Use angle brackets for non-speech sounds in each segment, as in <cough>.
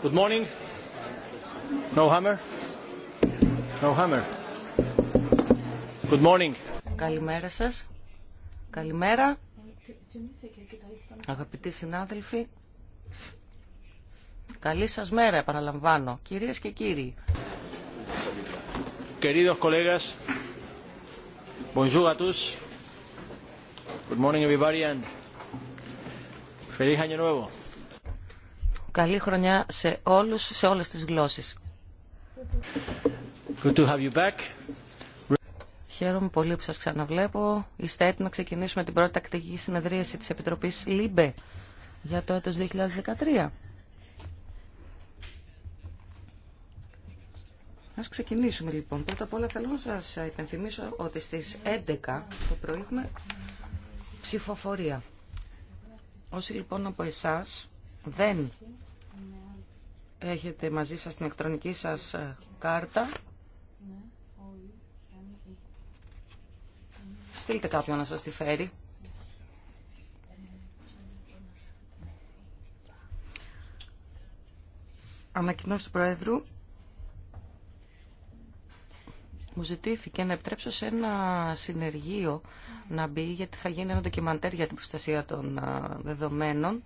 Good morning. No hammer. No hammer. Good morning. Καλημέρα σας. Καλημέρα. Αγαπητοί συνάδελφοι. Καλή σας μέρα επαναλαμβάνω. Κυρίες και κύριοι. Queridos colegas. Bonjour à tous. Good morning everybody and feliz año nuevo. Καλή χρονιά σε όλους, σε όλες τις γλώσσες. Good to have you back. Χαίρομαι πολύ που σας ξαναβλέπω. Είστε έτοιμοι να ξεκινήσουμε την πρώτη τακτική συνεδρίαση της Επιτροπής ΛΥΜΠΕ για το έτος 2013. Α ξεκινήσουμε λοιπόν. Πρώτα απ' όλα θέλω να σας υπενθυμίσω ότι στις 11 το πρωί έχουμε ψηφοφορία. Όσοι λοιπόν από εσά δεν Έχετε μαζί σας την ηλεκτρονική σας ε, κάρτα. Στείλτε κάποιον να σας τη φέρει. Ανακοινώσει του Πρόεδρου μου ζητήθηκε να επιτρέψω σε ένα συνεργείο να μπει γιατί θα γίνει ένα ντοκιμαντέρ για την προστασία των ε, δεδομένων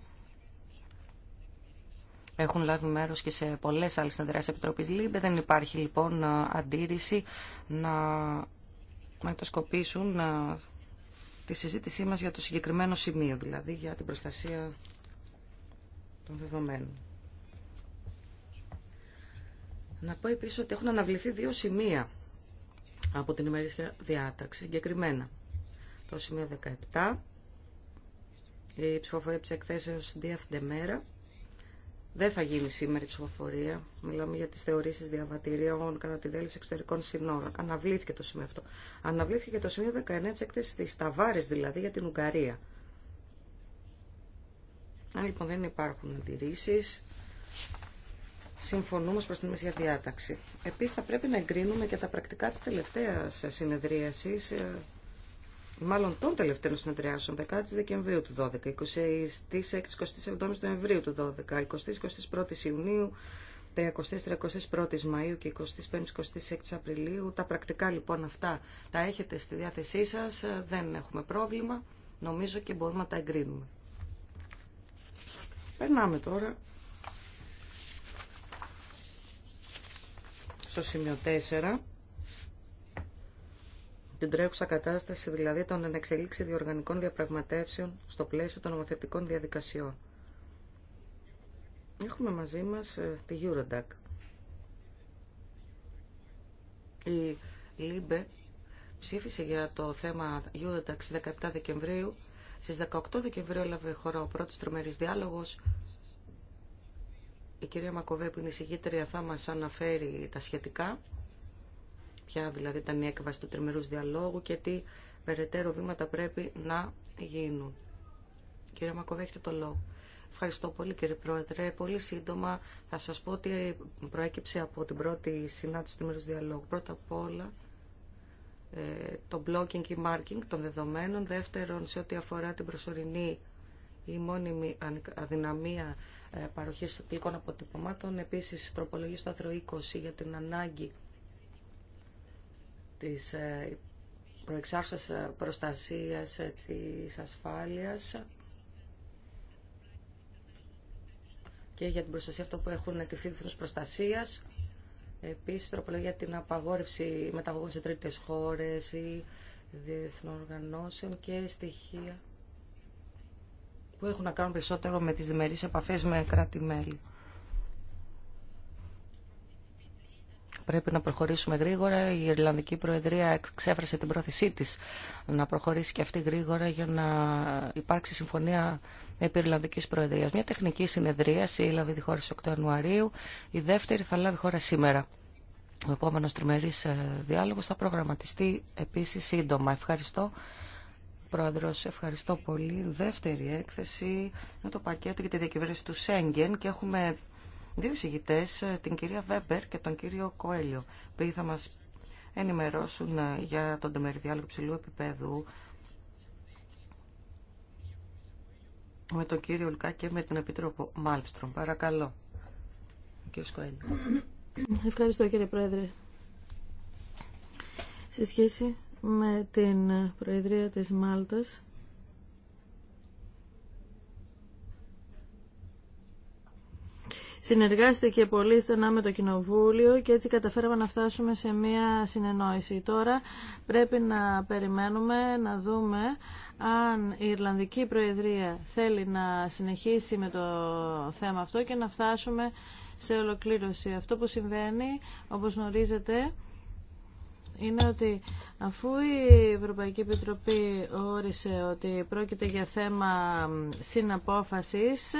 έχουν λάβει μέρος και σε πολλές άλλες συνεδριάσεις Επιτροπής ΛΥΜΠΕ. Δεν υπάρχει λοιπόν αντίρρηση να μετασκοπήσουν τη συζήτησή μας για το συγκεκριμένο σημείο, δηλαδή για την προστασία των δεδομένων. Να πω επίσης ότι έχουν αναβληθεί δύο σημεία από την ημερήσια διάταξη, συγκεκριμένα. Το σημείο 17, η ψηφοφορία της εκθέσεως μέρα δεν θα γίνει σήμερα η ψηφοφορία. Μιλάμε για τι θεωρήσει διαβατηρίων κατά τη δέληση εξωτερικών συνόρων. Αναβλήθηκε το σημείο αυτό. Αναβλήθηκε και το σημείο 19 τη έκθεση τη Ταβάρη, δηλαδή για την Ουγγαρία. Αν λοιπόν δεν υπάρχουν αντιρρήσει, συμφωνούμε προ την ίδια διάταξη. Επίση, θα πρέπει να εγκρίνουμε και τα πρακτικά τη τελευταία συνεδρίαση ε, μάλλον των τελευταίων συνεδριάσεων, 10 Δεκεμβρίου του 12, 26-27 Νοεμβρίου του 12, 20-21 Ιουνίου, 30-31 Μαου και 25-26 Απριλίου. Τα πρακτικά λοιπόν αυτά τα έχετε στη διάθεσή σα. δεν έχουμε πρόβλημα, νομίζω και μπορούμε να τα εγκρίνουμε. Περνάμε τώρα στο σημείο 4 την τρέχουσα κατάσταση δηλαδή των ανεξελίξη διοργανικών διαπραγματεύσεων στο πλαίσιο των νομοθετικών διαδικασιών. Έχουμε μαζί μας ε, τη Eurodac. Η ΛΥΜΠΕ ψήφισε για το θέμα Eurodac στις 17 Δεκεμβρίου. Στις 18 Δεκεμβρίου έλαβε χώρα ο πρώτος τρομερής διάλογος. Η κυρία Μακοβέ που είναι η θα μας αναφέρει τα σχετικά. Ποια δηλαδή ήταν η έκβαση του τριμερούς διαλόγου και τι περαιτέρω βήματα πρέπει να γίνουν. Κύριε Μακοβέ, έχετε το λόγο. Ευχαριστώ πολύ κύριε Πρόεδρε. Πολύ σύντομα θα σας πω ότι προέκυψε από την πρώτη συνάντηση του τριμερούς διαλόγου. Πρώτα απ' όλα ε, το blocking και marking των δεδομένων. Δεύτερον, σε ό,τι αφορά την προσωρινή ή μόνιμη αδυναμία ε, παροχής τελικών αποτυπωμάτων. Επίσης, τροπολογία στο άθρο 20 για την ανάγκη της ε, προεξάρουσας ε, προστασίας ε, της ασφάλειας και για την προστασία αυτών που έχουν ετηθεί διεθνούς προστασίας. Επίσης, τροπολογία την απαγόρευση μεταγωγών σε τρίτες χώρες ή διεθνών οργανώσεων και στοιχεία που έχουν να κάνουν περισσότερο με τις διμερείς επαφές με κράτη-μέλη. Πρέπει να προχωρήσουμε γρήγορα. Η Ιρλανδική Προεδρία εξέφρασε την πρόθεσή τη να προχωρήσει και αυτή γρήγορα για να υπάρξει συμφωνία επί Ιρλανδική Προεδρία. Μια τεχνική συνεδρίαση έλαβε τη χώρα στις 8 Ιανουαρίου. Η δεύτερη θα λάβει χώρα σήμερα. Ο επόμενο τριμερή ε, διάλογο θα προγραμματιστεί επίση σύντομα. Ευχαριστώ. Πρόεδρο, ευχαριστώ πολύ. Δεύτερη έκθεση με το πακέτο για τη διακυβέρνηση του Σέγγεν και έχουμε δύο συγητέ, ε, την κυρία Βέμπερ και τον κύριο Κοέλιο, που θα μα ενημερώσουν ε, για τον τεμεριδιάλογο ψηλού επίπεδου με τον κύριο Λουκά και με τον Επίτροπο Μάλμστρομ. Παρακαλώ. Κύριο Σκοέλιο. Ευχαριστώ κύριε Πρόεδρε. Σε σχέση με την Προεδρία της Μάλτας, συνεργάστηκε πολύ στενά με το Κοινοβούλιο και έτσι καταφέραμε να φτάσουμε σε μια συνεννόηση. Τώρα πρέπει να περιμένουμε να δούμε αν η Ιρλανδική Προεδρία θέλει να συνεχίσει με το θέμα αυτό και να φτάσουμε σε ολοκλήρωση. Αυτό που συμβαίνει, όπως γνωρίζετε, είναι ότι αφού η Ευρωπαϊκή Επιτροπή όρισε ότι πρόκειται για θέμα συναπόφασης,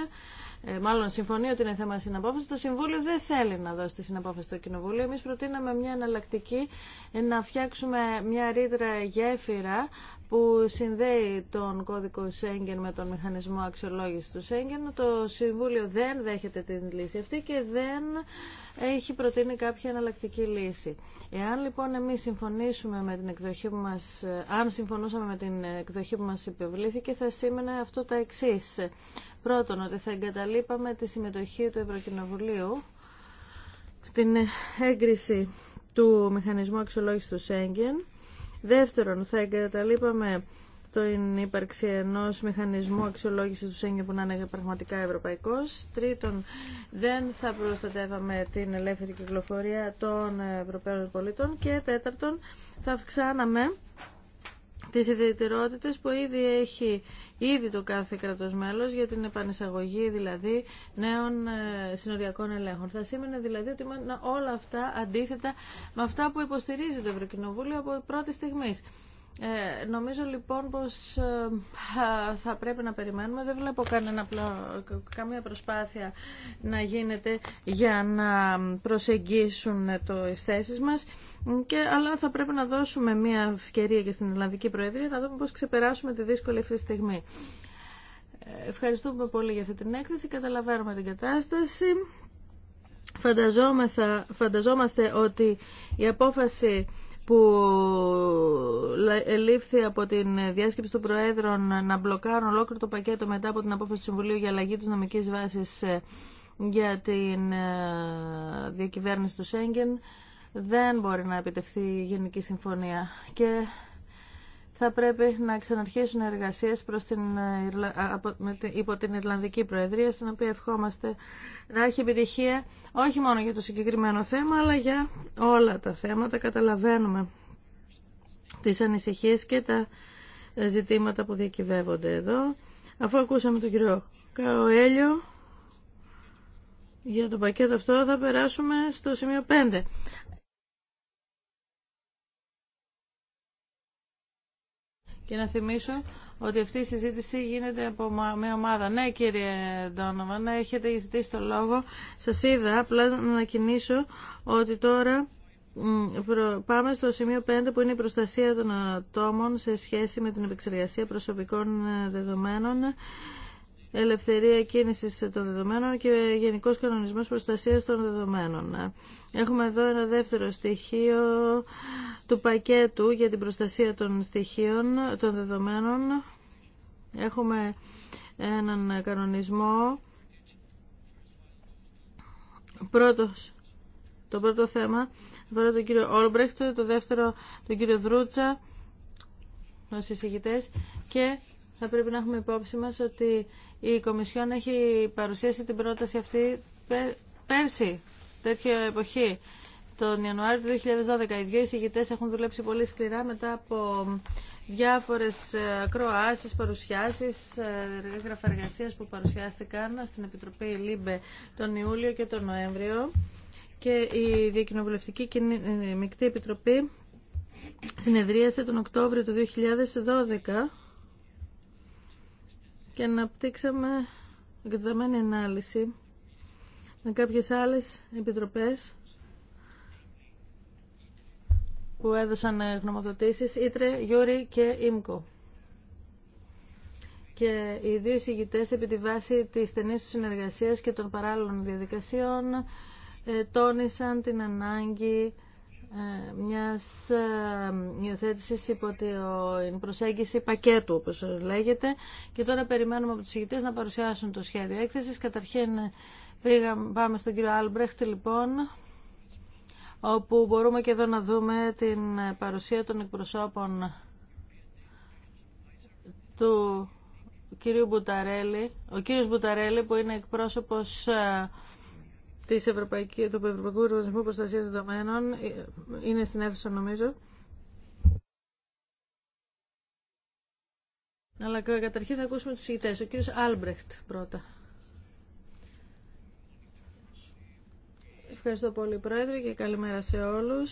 ε, μάλλον συμφωνεί ότι είναι θέμα συναπόφαση. Το Συμβούλιο δεν θέλει να δώσει τη συναπόφαση στο Κοινοβούλιο. Εμεί προτείναμε μια εναλλακτική ε, να φτιάξουμε μια ρήτρα γέφυρα που συνδέει τον κώδικο Σέγγεν με τον μηχανισμό αξιολόγηση του Σέγγεν. Το Συμβούλιο δεν δέχεται την λύση αυτή και δεν έχει προτείνει κάποια εναλλακτική λύση. Εάν λοιπόν εμεί συμφωνήσουμε με την εκδοχή που μα, αν συμφωνούσαμε με την εκδοχή που μα υπευλήθηκε, θα σήμαινε αυτό τα εξή. Πρώτον, ότι θα εγκαταλείπαμε τη συμμετοχή του Ευρωκοινοβουλίου στην έγκριση του μηχανισμού αξιολόγηση του Σέγγεν Δεύτερον, θα εγκαταλείπαμε την ύπαρξη ενό μηχανισμού αξιολόγηση του Σέγγεν που να είναι πραγματικά ευρωπαϊκό. Τρίτον, δεν θα προστατεύαμε την ελεύθερη κυκλοφορία των Ευρωπαίων πολιτών. Και τέταρτον, θα αυξάναμε τις ιδιαιτερότητες που ήδη έχει ήδη το κάθε κρατός μέλος για την επανεισαγωγή δηλαδή νέων ε, συνοριακών ελέγχων. Θα σήμαινε δηλαδή ότι όλα αυτά αντίθετα με αυτά που υποστηρίζει το Ευρωκοινοβούλιο από πρώτη στιγμή. Ε, νομίζω λοιπόν πως ε, θα πρέπει να περιμένουμε. Δεν βλέπω κανένα, καμία προσπάθεια να γίνεται για να προσεγγίσουν το τις θέσεις μας. Και, αλλά θα πρέπει να δώσουμε μια ευκαιρία και στην Ελλανδική Προεδρία να δούμε πώς ξεπεράσουμε τη δύσκολη αυτή τη στιγμή. Ε, ευχαριστούμε πολύ για αυτή την έκθεση. Καταλαβαίνουμε την κατάσταση. Φανταζόμαστε ότι η απόφαση που ελήφθη από την διάσκεψη των Προέδρων να μπλοκάρουν ολόκληρο το πακέτο μετά από την απόφαση του Συμβουλίου για αλλαγή της νομικής βάσης ε, για την ε, διακυβέρνηση του Σέγγεν δεν μπορεί να επιτευχθεί η Γενική Συμφωνία και θα πρέπει να ξαναρχίσουν εργασίες προς την, ε, υπό την Ιρλανδική Προεδρία, στην οποία ευχόμαστε να έχει επιτυχία όχι μόνο για το συγκεκριμένο θέμα, αλλά για όλα τα θέματα. Καταλαβαίνουμε τις ανησυχίες και τα ζητήματα που διακυβεύονται εδώ. Αφού ακούσαμε τον κύριο Καοέλιο για το πακέτο αυτό, θα περάσουμε στο σημείο 5. και να θυμίσω ότι αυτή η συζήτηση γίνεται από μια ομάδα. Ναι, κύριε Ντόνομα, να έχετε ζητήσει το λόγο. Σας είδα, απλά να ανακοινήσω ότι τώρα πάμε στο σημείο 5 που είναι η προστασία των ατόμων σε σχέση με την επεξεργασία προσωπικών ε, δεδομένων ελευθερία κίνηση των δεδομένων και γενικός κανονισμός προστασίας των δεδομένων. Έχουμε εδώ ένα δεύτερο στοιχείο του πακέτου για την προστασία των στοιχείων των δεδομένων. Έχουμε έναν κανονισμό. Πρώτος, το πρώτο θέμα αφορά τον κύριο Όλμπρεχτ, το δεύτερο τον κύριο Δρούτσα, ως εισηγητές και θα πρέπει να έχουμε υπόψη μας ότι η Κομισιόν έχει παρουσίασει την πρόταση αυτή πέρσι, τέτοια εποχή. Τον Ιανουάριο του 2012 οι δύο εισηγητέ έχουν δουλέψει πολύ σκληρά μετά από διάφορες ε, ακροάσεις, παρουσιάσεις, ε, έγγραφα που παρουσιάστηκαν στην Επιτροπή ΛΥΜΠΕ τον Ιούλιο και τον Νοέμβριο και η Διακοινοβουλευτική Μικτή Επιτροπή συνεδρίασε τον Οκτώβριο του 2012 και αναπτύξαμε εκδεδομένη ανάλυση με κάποιες άλλες επιτροπές που έδωσαν γνωμοδοτήσεις, Ήτρε, Γιούρι και Ίμκο. Και οι δύο εισηγητές επί τη βάση της στενής του συνεργασίας και των παράλληλων διαδικασιών ε, τόνισαν την ανάγκη μιας ε, υιοθέτησης υπό την προσέγγιση πακέτου, όπως λέγεται. Και τώρα περιμένουμε από τους ηγητές να παρουσιάσουν το σχέδιο έκθεσης. Καταρχήν πάμε στον κύριο Άλμπρεχτ, λοιπόν, όπου μπορούμε και εδώ να δούμε την παρουσία των εκπροσώπων του κυρίου Μπουταρέλη, ο κύριος Μπουταρέλη που είναι εκπρόσωπος ε, της Ευρωπαϊκή, του Ευρωπαϊκού Οργανισμού Προστασία Δεδομένων ε, είναι στην αίθουσα νομίζω. Αλλά καταρχήν θα ακούσουμε του ηγητέ. Ο κύριο Άλμπρεχτ πρώτα. Ευχαριστώ πολύ Πρόεδρε και καλημέρα σε όλου.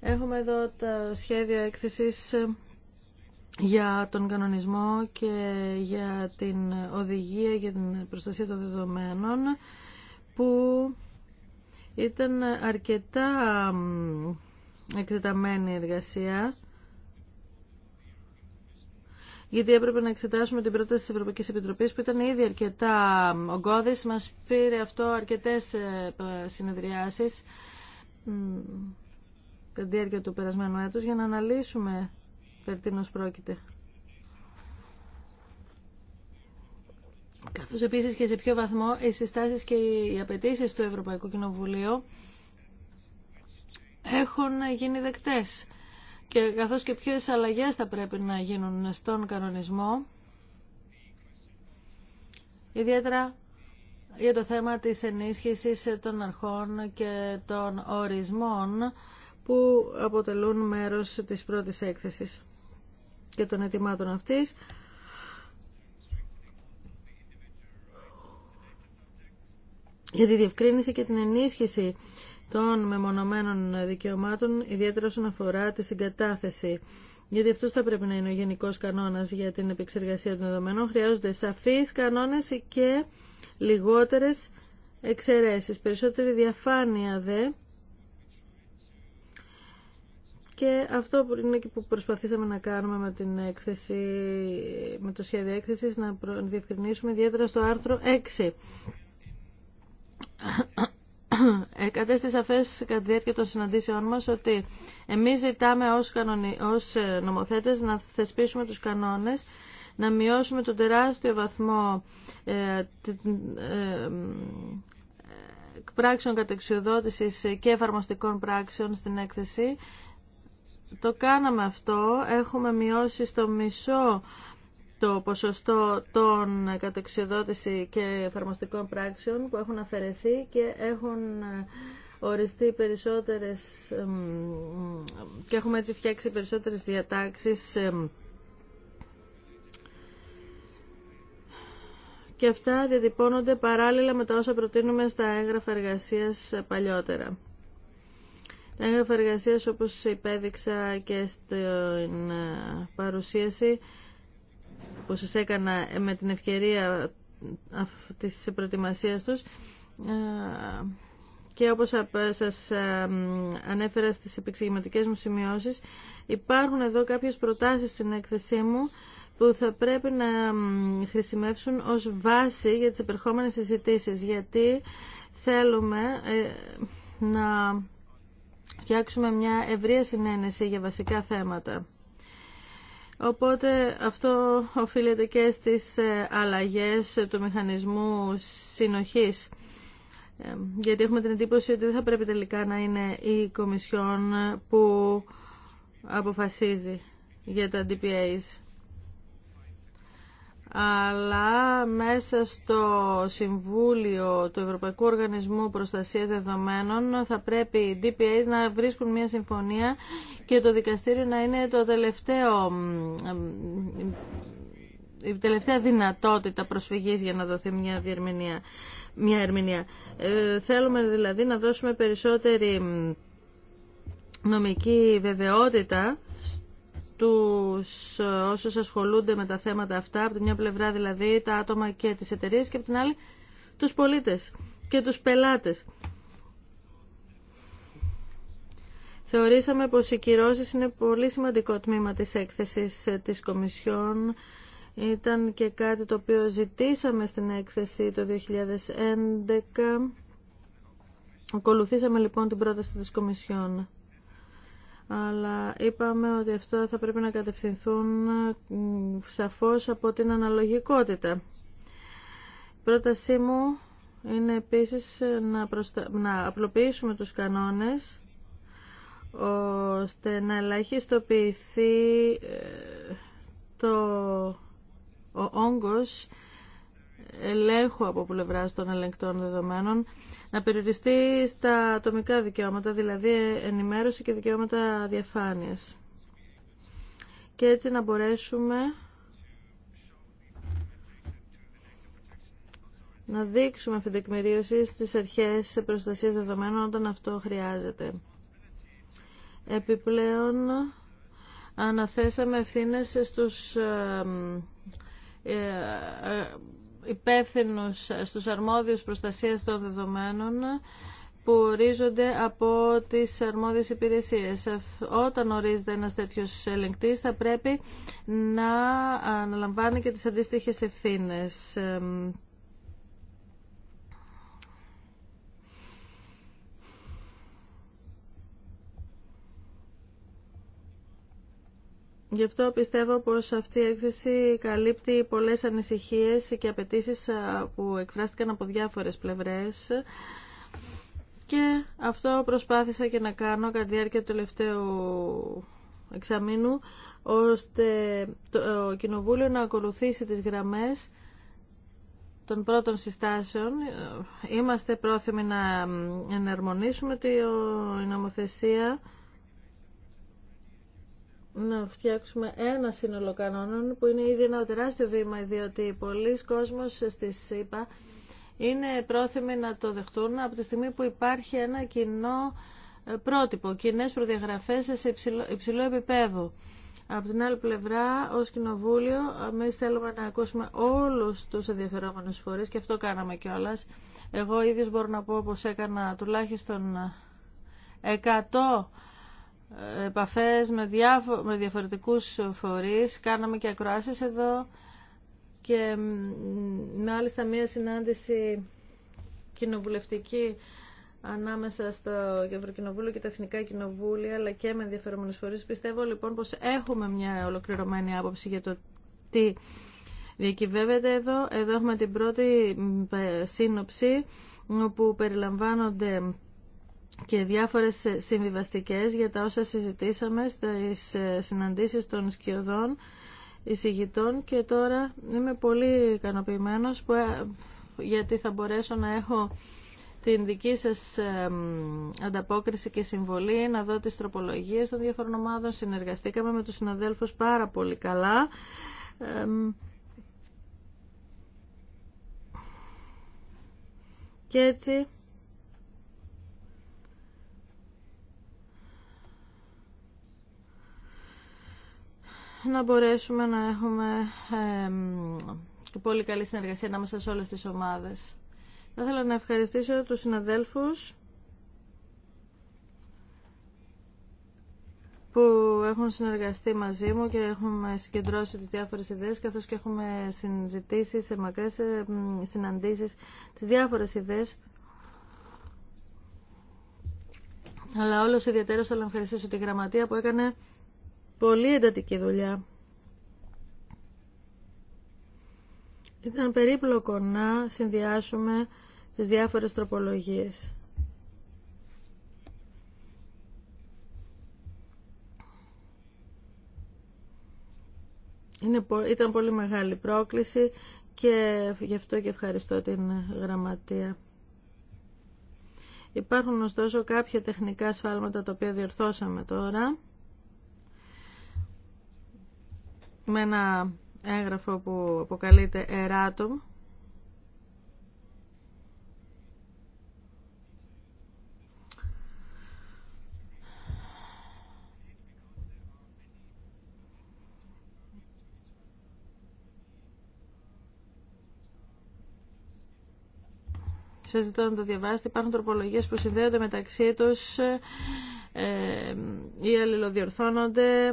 Έχουμε εδώ τα σχέδια έκθεσης ε, για τον κανονισμό και για την οδηγία για την προστασία των δεδομένων που ήταν αρκετά εκτεταμένη εργασία γιατί έπρεπε να εξετάσουμε την πρόταση της Ευρωπαϊκής Επιτροπής που ήταν ήδη αρκετά ογκώδης. Μας πήρε αυτό αρκετές ε, συνεδριάσεις κατά τη διάρκεια του περασμένου έτους για να αναλύσουμε περί πρόκειται. καθώς επίσης και σε ποιο βαθμό οι συστάσει και οι απαιτήσει του Ευρωπαϊκού Κοινοβουλίου έχουν γίνει δεκτές και καθώς και ποιε αλλαγέ θα πρέπει να γίνουν στον κανονισμό ιδιαίτερα για το θέμα της ενίσχυσης των αρχών και των ορισμών που αποτελούν μέρος της πρώτης έκθεσης και των ετοιμάτων αυτής για τη διευκρίνηση και την ενίσχυση των μεμονωμένων δικαιωμάτων, ιδιαίτερα όσον αφορά τη συγκατάθεση. Γιατί αυτό θα πρέπει να είναι ο γενικό κανόνα για την επεξεργασία των δεδομένων. Χρειάζονται σαφεί κανόνε και λιγότερε εξαιρέσει. Περισσότερη διαφάνεια δε. Και αυτό είναι και που προσπαθήσαμε να κάνουμε με, με το σχέδιο έκθεσης, να διευκρινίσουμε ιδιαίτερα στο άρθρο 6. Κατέστη σαφέ κατά τη διάρκεια των συναντήσεών μα ότι εμεί ζητάμε ω κανονι... ως ε, νομοθέτες να θεσπίσουμε τους κανόνε, να μειώσουμε τον τεράστιο βαθμό ε, ε, πράξεων κατεξιοδότησης και εφαρμοστικών πράξεων στην έκθεση. Το κάναμε αυτό, έχουμε μειώσει στο μισό το ποσοστό των κατεξοδότηση και εφαρμοστικών πράξεων που έχουν αφαιρεθεί και έχουν ε, οριστεί περισσότερες και έχουμε έτσι φτιάξει περισσότερες διατάξεις και αυτά διατυπώνονται παράλληλα με τα όσα προτείνουμε στα έγγραφα εργασίας παλιότερα. Τα έγγραφα εργασίας όπως υπέδειξα και στην ε, παρουσίαση που σας έκανα με την ευκαιρία της προετοιμασίας τους και όπως σας ανέφερα στις επεξηγηματικές μου σημειώσεις υπάρχουν εδώ κάποιες προτάσεις στην έκθεσή μου που θα πρέπει να χρησιμεύσουν ως βάση για τις επερχόμενες συζητήσεις γιατί θέλουμε ε, να φτιάξουμε μια ευρεία συνένεση για βασικά θέματα. Οπότε αυτό οφείλεται και στις ε, αλλαγές του μηχανισμού συνοχής. Ε, γιατί έχουμε την εντύπωση ότι δεν θα πρέπει τελικά να είναι η Κομισιόν που αποφασίζει για τα DPAs αλλά μέσα στο Συμβούλιο του Ευρωπαϊκού Οργανισμού Προστασίας Δεδομένων θα πρέπει οι DPAs να βρίσκουν μια συμφωνία και το δικαστήριο να είναι το τελευταίο η τελευταία δυνατότητα προσφυγής για να δοθεί μια διερμηνία. Μια ερμηνεία. Ε, θέλουμε δηλαδή να δώσουμε περισσότερη νομική βεβαιότητα τους ε, όσους ασχολούνται με τα θέματα αυτά, από τη μια πλευρά δηλαδή τα άτομα και τις εταιρείες και από την άλλη τους πολίτες και τους πελάτες. Θεωρήσαμε πως οι κυρώσεις είναι πολύ σημαντικό τμήμα της έκθεσης ε, της Κομισιόν. Ήταν και κάτι το οποίο ζητήσαμε στην έκθεση το 2011. Ακολουθήσαμε λοιπόν την πρόταση της Κομισιόν αλλά είπαμε ότι αυτό θα πρέπει να κατευθυνθούν σαφώς από την αναλογικότητα. Η πρότασή μου είναι επίσης να, να απλοποιήσουμε τους κανόνες ώστε να ελαχιστοποιηθεί ε, το... ο όγκος ελέγχου από πλευρά των ελεγκτών δεδομένων να περιοριστεί στα ατομικά δικαιώματα, δηλαδή ενημέρωση και δικαιώματα διαφάνειας. Και έτσι να μπορέσουμε να δείξουμε αυτή την τεκμηρίωση στις αρχές προστασίας δεδομένων όταν αυτό χρειάζεται. Επιπλέον, αναθέσαμε ευθύνες στους ε, ε, υπεύθυνου στους αρμόδιους προστασίας των δεδομένων που ορίζονται από τις αρμόδιες υπηρεσίες. Όταν ορίζεται ένας τέτοιος ελεγκτής θα πρέπει να αναλαμβάνει και τις αντίστοιχες ευθύνες. Γι' αυτό πιστεύω πως αυτή η έκθεση καλύπτει πολλές ανησυχίες και απαιτήσει που εκφράστηκαν από διάφορες πλευρές και αυτό προσπάθησα και να κάνω κατά τη διάρκεια του τελευταίου εξαμήνου ώστε το Κοινοβούλιο να ακολουθήσει τις γραμμές των πρώτων συστάσεων είμαστε πρόθυμοι να εναρμονίσουμε την νομοθεσία να φτιάξουμε ένα σύνολο κανόνων που είναι ήδη ένα τεράστιο βήμα διότι πολλοί κόσμος στη ΣΥΠΑ είναι πρόθυμοι να το δεχτούν από τη στιγμή που υπάρχει ένα κοινό ε, πρότυπο, κοινέ προδιαγραφές σε υψηλό, υψηλό επίπεδο. Από την άλλη πλευρά, ω Κοινοβούλιο, εμεί θέλουμε να ακούσουμε όλου του ενδιαφερόμενου φορεί και αυτό κάναμε κιόλα. Εγώ ίδιο μπορώ να πω πώ έκανα τουλάχιστον 100 ε, επαφές με, διαφο με διαφορετικούς φορείς, κάναμε και ακροάσεις εδώ και μάλιστα μία συνάντηση κοινοβουλευτική ανάμεσα στο Ευρωκοινοβούλιο και τα Εθνικά Κοινοβούλια αλλά και με ενδιαφερόμενους φορείς. Πιστεύω λοιπόν πως έχουμε μια ολοκληρωμένη άποψη για το τι διακυβεύεται εδώ. Εδώ έχουμε την πρώτη σύνοψη όπου περιλαμβάνονται και διάφορες συμβιβαστικές για τα όσα συζητήσαμε στις συναντήσεις των σκιωδών εισηγητών και τώρα είμαι πολύ ικανοποιημένο ε, γιατί θα μπορέσω να έχω την δική σας ανταπόκριση και συμβολή, να δω τις τροπολογίες των διαφορών ομάδων. Συνεργαστήκαμε με τους συναδέλφους πάρα πολύ καλά. και έτσι να μπορέσουμε να έχουμε ε, πολύ καλή συνεργασία ανάμεσα σε όλες τις ομάδες. Θα ήθελα να ευχαριστήσω τους συναδέλφους που έχουν συνεργαστεί μαζί μου και έχουμε συγκεντρώσει τις διάφορες ιδέες καθώς και έχουμε συζητήσει σε μακρές συναντήσεις τις διάφορες ιδέες αλλά όλος ιδιαίτερος θέλω να ευχαριστήσω τη γραμματεία που έκανε Πολύ εντατική δουλειά. Ήταν περίπλοκο να συνδυάσουμε τις διάφορες τροπολογίες. Είναι, ήταν πολύ μεγάλη πρόκληση και γι' αυτό και ευχαριστώ την γραμματεία. Υπάρχουν ωστόσο κάποια τεχνικά σφάλματα τα οποία διορθώσαμε τώρα. με ένα έγγραφο που αποκαλείται Εράτομ Σα ζητώ να το διαβάσετε. Υπάρχουν τροπολογίε που συνδέονται μεταξύ τους ή ε, ε, αλληλοδιορθώνονται.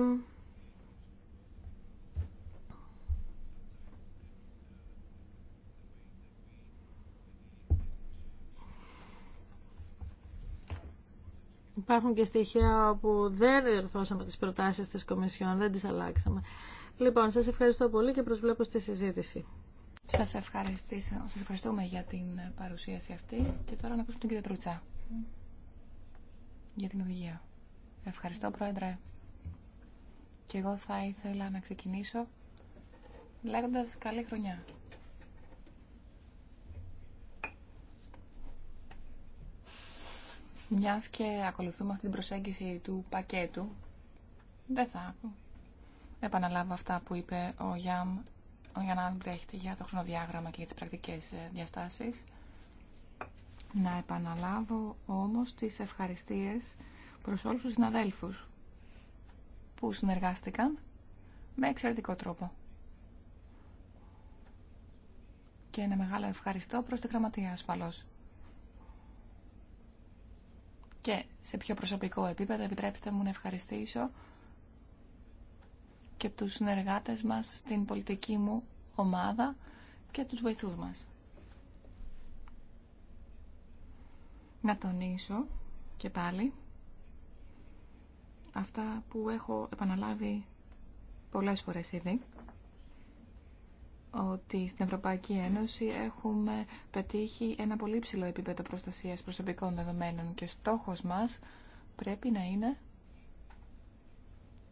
υπάρχουν και στοιχεία όπου δεν ερθώσαμε τις προτάσεις της Κομισιόν, δεν τις αλλάξαμε. Λοιπόν, σας ευχαριστώ πολύ και προσβλέπω στη συζήτηση. Σας, σας ευχαριστούμε για την παρουσίαση αυτή και τώρα να ακούσουμε τον κύριο Τρουτσά για την οδηγία. Ευχαριστώ, Πρόεδρε. Και εγώ θα ήθελα να ξεκινήσω λέγοντας καλή χρονιά Μια και ακολουθούμε αυτή την προσέγγιση του πακέτου, δεν θα επαναλάβω αυτά που είπε ο Γιάμ ο Γιάννα Αλμπρέχτη για το χρονοδιάγραμμα και για τις πρακτικές ε, διαστάσεις. Να επαναλάβω όμως τις ευχαριστίες προς όλους τους συναδέλφους που συνεργάστηκαν με εξαιρετικό τρόπο. Και ένα μεγάλο ευχαριστώ προς τη γραμματεία ασφαλώς. Και σε πιο προσωπικό επίπεδο επιτρέψτε μου να ευχαριστήσω και τους συνεργάτες μας στην πολιτική μου ομάδα και τους βοηθούς μας. Να τονίσω και πάλι αυτά που έχω επαναλάβει πολλές φορές ήδη ότι στην Ευρωπαϊκή Ένωση έχουμε πετύχει ένα πολύ ψηλό επίπεδο προστασίας προσωπικών δεδομένων και στόχος μας πρέπει να είναι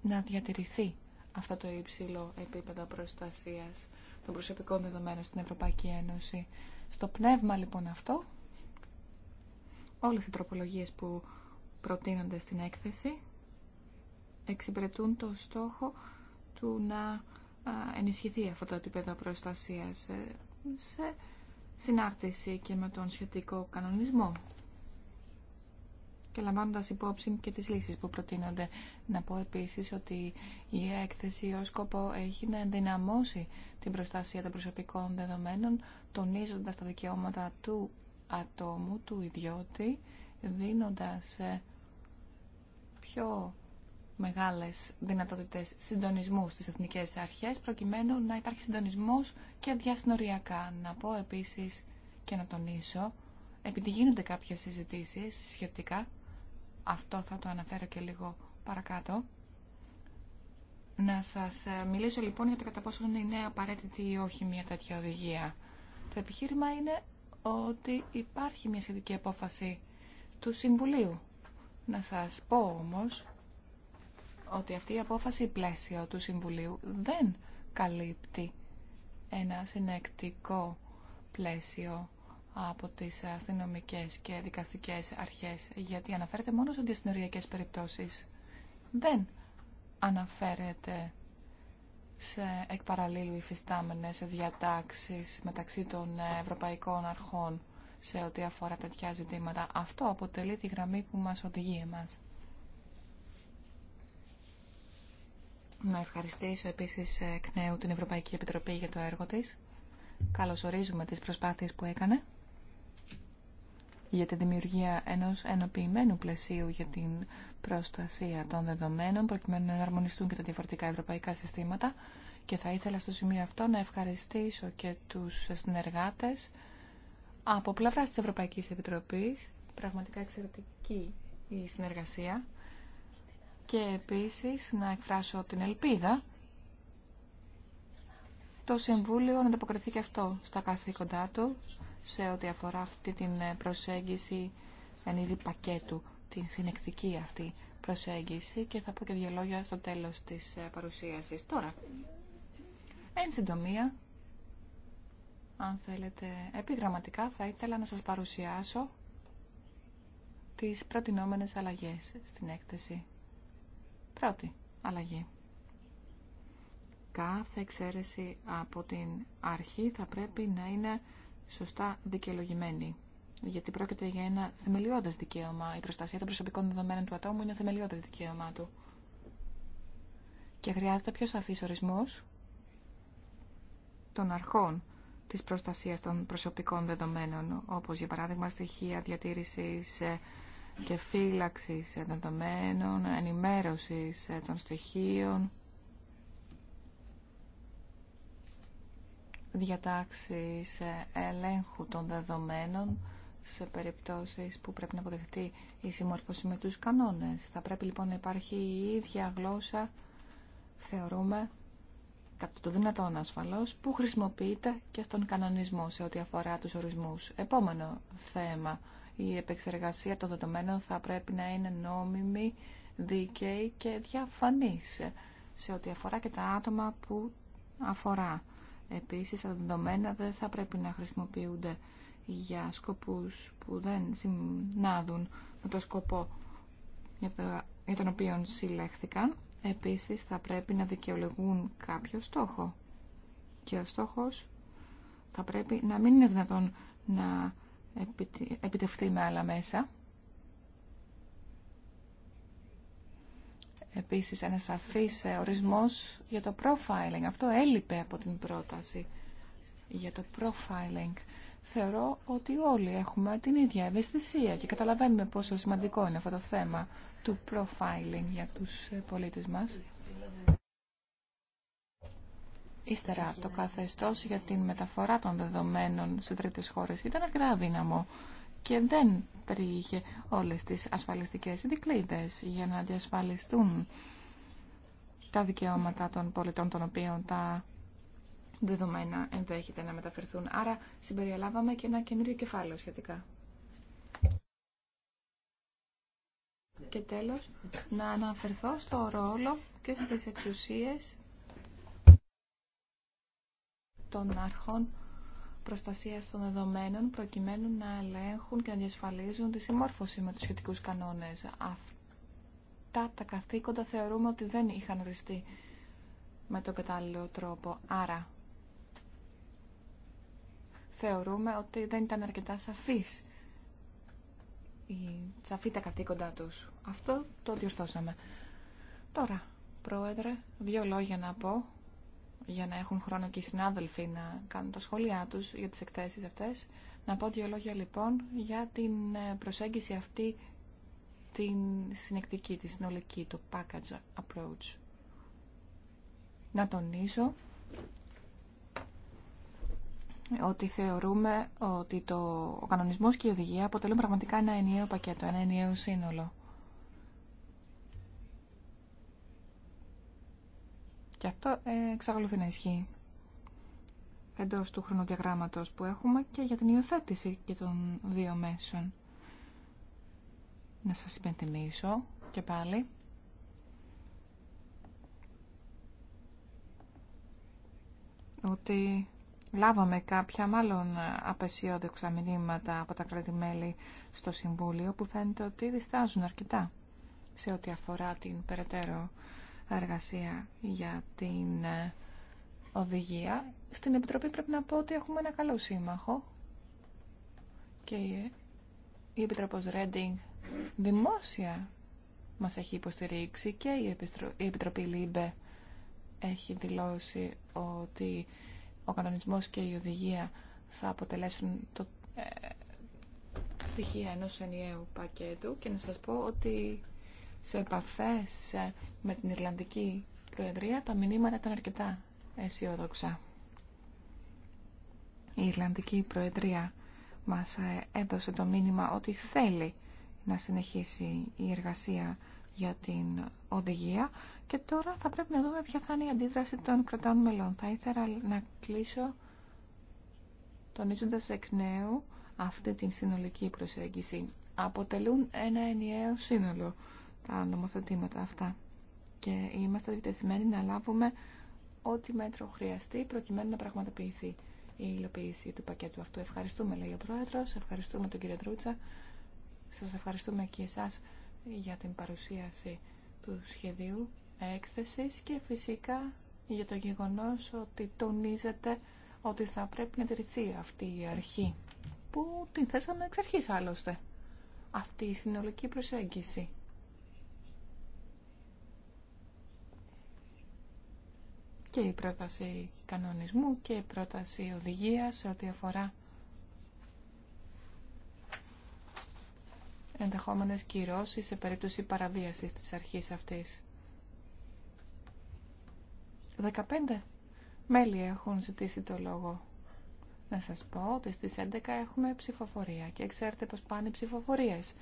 να διατηρηθεί αυτό το υψηλό επίπεδο προστασίας των προσωπικών δεδομένων στην Ευρωπαϊκή Ένωση. Στο πνεύμα λοιπόν αυτό, όλες οι τροπολογίες που προτείνονται στην έκθεση εξυπηρετούν το στόχο του να ενισχυθεί αυτό το επίπεδο προστασίας ε, σε συνάρτηση και με τον σχετικό κανονισμό και λαμβάνοντα υπόψη και τις λύσεις που προτείνονται. Να πω επίσης ότι η έκθεση ως σκοπό έχει να ενδυναμώσει την προστασία των προσωπικών δεδομένων, τονίζοντας τα δικαιώματα του ατόμου, του ιδιώτη, δίνοντας ε, πιο μεγάλες δυνατότητες συντονισμού στις εθνικές αρχές προκειμένου να υπάρχει συντονισμός και διασυνοριακά. Να πω επίσης και να τονίσω, επειδή γίνονται κάποιες συζητήσεις σχετικά, αυτό θα το αναφέρω και λίγο παρακάτω, να σας ε, μιλήσω λοιπόν για το κατά πόσο είναι απαραίτητη ή όχι μια τέτοια οδηγία. Το επιχείρημα είναι ότι υπάρχει μια σχετική απόφαση του Συμβουλίου. Να σας πω όμως ότι αυτή η απόφαση πλαίσιο του Συμβουλίου δεν καλύπτει ένα συνεκτικό πλαίσιο από τις αστυνομικές και δικαστικές αρχές, γιατί αναφέρεται μόνο σε διασυνοριακές περιπτώσεις. Δεν αναφέρεται σε εκπαραλλήλου υφιστάμενες διατάξεις μεταξύ των ευρωπαϊκών αρχών σε ό,τι αφορά τέτοια ζητήματα. Αυτό αποτελεί τη γραμμή που μας οδηγεί εμάς. Να ευχαριστήσω επίσης εκ νέου την Ευρωπαϊκή Επιτροπή για το έργο της. Καλωσορίζουμε τις προσπάθειες που έκανε για τη δημιουργία ενός ενοποιημένου πλαισίου για την προστασία των δεδομένων προκειμένου να εναρμονιστούν και τα διαφορετικά ευρωπαϊκά συστήματα και θα ήθελα στο σημείο αυτό να ευχαριστήσω και τους συνεργάτες από πλευρά της Ευρωπαϊκής Επιτροπής πραγματικά εξαιρετική η συνεργασία και επίσης να εκφράσω την ελπίδα το Συμβούλιο να ανταποκριθεί και αυτό στα καθήκοντά του σε ό,τι αφορά αυτή την προσέγγιση εν είδη πακέτου, την συνεκτική αυτή προσέγγιση και θα πω και δύο λόγια στο τέλος της παρουσίασης. Τώρα, εν συντομία, αν θέλετε επιγραμματικά, θα ήθελα να σας παρουσιάσω τις προτινόμενες αλλαγές στην έκθεση. Πρώτη αλλαγή. Κάθε εξαίρεση από την αρχή θα πρέπει να είναι σωστά δικαιολογημένη. Γιατί πρόκειται για ένα θεμελιώδες δικαίωμα. Η προστασία των προσωπικών δεδομένων του ατόμου είναι θεμελιώδες δικαίωμα του. Και χρειάζεται πιο σαφή ορισμός των αρχών της προστασίας των προσωπικών δεδομένων, όπως για παράδειγμα στοιχεία διατήρησης ε, και φύλαξης δεδομένων, ενημέρωσης των στοιχείων, διατάξεις ελέγχου των δεδομένων σε περιπτώσεις που πρέπει να αποδεχτεί η συμμόρφωση με τους κανόνες. Θα πρέπει λοιπόν να υπάρχει η ίδια γλώσσα, θεωρούμε, κατά το δυνατόν ασφαλώς, που χρησιμοποιείται και στον κανονισμό σε ό,τι αφορά τους ορισμούς. Επόμενο θέμα η επεξεργασία των δεδομένων θα πρέπει να είναι νόμιμη, δίκαιη και διαφανής σε ό,τι αφορά και τα άτομα που αφορά. Επίσης, τα δεδομένα δεν θα πρέπει να χρησιμοποιούνται για σκοπούς που δεν συνάδουν με το σκοπό για τον οποίο συλλέχθηκαν. Επίσης, θα πρέπει να δικαιολογούν κάποιο στόχο. Και ο στόχος θα πρέπει να μην είναι δυνατόν να επιτευχθεί με άλλα μέσα. Επίσης, ένα σαφής ορισμός για το profiling. Αυτό έλειπε από την πρόταση για το profiling. Θεωρώ ότι όλοι έχουμε την ίδια ευαισθησία και καταλαβαίνουμε πόσο σημαντικό είναι αυτό το θέμα του profiling για τους πολίτες μας. Ύστερα, το Καθεστώ για την μεταφορά των δεδομένων σε τρίτε χώρε ήταν αρκετά δύναμο και δεν περιείχε όλες τις ασφαλιστικέ δικλείδε για να διασφαλιστούν τα δικαιώματα των πολιτών των οποίων τα δεδομένα ενδέχεται να μεταφερθούν. Άρα συμπεριλάβαμε και ένα καινούριο κεφάλαιο σχετικά. Και τέλος, να αναφερθώ στο ρόλο και στις εξουσίες των αρχών προστασίας των δεδομένων προκειμένου να ελέγχουν και να διασφαλίζουν τη συμμόρφωση με τους σχετικούς κανόνες. Αυτά τα καθήκοντα θεωρούμε ότι δεν είχαν οριστεί με τον κατάλληλο τρόπο. Άρα θεωρούμε ότι δεν ήταν αρκετά σαφής η σαφή τα καθήκοντά τους. Αυτό το διορθώσαμε. Τώρα, Πρόεδρε, δύο λόγια να πω για να έχουν χρόνο και οι συνάδελφοι να κάνουν τα σχόλιά τους για τις εκθέσεις αυτές. Να πω δύο λόγια λοιπόν για την ε, προσέγγιση αυτή την συνεκτική, τη συνολική, το package approach. Να τονίσω ότι θεωρούμε ότι το, ο κανονισμός και η οδηγία αποτελούν πραγματικά ένα ενιαίο πακέτο, ένα ενιαίο σύνολο. Και αυτό ε, εξακολουθεί να ισχύει εντό του χρονοδιαγράμματο που έχουμε και για την υιοθέτηση και των δύο μέσων. Να σας υπενθυμίσω και πάλι ότι λάβαμε κάποια μάλλον απεσιόδοξα μηνύματα από τα κρατη στο Συμβούλιο που φαίνεται ότι διστάζουν αρκετά σε ό,τι αφορά την περαιτέρω εργασία για την ε, οδηγία. Στην Επιτροπή πρέπει να πω ότι έχουμε ένα καλό σύμμαχο και η Επιτροπός Ρέντινγκ δημόσια μας έχει υποστηρίξει και η Επιτροπή ΛΥΜΠΕ έχει δηλώσει ότι ο κανονισμός και η οδηγία θα αποτελέσουν το ε, στοιχεία ενός ενιαίου πακέτου και να σας πω ότι σε επαφές με την Ιρλανδική Προεδρία τα μηνύματα ήταν αρκετά αισιόδοξα. Η Ιρλανδική Προεδρία μας ε, έδωσε το μήνυμα ότι θέλει να συνεχίσει η εργασία για την οδηγία και τώρα θα πρέπει να δούμε ποια θα είναι η αντίδραση των κρατών μελών. Θα ήθελα να κλείσω τονίζοντας εκ νέου αυτή την συνολική προσέγγιση. Αποτελούν ένα ενιαίο σύνολο τα νομοθετήματα αυτά και είμαστε διτεθειμένοι να λάβουμε ό,τι μέτρο χρειαστεί προκειμένου να πραγματοποιηθεί η υλοποίηση του πακέτου αυτού. Ευχαριστούμε, λέει ο πρόεδρο, ευχαριστούμε τον κύριο Τρούτσα, σας ευχαριστούμε και εσάς για την παρουσίαση του σχεδίου έκθεσης και φυσικά για το γεγονός ότι τονίζεται ότι θα πρέπει να τηρηθεί αυτή η αρχή που την θέσαμε εξ αρχής άλλωστε αυτή η συνολική προσέγγιση και η πρόταση κανονισμού και η πρόταση οδηγίας σε ό,τι αφορά ενδεχόμενες κυρώσεις σε περίπτωση παραβίασης της αρχής αυτής. 15 μέλη έχουν ζητήσει το λόγο. Να σας πω ότι στις 11 έχουμε ψηφοφορία και ξέρετε πως πάνε οι ψηφοφορίες.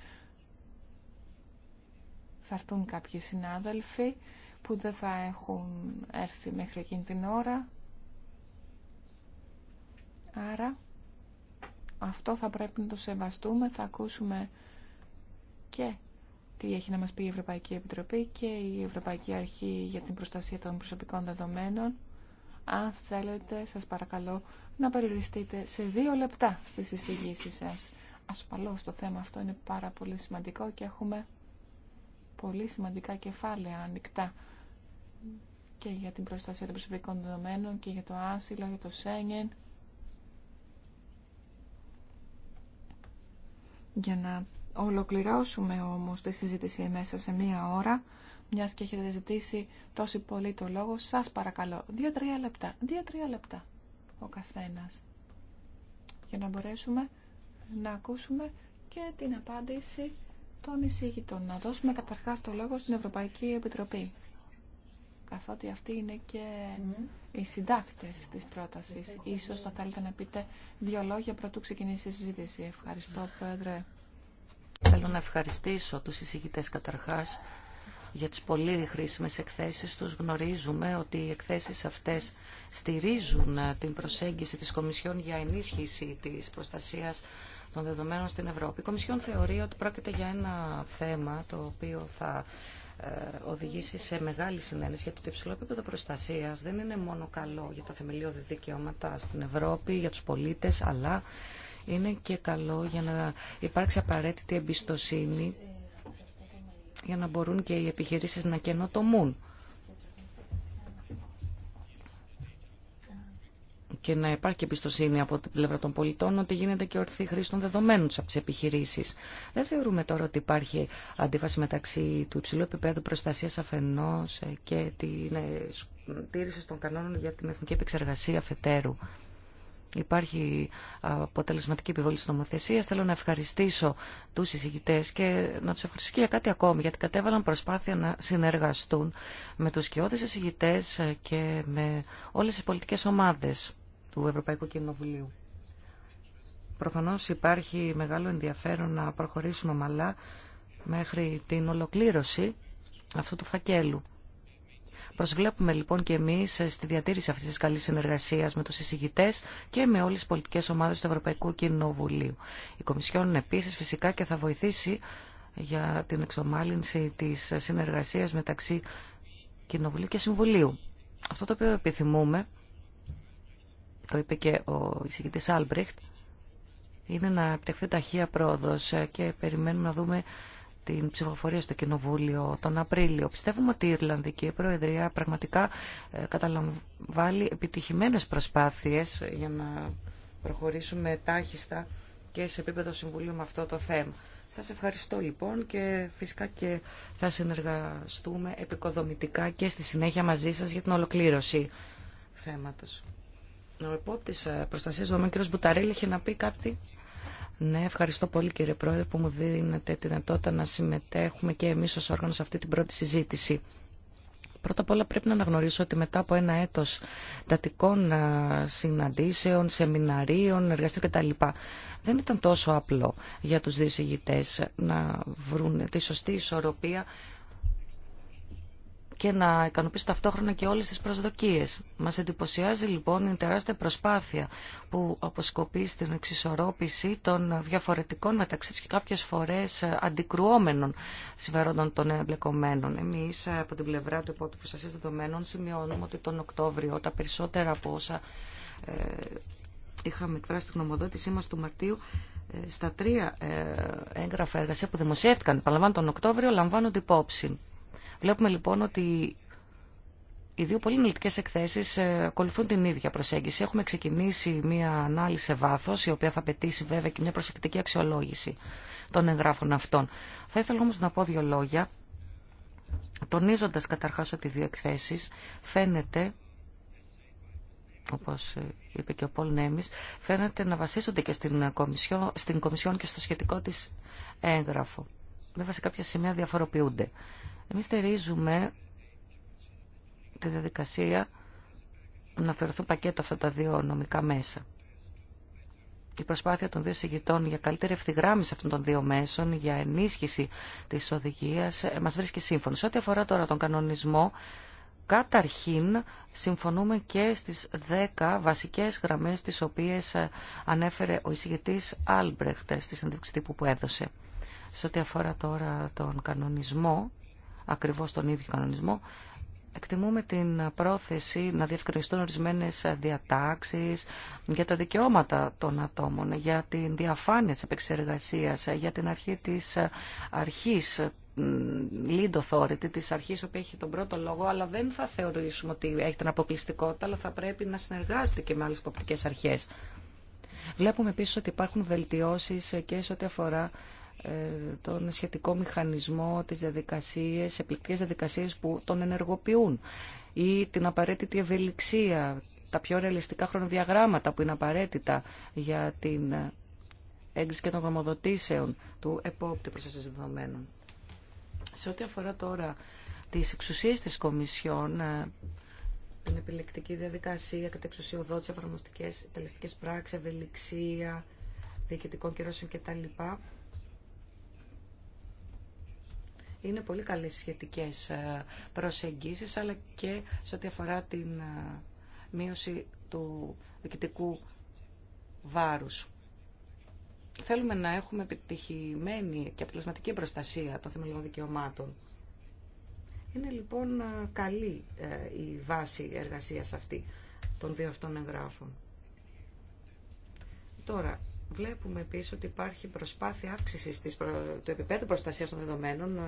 Θα έρθουν κάποιοι συνάδελφοι που δεν θα έχουν έρθει μέχρι εκείνη την ώρα. Άρα αυτό θα πρέπει να το σεβαστούμε, θα ακούσουμε και τι έχει να μας πει η Ευρωπαϊκή Επιτροπή και η Ευρωπαϊκή Αρχή για την Προστασία των Προσωπικών Δεδομένων. Αν θέλετε, σας παρακαλώ να περιοριστείτε σε δύο λεπτά στις εισηγήσεις σας. Ασφαλώς το θέμα αυτό είναι πάρα πολύ σημαντικό και έχουμε πολύ σημαντικά κεφάλαια ανοιχτά και για την προστασία των προσωπικών δεδομένων και για το άσυλο, για το Σέγγεν. Για να ολοκληρώσουμε όμως τη συζήτηση μέσα σε μία ώρα, μιας και έχετε ζητήσει τόσο πολύ το λόγο, σας παρακαλώ, δύο-τρία λεπτά, δύο-τρία λεπτά ο καθένας, για να μπορέσουμε να ακούσουμε και την απάντηση των εισηγητών. Να δώσουμε καταρχά το λόγο στην Ευρωπαϊκή Επιτροπή, καθότι αυτοί είναι και οι συντάκτες της πρόταση. Ίσως θα θέλετε να πείτε δύο λόγια πρωτού ξεκινήσει η συζήτηση. Ευχαριστώ, Πρόεδρε. Θέλω να ευχαριστήσω του εισηγητέ καταρχάς για τις πολύ χρήσιμες εκθέσεις τους. Γνωρίζουμε ότι οι εκθέσεις αυτές στηρίζουν την προσέγγιση της Κομισιόν για ενίσχυση της προστασίας των δεδομένων στην Ευρώπη. Η Κομισιόν θεωρεί ότι πρόκειται για ένα θέμα το οποίο θα ε, οδηγήσει σε μεγάλη συνένεση γιατί το υψηλό επίπεδο προστασία δεν είναι μόνο καλό για τα θεμελιώδη δικαιώματα στην Ευρώπη, για του πολίτε, αλλά είναι και καλό για να υπάρξει απαραίτητη εμπιστοσύνη για να μπορούν και οι επιχειρήσεις να καινοτομούν. και να υπάρχει εμπιστοσύνη από την πλευρά των πολιτών ότι γίνεται και ορθή χρήση των δεδομένων από τι επιχειρήσει. Δεν θεωρούμε τώρα ότι υπάρχει αντίφαση μεταξύ του υψηλού επίπεδου προστασία αφενό ε, και τη ε, τήρηση των κανόνων για την εθνική επεξεργασία φετέρου. Υπάρχει αποτελεσματική επιβολή τη νομοθεσία. Θέλω να ευχαριστήσω του συζητητέ και να του ευχαριστήσω και για κάτι ακόμη, γιατί κατέβαλαν προσπάθεια να συνεργαστούν με του κοιόδε συζητητέ ε, και με όλε τι πολιτικέ ομάδε του Ευρωπαϊκού Κοινοβουλίου. Προφανώς υπάρχει μεγάλο ενδιαφέρον να προχωρήσουμε ομαλά μέχρι την ολοκλήρωση αυτού του φακέλου. Προσβλέπουμε λοιπόν και εμείς στη διατήρηση αυτής της καλής συνεργασίας με τους εισηγητές και με όλες τις πολιτικές ομάδες του Ευρωπαϊκού Κοινοβουλίου. Η Κομισιόν επίσης φυσικά και θα βοηθήσει για την εξομάλυνση της συνεργασίας μεταξύ Κοινοβουλίου και Συμβουλίου. Αυτό το οποίο επιθυμούμε το είπε και ο εισηγητή Αλμπριχτ, είναι να επιτευχθεί ταχεία πρόοδο και περιμένουμε να δούμε την ψηφοφορία στο Κοινοβούλιο τον Απρίλιο. Πιστεύουμε ότι η Ιρλανδική Προεδρία πραγματικά ε, καταλαμβάνει επιτυχημένες προσπάθειες για να προχωρήσουμε τάχιστα και σε επίπεδο Συμβουλίου με αυτό το θέμα. Σας ευχαριστώ λοιπόν και φυσικά και θα συνεργαστούμε επικοδομητικά και στη συνέχεια μαζί σας για την ολοκλήρωση θέματος. Ο επόπτη ε, προστασία δομών, κ. Μπουταρέλη, είχε να πει κάτι. Ναι, ευχαριστώ πολύ κύριε Πρόεδρε που μου δίνετε τη δυνατότητα να συμμετέχουμε και εμείς ως όργανο σε αυτή την πρώτη συζήτηση. Πρώτα απ' όλα πρέπει να αναγνωρίσω ότι μετά από ένα έτος τατικών ε, συναντήσεων, σεμιναρίων, εργαστήρων κτλ. Δεν ήταν τόσο απλό για τους δύο να βρουν τη σωστή ισορροπία και να ικανοποιήσει ταυτόχρονα και όλες τις προσδοκίες. Μας εντυπωσιάζει λοιπόν η τεράστια προσπάθεια που αποσκοπεί στην εξισορρόπηση των διαφορετικών μεταξύ τους και κάποιες φορές αντικρουόμενων συμφερόντων των εμπλεκομένων. Εμείς από την πλευρά του υπότιτλου προστασίας δεδομένων σημειώνουμε ότι τον Οκτώβριο τα περισσότερα από όσα ε, είχαμε εκφράσει τη γνωμοδότησή μας του Μαρτίου ε, στα τρία ε, έγγραφα εργασία που δημοσιεύτηκαν, παραλαμβάνω τον Οκτώβριο, λαμβάνονται υπόψη. Βλέπουμε λοιπόν ότι οι δύο πολύ μελλοντικέ εκθέσει ε, ακολουθούν την ίδια προσέγγιση. Έχουμε ξεκινήσει μια ανάλυση σε βάθο, η οποία θα απαιτήσει βέβαια και μια προσεκτική αξιολόγηση των εγγράφων αυτών. Θα ήθελα όμω να πω δύο λόγια, τονίζοντα καταρχά ότι οι δύο εκθέσει φαίνεται όπω ε, είπε και ο Πολ Νέμι, φαίνεται να βασίζονται και στην Κομισιόν, στην Κομισιόν και στο σχετικό τη έγγραφο. Βέβαια σε κάποια σημεία διαφοροποιούνται. Εμείς στηρίζουμε τη διαδικασία να θεωρηθούν πακέτο αυτά τα δύο νομικά μέσα. Η προσπάθεια των δύο συγγητών για καλύτερη ευθυγράμμιση αυτών των δύο μέσων, για ενίσχυση της οδηγίας, ε, μας βρίσκει σύμφωνο. Σε ό,τι αφορά τώρα τον κανονισμό, Καταρχήν, συμφωνούμε και στις 10 βασικές γραμμές τις οποίες ε, ανέφερε ο εισηγητής Άλμπρεχτ ε, στη συνδεξιτή που έδωσε. Σε ό,τι αφορά τώρα τον κανονισμό, ακριβώς τον ίδιο κανονισμό, εκτιμούμε την πρόθεση να διευκρινιστούν ορισμένες διατάξεις για τα δικαιώματα των ατόμων, για την διαφάνεια της επεξεργασίας, για την αρχή της αρχής lead authority της αρχής που έχει τον πρώτο λόγο αλλά δεν θα θεωρήσουμε ότι έχει την αποκλειστικότητα αλλά θα πρέπει να συνεργάζεται και με άλλες υποπτικές αρχές. Βλέπουμε επίσης ότι υπάρχουν βελτιώσεις και σε ό,τι αφορά ε, τον σχετικό μηχανισμό, τις διαδικασίες, επιλεκτικές διαδικασίες που τον ενεργοποιούν ή την απαραίτητη ευελιξία, τα πιο ρεαλιστικά χρονοδιαγράμματα που είναι απαραίτητα για την έγκριση και των γνωμοδοτήσεων του επόπτη προσέσεις δεδομένων. Σε ό,τι αφορά τώρα τις εξουσίες της Κομισιόν, την ε, επιλεκτική διαδικασία, εξουσιοδότηση, εφαρμοστικές, τελεστικές πράξεις, ευελιξία, διοικητικών κυρώσεων κτλ είναι πολύ καλές σχετικές ε, προσεγγίσεις, αλλά και σε ό,τι αφορά την ε, μείωση του διοικητικού βάρους. Θέλουμε να έχουμε επιτυχημένη και αποτελεσματική προστασία των θεμελιών δικαιωμάτων. Είναι λοιπόν ε, καλή η βάση εργασίας αυτή των δύο αυτών εγγράφων. Τώρα, Βλέπουμε επίση ότι υπάρχει προσπάθεια αύξηση του επίπεδου προστασία των δεδομένων ε,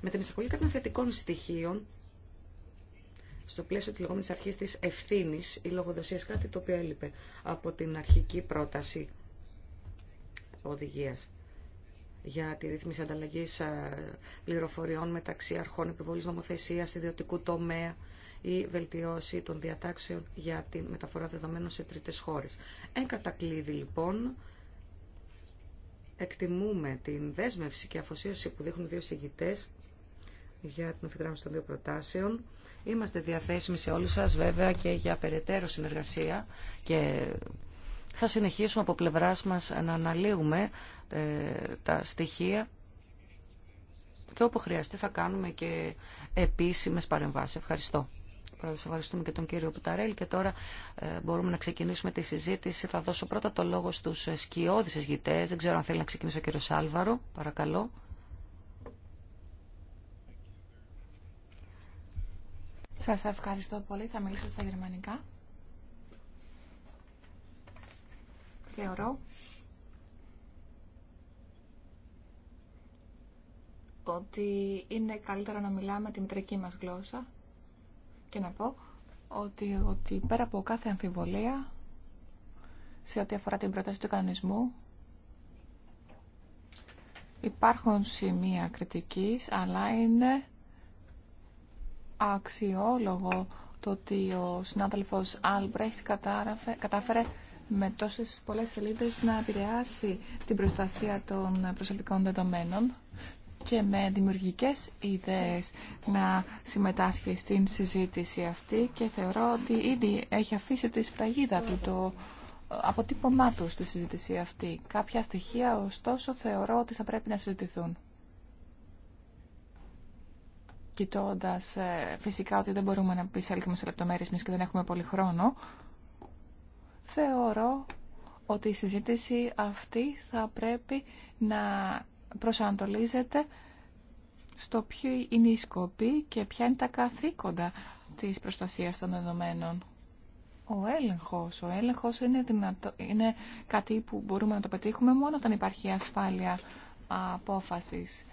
με την εισαγωγή κάποιων θετικών στοιχείων στο πλαίσιο τη λεγόμενη αρχή τη ευθύνη ή λογοδοσία, κάτι το οποίο έλειπε από την αρχική πρόταση οδηγία για τη ρύθμιση ανταλλαγή ε, πληροφοριών μεταξύ αρχών επιβολή νομοθεσία, ιδιωτικού τομέα ή βελτιώση των διατάξεων για τη μεταφορά δεδομένων σε τρίτες χώρες. Εν κατακλείδη λοιπόν, εκτιμούμε την δέσμευση και αφοσίωση που δείχνουν δύο συγκητές για την ευθυγράμμιση των δύο προτάσεων. Είμαστε διαθέσιμοι σε όλους σας βέβαια και για περαιτέρω συνεργασία και θα συνεχίσουμε από πλευράς μας να αναλύουμε ε, τα στοιχεία και όπου χρειαστεί θα κάνουμε και επίσημες παρεμβάσεις. Ευχαριστώ. Ευχαριστούμε και τον κύριο Πουταρέλ και τώρα ε, μπορούμε να ξεκινήσουμε τη συζήτηση. Θα δώσω πρώτα το λόγο στους ε, σκιώδεις εισηγητές. Δεν ξέρω αν θέλει να ξεκινήσει ο κύριος Σάλβαρο. Παρακαλώ. Σας ευχαριστώ πολύ. Θα μιλήσω στα γερμανικά. Θεωρώ ότι είναι καλύτερα να μιλάμε τη μητρική μας γλώσσα και να πω ότι, ότι πέρα από κάθε αμφιβολία σε ό,τι αφορά την πρόταση του κανονισμού υπάρχουν σημεία κριτικής αλλά είναι αξιόλογο το ότι ο συνάδελφος Άλμπρεχτ κατάφερε με τόσες πολλές σελίδες να επηρεάσει την προστασία των προσωπικών δεδομένων και με δημιουργικές ιδέες να συμμετάσχει στην συζήτηση αυτή και θεωρώ ότι ήδη έχει αφήσει τη σφραγίδα του το αποτύπωμά του στη συζήτηση αυτή. Κάποια στοιχεία ωστόσο θεωρώ ότι θα πρέπει να συζητηθούν. Κοιτώντα ε, φυσικά ότι δεν μπορούμε να πει σε λεπτομέρειες εμεί και δεν έχουμε πολύ χρόνο, θεωρώ ότι η συζήτηση αυτή θα πρέπει να προσανατολίζεται στο ποιοι είναι οι σκοποί και ποια είναι τα καθήκοντα της προστασίας των δεδομένων. Ο έλεγχος. Ο έλεγχος είναι, είναι κάτι που μπορούμε να το πετύχουμε μόνο όταν υπάρχει ασφάλεια απόφασης.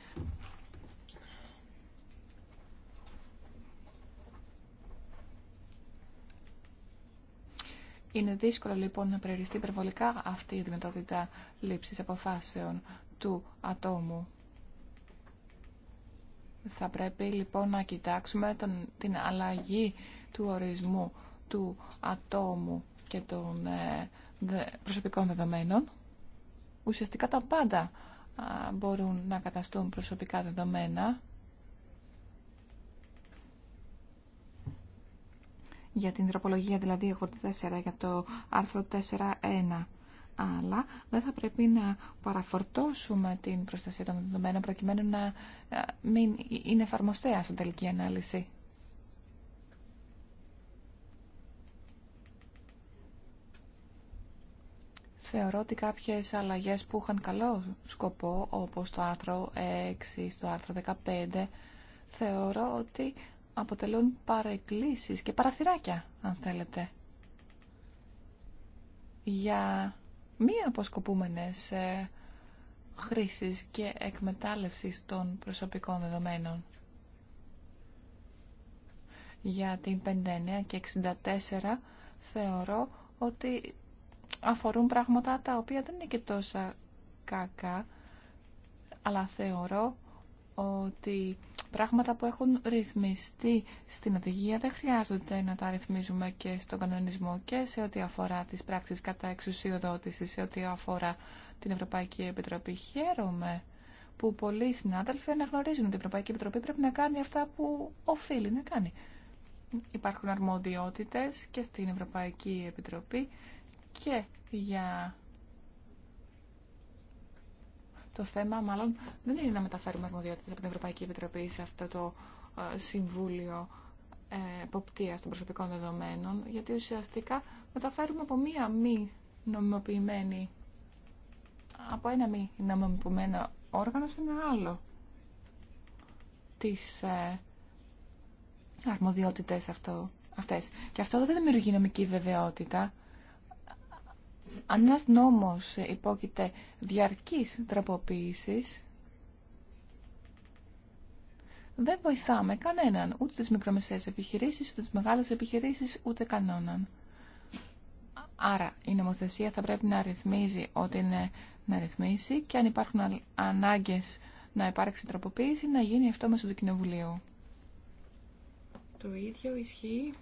Είναι δύσκολο λοιπόν να περιοριστεί υπερβολικά αυτή η δυνατότητα λήψης αποφάσεων του ατόμου. Θα πρέπει λοιπόν να κοιτάξουμε τον, την αλλαγή του ορισμού του ατόμου και των ε, δε, προσωπικών δεδομένων. Ουσιαστικά τα πάντα α, μπορούν να καταστούν προσωπικά δεδομένα. Για την τροπολογία δηλαδή 4 για το άρθρο 4.1 αλλά δεν θα πρέπει να παραφορτώσουμε την προστασία των δεδομένων προκειμένου να ε, μην είναι εφαρμοστέα στην τελική ανάλυση. Θεωρώ ότι κάποιες αλλαγές που είχαν καλό σκοπό, όπως το άρθρο 6, το άρθρο 15, θεωρώ ότι αποτελούν παρεκκλήσεις και παραθυράκια, αν θέλετε, για μη αποσκοπούμενες ε, και εκμετάλλευσης των προσωπικών δεδομένων. Για την 59 και 64 θεωρώ ότι αφορούν πράγματα τα οποία δεν είναι και τόσα κακά, αλλά θεωρώ ότι πράγματα που έχουν ρυθμιστεί στην οδηγία δεν χρειάζονται να τα ρυθμίζουμε και στον κανονισμό και σε ό,τι αφορά τις πράξεις κατά εξουσιοδότηση, σε ό,τι αφορά την Ευρωπαϊκή Επιτροπή. Χαίρομαι που πολλοί συνάδελφοι αναγνωρίζουν ότι η Ευρωπαϊκή Επιτροπή πρέπει να κάνει αυτά που οφείλει να κάνει. Υπάρχουν αρμοδιότητες και στην Ευρωπαϊκή Επιτροπή και για το θέμα μάλλον δεν είναι να μεταφέρουμε αρμοδιότητες από την Ευρωπαϊκή Επιτροπή σε αυτό το ε, Συμβούλιο ε, Εποπτείας των Προσωπικών Δεδομένων, γιατί ουσιαστικά μεταφέρουμε από μία μη από ένα μη νομιμοποιημένο όργανο σε ένα άλλο τις ε, αρμοδιότητες αυτό, αυτές. Και αυτό δεν δημιουργεί νομική βεβαιότητα αν ένας νόμος υπόκειται διαρκής τραποποίησης, δεν βοηθάμε κανέναν, ούτε τις μικρομεσαίες επιχειρήσεις, ούτε τις μεγάλες επιχειρήσεις, ούτε κανόναν. Άρα η νομοθεσία θα πρέπει να ρυθμίζει ό,τι είναι να ρυθμίσει και αν υπάρχουν ανάγκες να υπάρξει τροποποίηση, να γίνει αυτό μέσω του Κοινοβουλίου. Το ίδιο ισχύει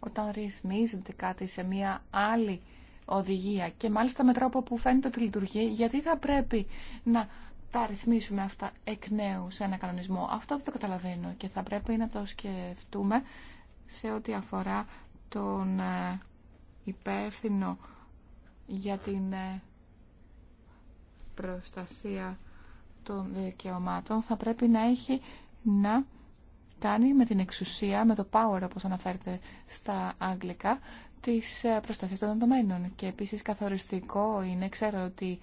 όταν ρυθμίζεται κάτι σε μια άλλη οδηγία και μάλιστα με τρόπο που φαίνεται ότι λειτουργεί, γιατί θα πρέπει να τα ρυθμίσουμε αυτά εκ νέου σε ένα κανονισμό. Αυτό δεν το καταλαβαίνω και θα πρέπει να το σκεφτούμε σε ό,τι αφορά τον ε, υπεύθυνο για την ε, προστασία των δικαιωμάτων θα πρέπει να έχει να φτάνει με την εξουσία, με το power όπως αναφέρεται στα αγγλικά, της ε, προστασίας των δεδομένων. Και επίσης καθοριστικό είναι, ξέρω ότι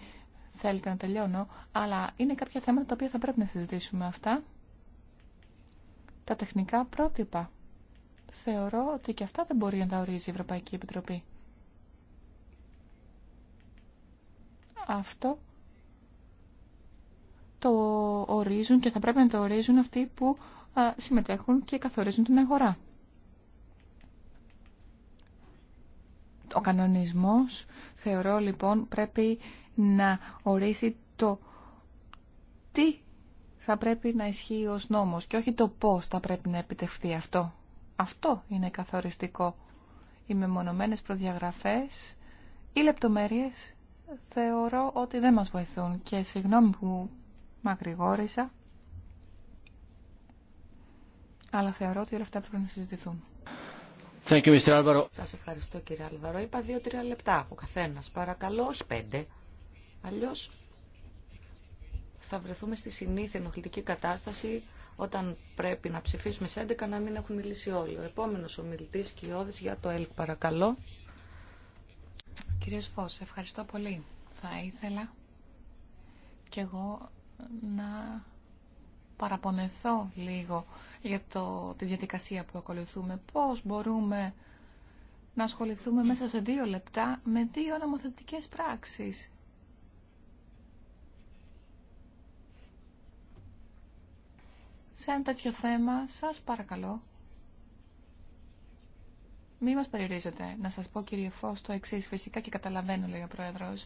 θέλετε να τελειώνω, αλλά είναι κάποια θέματα τα οποία θα πρέπει να συζητήσουμε αυτά. Τα τεχνικά πρότυπα. Θεωρώ ότι και αυτά δεν μπορεί να τα ορίζει η Ευρωπαϊκή Επιτροπή. Αυτό το ορίζουν και θα πρέπει να το ορίζουν αυτοί που συμμετέχουν και καθορίζουν την αγορά. Ο κανονισμός, θεωρώ λοιπόν, πρέπει να ορίσει το τι θα πρέπει να ισχύει ως νόμος και όχι το πώς θα πρέπει να επιτευχθεί αυτό. Αυτό είναι καθοριστικό. Οι μεμονωμένες προδιαγραφές ή λεπτομέρειες θεωρώ ότι δεν μας βοηθούν και συγγνώμη που μακρηγόρησα αλλά θεωρώ ότι όλα αυτά πρέπει να συζητηθούν. Thank you, Mr. Alvaro. Σας ευχαριστώ κύριε Αλβαρό. Είπα δύο-τρία λεπτά από καθένας. Παρακαλώ, όχι πέντε. Αλλιώς θα βρεθούμε στη συνήθεια ενοχλητική κατάσταση όταν πρέπει να ψηφίσουμε σε 11 να μην έχουν μιλήσει όλοι. Ο επόμενος ομιλητής Κιώδης για το ΕΛΚ παρακαλώ. Κύριε Φως, ευχαριστώ πολύ. Θα ήθελα και εγώ να παραπονεθώ λίγο για το, τη διαδικασία που ακολουθούμε. Πώς μπορούμε να ασχοληθούμε μέσα σε δύο λεπτά με δύο νομοθετικές πράξεις. Σε ένα τέτοιο θέμα, σας παρακαλώ, μη μας περιορίζετε. Να σας πω, κύριε Φως, το εξής. Φυσικά και καταλαβαίνω, λέει ο Πρόεδρος,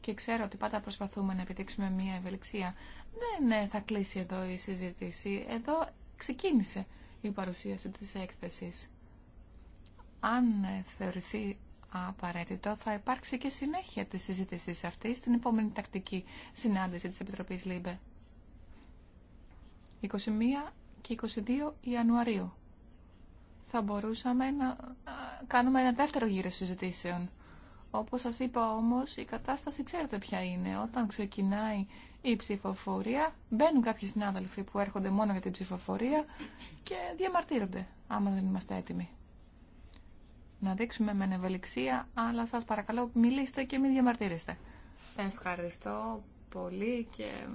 και ξέρω ότι πάντα προσπαθούμε να επιτύξουμε μια ευελιξία. Δεν ναι, θα κλείσει εδώ η συζήτηση. Εδώ ξεκίνησε η παρουσίαση της έκθεσης. Αν ε, θεωρηθεί απαραίτητο, θα υπάρξει και συνέχεια της συζήτησης αυτής στην επόμενη τακτική συνάντηση της Επιτροπής ΛΥΜΠΕ. 21 και 22 Ιανουαρίου. Θα μπορούσαμε να κάνουμε ένα δεύτερο γύρο συζητήσεων όπως σας είπα όμως, η κατάσταση ξέρετε ποια είναι. Όταν ξεκινάει η ψηφοφορία, μπαίνουν κάποιοι συνάδελφοι που έρχονται μόνο για την ψηφοφορία και διαμαρτύρονται, άμα δεν είμαστε έτοιμοι. Να δείξουμε με ευελιξία, αλλά σας παρακαλώ μιλήστε και μην διαμαρτύρεστε. Ευχαριστώ πολύ και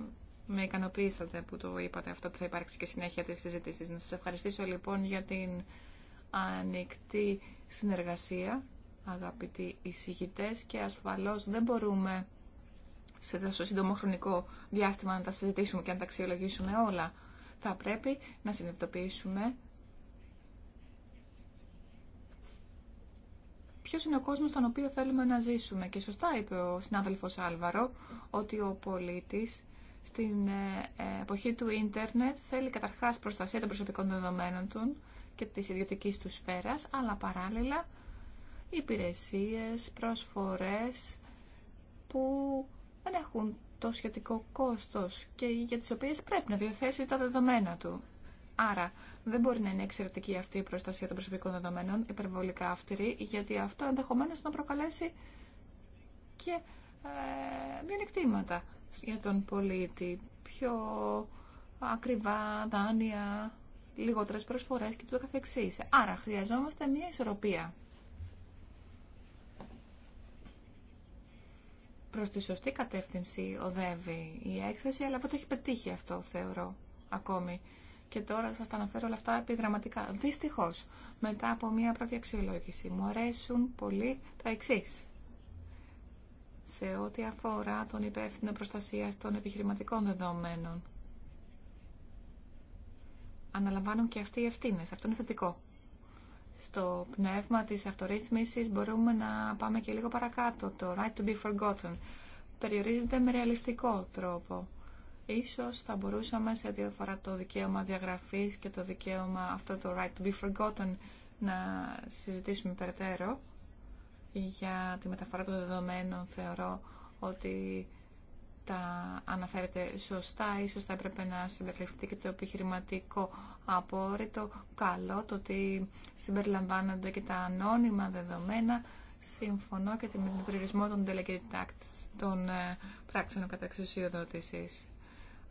με ικανοποίησατε που το είπατε αυτό ότι θα υπάρξει και συνέχεια της συζήτησης. Να σας ευχαριστήσω λοιπόν για την ανοιχτή συνεργασία αγαπητοί εισηγητές και ασφαλώς δεν μπορούμε σε τόσο σύντομο χρονικό διάστημα να τα συζητήσουμε και να τα αξιολογήσουμε όλα. Θα πρέπει να συνειδητοποιήσουμε ποιος είναι ο κόσμος στον οποίο θέλουμε να ζήσουμε. Και σωστά είπε ο συνάδελφος Άλβαρο ότι ο πολίτης στην ε, εποχή του ίντερνετ θέλει καταρχάς προστασία των προσωπικών δεδομένων του και της ιδιωτικής του σφαίρας, αλλά παράλληλα υπηρεσίες, προσφορές που δεν έχουν το σχετικό κόστος και για τις οποίες πρέπει να διαθέσει τα δεδομένα του. Άρα δεν μπορεί να είναι εξαιρετική αυτή η προστασία των προσωπικών δεδομένων, υπερβολικά αυστηρή, γιατί αυτό ενδεχομένως να προκαλέσει και ε, μειονεκτήματα για τον πολίτη. Πιο ακριβά δάνεια, λιγότερες προσφορές και το καθεξής. Άρα χρειαζόμαστε μια ισορροπία προς τη σωστή κατεύθυνση οδεύει η έκθεση, αλλά πότε το έχει πετύχει αυτό, θεωρώ, ακόμη. Και τώρα σας τα αναφέρω όλα αυτά επιγραμματικά. Δυστυχώς, μετά από μια πρώτη αξιολόγηση, μου αρέσουν πολύ τα εξή. Σε ό,τι αφορά τον υπεύθυνο προστασία των επιχειρηματικών δεδομένων. Αναλαμβάνουν και αυτοί οι ευθύνε. Αυτό είναι θετικό στο πνεύμα της αυτορύθμισης μπορούμε να πάμε και λίγο παρακάτω. Το right to be forgotten περιορίζεται με ρεαλιστικό τρόπο. Ίσως θα μπορούσαμε σε δύο φορά το δικαίωμα διαγραφής και το δικαίωμα αυτό το right to be forgotten να συζητήσουμε περαιτέρω για τη μεταφορά των δεδομένων θεωρώ ότι τα αναφέρεται σωστά. Ίσως θα έπρεπε να συμπεριληφθεί και το επιχειρηματικό απόρριτο καλό το ότι συμπεριλαμβάνονται και τα ανώνυμα δεδομένα. Συμφωνώ και με τον περιορισμό των τελεκριτάκτης των ε, πράξεων κατά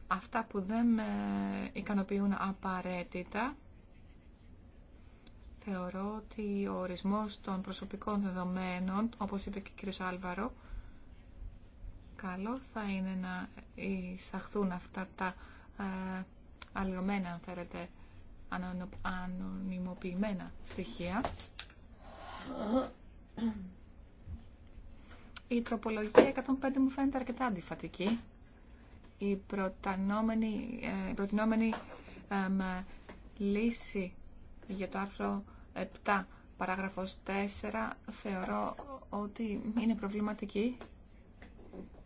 Αυτά που δεν με ικανοποιούν απαραίτητα θεωρώ ότι ο ορισμός των προσωπικών δεδομένων, όπως είπε και ο κ. Άλβαρο, καλό θα είναι να εισαχθούν αυτά τα ε, αν θέλετε, ανωνυμοποιημένα στοιχεία. Η τροπολογία 105 μου φαίνεται αρκετά αντιφατική. Η προτανόμενη, ε, προτινόμενη λύση για το άρθρο 7 παράγραφος 4 θεωρώ ότι είναι προβληματική.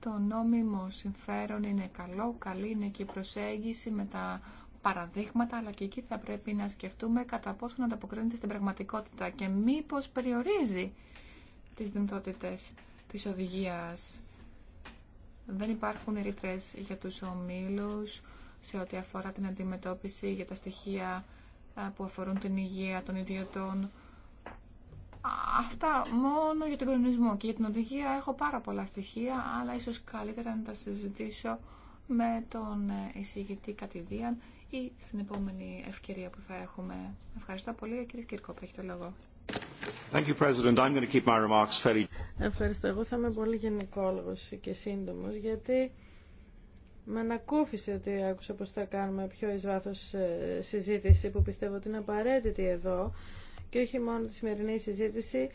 Το νόμιμο συμφέρον είναι καλό, καλή είναι και η προσέγγιση με τα παραδείγματα, αλλά και εκεί θα πρέπει να σκεφτούμε κατά πόσο να ανταποκρίνεται στην πραγματικότητα και μήπως περιορίζει τις δυνατότητες της οδηγίας. Δεν υπάρχουν ρήτρες για τους ομίλους σε ό,τι αφορά την αντιμετώπιση για τα στοιχεία που αφορούν την υγεία των ιδιωτών. Αυτά μόνο για τον κρονισμό και για την οδηγία έχω πάρα πολλά στοιχεία, αλλά ίσως καλύτερα να τα συζητήσω με τον ε, εισηγητή κατηδίαν ή στην επόμενη ευκαιρία που θα έχουμε. Ευχαριστώ πολύ. Κύριε Κύρκοπ, έχει το λόγο. Ευχαριστώ. Εγώ θα είμαι πολύ γενικόλογος και σύντομος, γιατί με ανακούφισε ότι άκουσα πως θα κάνουμε πιο εις βάθος ε, συζήτηση που πιστεύω ότι είναι απαραίτητη εδώ και όχι μόνο τη σημερινή συζήτηση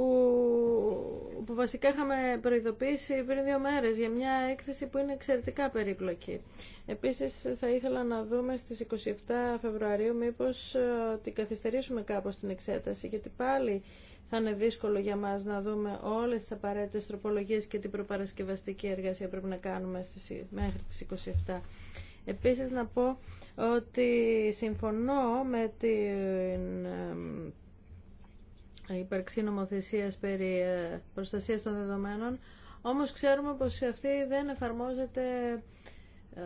που, βασικά είχαμε προειδοποιήσει πριν δύο μέρες για μια έκθεση που είναι εξαιρετικά περίπλοκη. Επίσης θα ήθελα να δούμε στις 27 Φεβρουαρίου μήπως ε, την καθυστερήσουμε κάπως την εξέταση γιατί πάλι θα είναι δύσκολο για μας να δούμε όλες τις απαραίτητες τροπολογίες και την προπαρασκευαστική εργασία που πρέπει να κάνουμε μέχρι τις 27. Επίσης να πω ότι συμφωνώ με την ε, υπαρξή νομοθεσία περί ε, προστασίας των δεδομένων, Όμω ξέρουμε πω αυτή δεν εφαρμόζεται ε,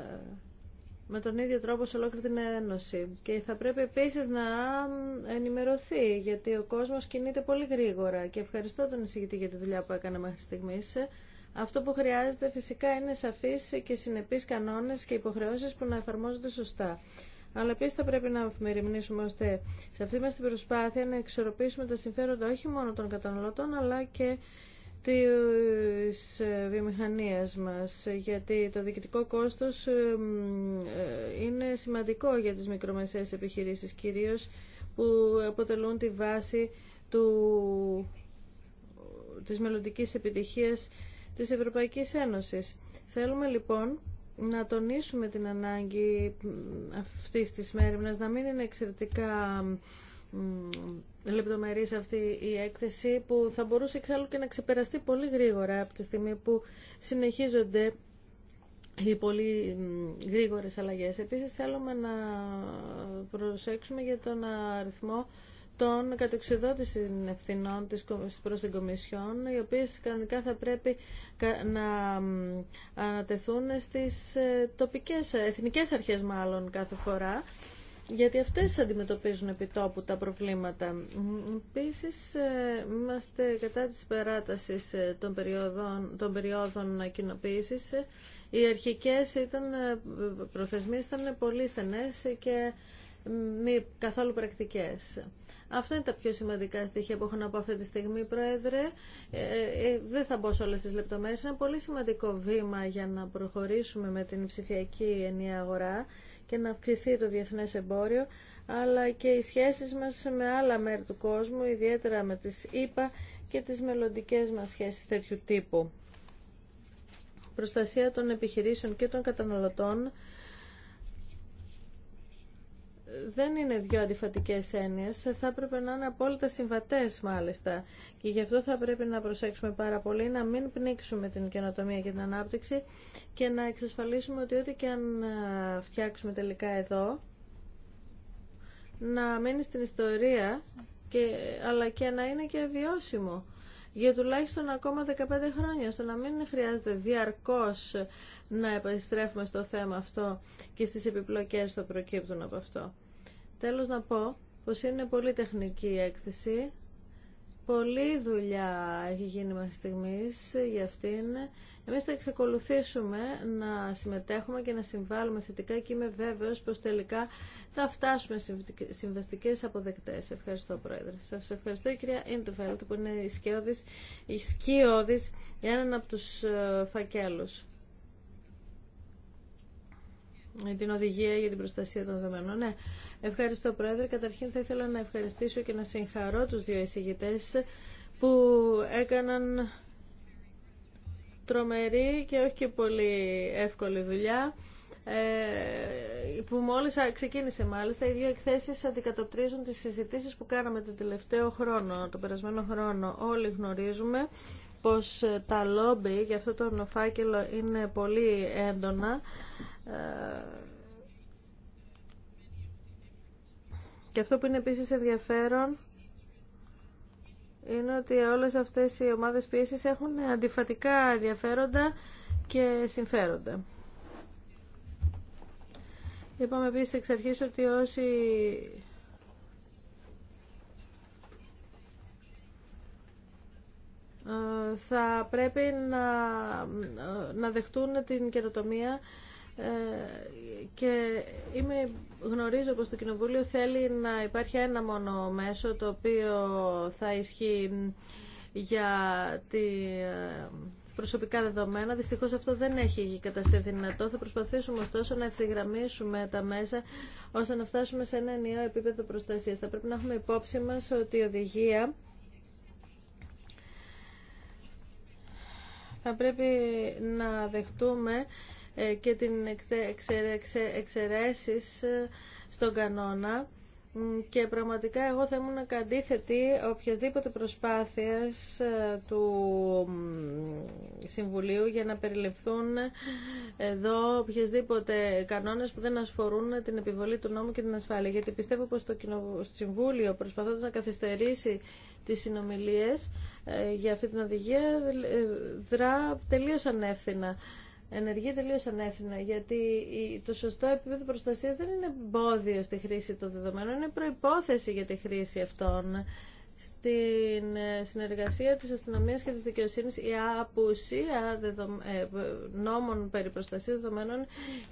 με τον ίδιο τρόπο σε ολόκληρη την Ένωση. Και θα πρέπει επίση να ενημερωθεί, γιατί ο κόσμο κινείται πολύ γρήγορα. Και ευχαριστώ τον εισηγητή για τη δουλειά που έκανε μέχρι στιγμή. Αυτό που χρειάζεται φυσικά είναι σαφείς και συνεπεί κανόνες και υποχρεώσεις που να εφαρμόζονται σωστά. Αλλά επίση θα πρέπει να μεριμνήσουμε ώστε σε αυτή μα την προσπάθεια να εξορροπήσουμε τα συμφέροντα όχι μόνο των καταναλωτών αλλά και τη ε, βιομηχανία μας γιατί το διοικητικό κόστος ε, ε, είναι σημαντικό για τις μικρομεσαίες επιχειρήσεις κυρίως που αποτελούν τη βάση του, της μελλοντικής επιτυχίας της Ευρωπαϊκής Ένωσης. Θέλουμε λοιπόν να τονίσουμε την ανάγκη αυτής της μέρημνας να μην είναι εξαιρετικά λεπτομερής αυτή η έκθεση που θα μπορούσε εξάλλου και να ξεπεραστεί πολύ γρήγορα από τη στιγμή που συνεχίζονται οι πολύ γρήγορες αλλαγές. Επίσης θέλουμε να προσέξουμε για τον αριθμό των κατοξιδότησης ευθυνών της προς την Κομισιόν, οι οποίες κανονικά θα πρέπει να ανατεθούν στις ε, τοπικές, εθνικές αρχές μάλλον κάθε φορά, γιατί αυτές αντιμετωπίζουν επιτόπου τα προβλήματα. Επίση, ε, είμαστε κατά της περάτασης ε, των περιόδων, των περιόδων κοινοποίησης. Οι αρχικές ήταν, προθεσμίες ήταν πολύ στενές και μη καθόλου πρακτικές. Αυτά είναι τα πιο σημαντικά στοιχεία που έχω να πω αυτή τη στιγμή, Πρόεδρε. Ε, ε, δεν θα μπω σε όλες τις λεπτομέρειες. Είναι πολύ σημαντικό βήμα για να προχωρήσουμε με την ψηφιακή ενιαία αγορά και να αυξηθεί το διεθνές εμπόριο, αλλά και οι σχέσεις μας με άλλα μέρη του κόσμου, ιδιαίτερα με τις ΗΠΑ και τις μελλοντικέ μας σχέσεις τέτοιου τύπου. Προστασία των επιχειρήσεων και των καταναλωτών δεν είναι δύο αντιφατικές έννοιες, θα έπρεπε να είναι απόλυτα συμβατές μάλιστα. Και γι' αυτό θα πρέπει να προσέξουμε πάρα πολύ, να μην πνίξουμε την καινοτομία και την ανάπτυξη και να εξασφαλίσουμε ότι ό,τι και αν φτιάξουμε τελικά εδώ, να μένει στην ιστορία, και, αλλά και να είναι και βιώσιμο για τουλάχιστον ακόμα 15 χρόνια, ώστε να μην χρειάζεται διαρκώς να επιστρέφουμε στο θέμα αυτό και στις επιπλοκές που θα προκύπτουν από αυτό. Τέλος να πω πως είναι πολύ τεχνική η έκθεση. Πολλή δουλειά έχει γίνει μέχρι στιγμής για αυτήν. Εμείς θα εξακολουθήσουμε να συμμετέχουμε και να συμβάλλουμε θετικά και είμαι βέβαιος πως τελικά θα φτάσουμε συμβαστικές αποδεκτές. Ευχαριστώ Πρόεδρε. Σας ευχαριστώ η κυρία Ιντουφέλτ που είναι η σκιώδης, η σκιώδης για έναν από τους ε, φακέλους. Ε, την οδηγία για την προστασία των δεδομένων. Ναι, ευχαριστώ Πρόεδρε. Καταρχήν θα ήθελα να ευχαριστήσω και να συγχαρώ τους δύο εισηγητές που έκαναν τρομερή και όχι και πολύ εύκολη δουλειά ε, που μόλις ξεκίνησε μάλιστα οι δύο εκθέσεις αντικατοπτρίζουν τις συζητήσεις που κάναμε τον τελευταίο χρόνο, τον περασμένο χρόνο όλοι γνωρίζουμε πως ε, τα λόμπι για αυτό το φάκελο είναι πολύ έντονα ε, και αυτό που είναι επίσης ενδιαφέρον είναι ότι όλες αυτές οι ομάδες πίεσης έχουν αντιφατικά ενδιαφέροντα και συμφέροντα. Είπαμε επίσης εξ ότι όσοι θα πρέπει να, να δεχτούν την καινοτομία ε, και είμαι, γνωρίζω πως το Κοινοβούλιο θέλει να υπάρχει ένα μόνο μέσο το οποίο θα ισχύει για τη ε, προσωπικά δεδομένα. Δυστυχώς αυτό δεν έχει καταστεί δυνατό. Θα προσπαθήσουμε ωστόσο να ευθυγραμμίσουμε τα μέσα ώστε να φτάσουμε σε ένα ενιαίο επίπεδο προστασίας. Θα πρέπει να έχουμε υπόψη μας ότι η οδηγία θα πρέπει να δεχτούμε ε, και την εξαιρέσεις ε, στον κανόνα και πραγματικά εγώ θα ήμουν αντίθετη οποιασδήποτε προσπάθειας ε, του Συμβουλίου για να περιληφθούν εδώ οποιασδήποτε κανόνες που δεν ασφορούν την επιβολή του νόμου και την ασφάλεια. Γιατί πιστεύω πως το Συμβούλιο προσπαθώντας να καθυστερήσει τις συνομιλίες ε, για αυτή την οδηγία ε, δρά τελείως ανεύθυνα. Ενεργεί τελείω ανεύθυνα, γιατί το σωστό επίπεδο προστασία δεν είναι εμπόδιο στη χρήση των δεδομένων, είναι προϋπόθεση για τη χρήση αυτών. Στην ε, συνεργασία της αστυνομίας και της δικαιοσύνης η απουσία ε, νόμων περί προστασίας δεδομένων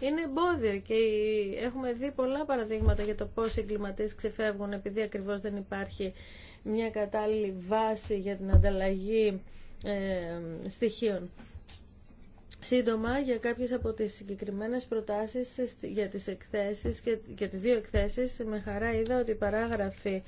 είναι εμπόδιο και έχουμε δει πολλά παραδείγματα για το πώς οι εγκληματίες ξεφεύγουν επειδή ακριβώς δεν υπάρχει μια κατάλληλη βάση για την ανταλλαγή ε, στοιχείων σύντομα για κάποιες από τις συγκεκριμένες προτάσεις για τις εκθέσεις και για τις δύο εκθέσεις. Με χαρά είδα ότι οι παράγραφοι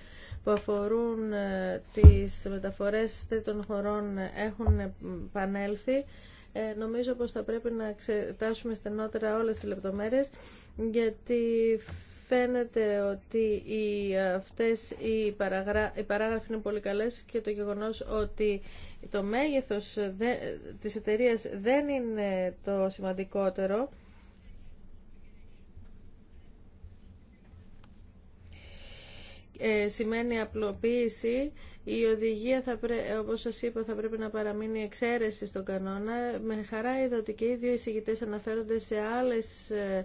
που αφορούν ε, τις μεταφορές τρίτων χωρών έχουν επανέλθει. Ε, νομίζω πως θα πρέπει να εξετάσουμε στενότερα όλες τις λεπτομέρειες γιατί φαίνεται ότι οι, αυτές οι, παραγρα... παράγραφοι είναι πολύ καλές και το γεγονός ότι το μέγεθος της εταιρείας δεν είναι το σημαντικότερο. Ε, σημαίνει απλοποίηση η οδηγία, θα πρέ... όπως σας είπα, θα πρέπει να παραμείνει εξαίρεση στον κανόνα. Με χαρά είδα ότι και οι δύο εισηγητές αναφέρονται σε άλλες ε,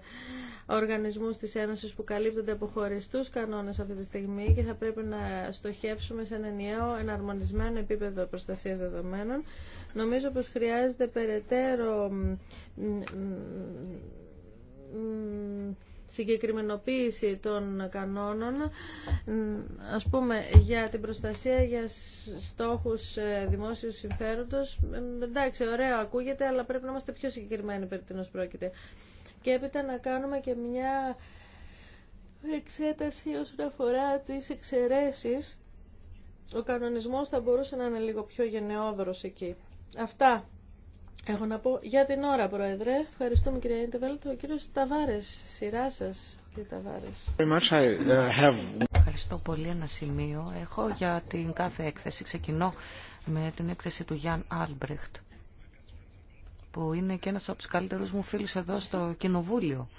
οργανισμούς της Ένωσης που καλύπτονται από χωριστούς κανόνες αυτή τη στιγμή και θα πρέπει να στοχεύσουμε σε ένα νέο, εναρμονισμένο επίπεδο προστασίας δεδομένων. Νομίζω πως χρειάζεται περαιτέρω συγκεκριμενοποίηση των κανόνων, ας πούμε, για την προστασία για στόχους ε, δημόσιου συμφέροντος. Ε, εντάξει, ωραίο ακούγεται, αλλά πρέπει να είμαστε πιο συγκεκριμένοι περί τίνος πρόκειται. Και έπειτα να κάνουμε και μια εξέταση όσον αφορά τις εξαιρέσεις. Ο κανονισμός θα μπορούσε να είναι λίγο πιο γενναιόδωρος εκεί. Αυτά Έχω να πω για την ώρα, Πρόεδρε. Ευχαριστούμε, κυρία Ιντεβέλτ. Ο κύριο Ταβάρε, σειρά σας. Uh, Ευχαριστώ πολύ. Ένα σημείο έχω για την κάθε έκθεση. Ξεκινώ με την έκθεση του Γιάνν Άλμπρεχτ, που είναι και ένας από τους καλύτερους μου φίλους εδώ στο Κοινοβούλιο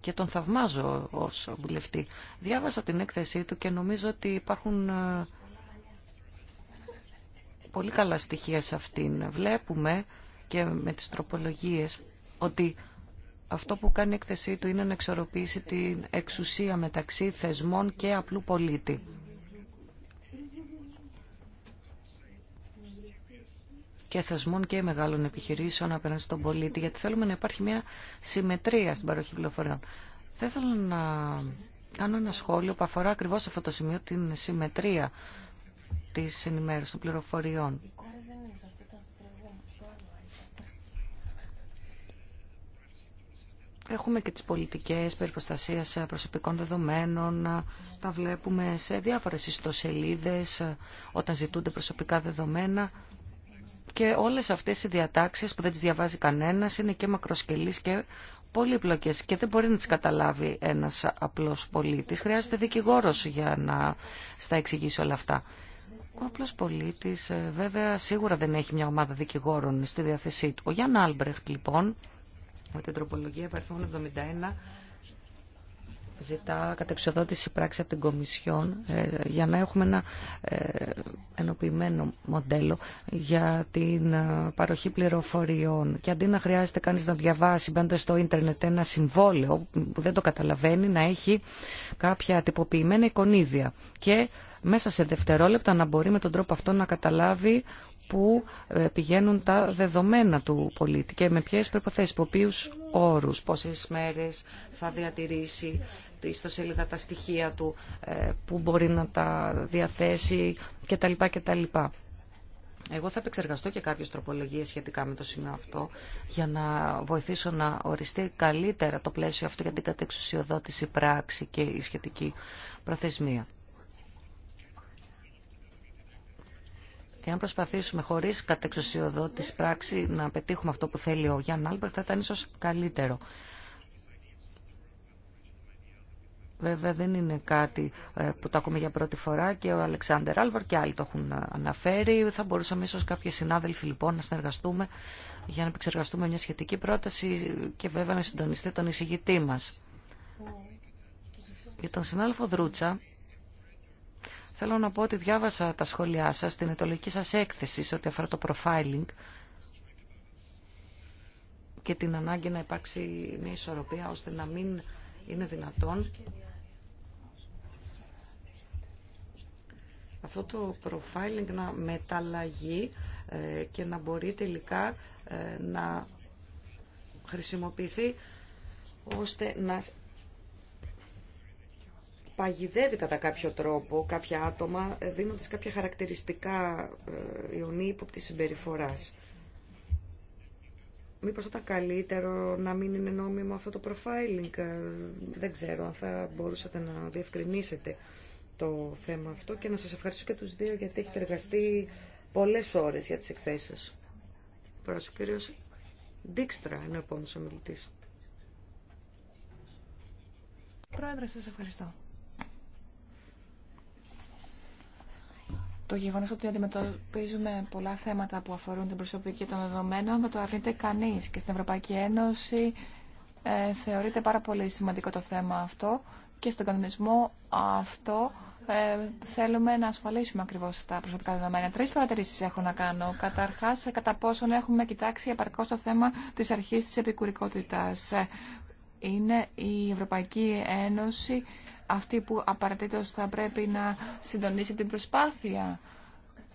και τον θαυμάζω ως βουλευτή. Διάβασα την έκθεσή του και νομίζω ότι υπάρχουν ε, πολύ καλά στοιχεία σε αυτήν. Βλέπουμε και με τις τροπολογίες ότι αυτό που κάνει η έκθεσή του είναι να εξορροπήσει την εξουσία μεταξύ θεσμών και απλού πολίτη. και θεσμών και μεγάλων επιχειρήσεων απέναντι στον πολίτη, γιατί θέλουμε να υπάρχει μια συμμετρία στην παροχή πληροφοριών. Θα ήθελα να κάνω ένα σχόλιο που αφορά ακριβώς αυτό το σημείο, την συμμετρία της ενημέρωσης των πληροφοριών. Έχουμε και τις πολιτικές περιπροστασίας προσωπικών δεδομένων. Τα βλέπουμε σε διάφορες ιστοσελίδες ε, όταν ζητούνται προσωπικά δεδομένα. Και όλες αυτές οι διατάξεις που δεν τις διαβάζει κανένας είναι και μακροσκελής και πολύπλοκες και δεν μπορεί να τις καταλάβει ένας απλός πολίτης. Χρειάζεται δικηγόρος για να στα εξηγήσει όλα αυτά. Ο απλός πολίτης ε, βέβαια σίγουρα δεν έχει μια ομάδα δικηγόρων στη διάθεσή του. Ο Γιάννα Άλμπρεχτ λοιπόν με την τροπολογία 71 ζητά κατεξοδότηση πράξη από την Κομισιόν ε, για να έχουμε ένα ε, ενοποιημένο μοντέλο για την ε, παροχή πληροφοριών. Και αντί να χρειάζεται κανείς να διαβάσει μπαίνοντα στο ίντερνετ ένα συμβόλαιο που δεν το καταλαβαίνει, να έχει κάποια τυποποιημένα εικονίδια. Και μέσα σε δευτερόλεπτα να μπορεί με τον τρόπο αυτό να καταλάβει πού ε, πηγαίνουν τα δεδομένα του πολίτη και με ποιες προποθέσεις, από ποιου όρους, πόσες μέρες θα διατηρήσει στο ιστοσελίδα τα στοιχεία του, ε, πού μπορεί να τα διαθέσει κτλ. κτλ. Εγώ θα επεξεργαστώ και κάποιες τροπολογίες σχετικά με το σημείο αυτό για να βοηθήσω να οριστεί καλύτερα το πλαίσιο αυτό για την κατεξουσιοδότηση πράξη και η σχετική προθεσμία. Και αν προσπαθήσουμε χωρί κατεξουσιοδότηση πράξη να πετύχουμε αυτό που θέλει ο Γιάννη Άλμπερτ, θα ήταν ίσω καλύτερο. Βέβαια δεν είναι κάτι ε, που το ακούμε για πρώτη φορά και ο Αλεξάνδερ Άλβαρ και άλλοι το έχουν ε, αναφέρει. Θα μπορούσαμε ίσως κάποιοι συνάδελφοι λοιπόν να συνεργαστούμε για να επεξεργαστούμε μια σχετική πρόταση και βέβαια να συντονιστεί τον εισηγητή μας. Για τον συνάδελφο Δρούτσα Θέλω να πω ότι διάβασα τα σχόλιά σας στην ετολική σας έκθεση σε ό,τι αφορά το profiling και την ανάγκη να υπάρξει μια ισορροπία ώστε να μην είναι δυνατόν αυτό το profiling να μεταλλαγεί ε, και να μπορεί τελικά ε, να χρησιμοποιηθεί ώστε να παγιδεύει κατά κάποιο τρόπο κάποια άτομα ε, δίνοντας κάποια χαρακτηριστικά ε, ιονή υποπτή συμπεριφοράς. Μήπως θα ήταν καλύτερο να μην είναι νόμιμο αυτό το profiling. Ε, δεν ξέρω αν θα μπορούσατε να διευκρινίσετε το θέμα αυτό και να σας ευχαριστώ και τους δύο γιατί έχετε εργαστεί πολλές ώρες για τις εκθέσεις σας. ο κύριος Δίκστρα είναι ο επόμενος ομιλητής. Πρόεδρε, σας ευχαριστώ. το γεγονό ότι αντιμετωπίζουμε πολλά θέματα που αφορούν την προσωπική των δεδομένων δεν το αρνείται κανείς και στην Ευρωπαϊκή Ένωση ε, θεωρείται πάρα πολύ σημαντικό το θέμα αυτό και στον κανονισμό αυτό ε, θέλουμε να ασφαλίσουμε ακριβώς τα προσωπικά δεδομένα. Τρεις παρατηρήσεις έχω να κάνω. Καταρχάς, κατά πόσον έχουμε κοιτάξει επαρκώ το θέμα της αρχής της επικουρικότητας είναι η Ευρωπαϊκή Ένωση αυτή που απαραίτητος θα πρέπει να συντονίσει την προσπάθεια.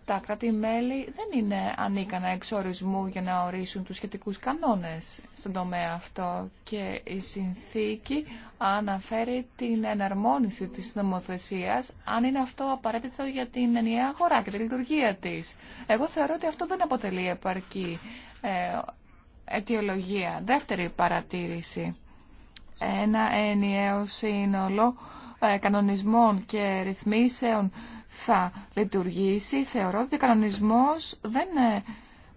Τα κράτη-μέλη δεν είναι ανίκανα εξόρισμου για να ορίσουν τους σχετικούς κανόνες στον τομέα αυτό και η συνθήκη αναφέρει την εναρμόνιση της νομοθεσίας αν είναι αυτό απαραίτητο για την ενιαία αγορά και τη λειτουργία της. Εγώ θεωρώ ότι αυτό δεν αποτελεί επαρκή ε, αιτιολογία. Δεύτερη παρατήρηση ένα ενιαίο σύνολο ε, κανονισμών και ρυθμίσεων θα λειτουργήσει. Θεωρώ ότι ο κανονισμός δεν ε,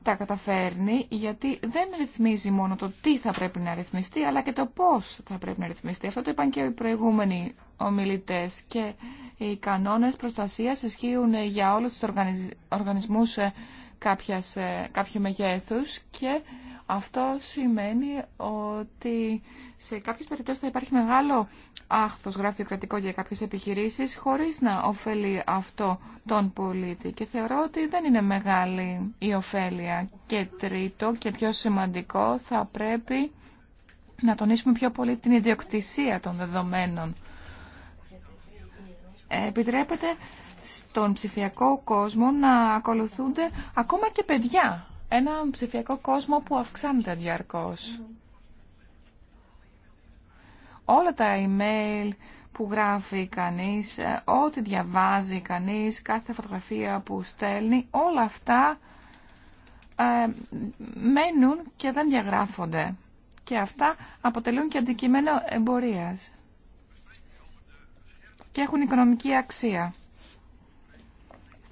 τα καταφέρνει γιατί δεν ρυθμίζει μόνο το τι θα πρέπει να ρυθμιστεί αλλά και το πώς θα πρέπει να ρυθμιστεί. Αυτό το είπαν και οι προηγούμενοι ομιλητές και οι κανόνες προστασίας ισχύουν ε, για όλους τους οργανισμούς κάποιας, κάποιου μεγέθους αυτό σημαίνει ότι σε κάποιε περιπτώσεις θα υπάρχει μεγάλο άχθος γραφειοκρατικό για κάποιε επιχειρήσεις χωρίς να ωφελεί αυτό τον πολίτη και θεωρώ ότι δεν είναι μεγάλη η ωφέλεια. Και τρίτο και πιο σημαντικό θα πρέπει να τονίσουμε πιο πολύ την ιδιοκτησία των δεδομένων. Επιτρέπεται στον ψηφιακό κόσμο να ακολουθούνται ακόμα και παιδιά ένα ψηφιακό κόσμο που αυξάνεται διαρκώς. Όλα τα email που γράφει κανείς, ε, ό,τι διαβάζει κανείς, κάθε φωτογραφία που στέλνει, όλα αυτά ε, μένουν και δεν διαγράφονται. Και αυτά αποτελούν και αντικείμενο εμπορίας. Και έχουν οικονομική αξία.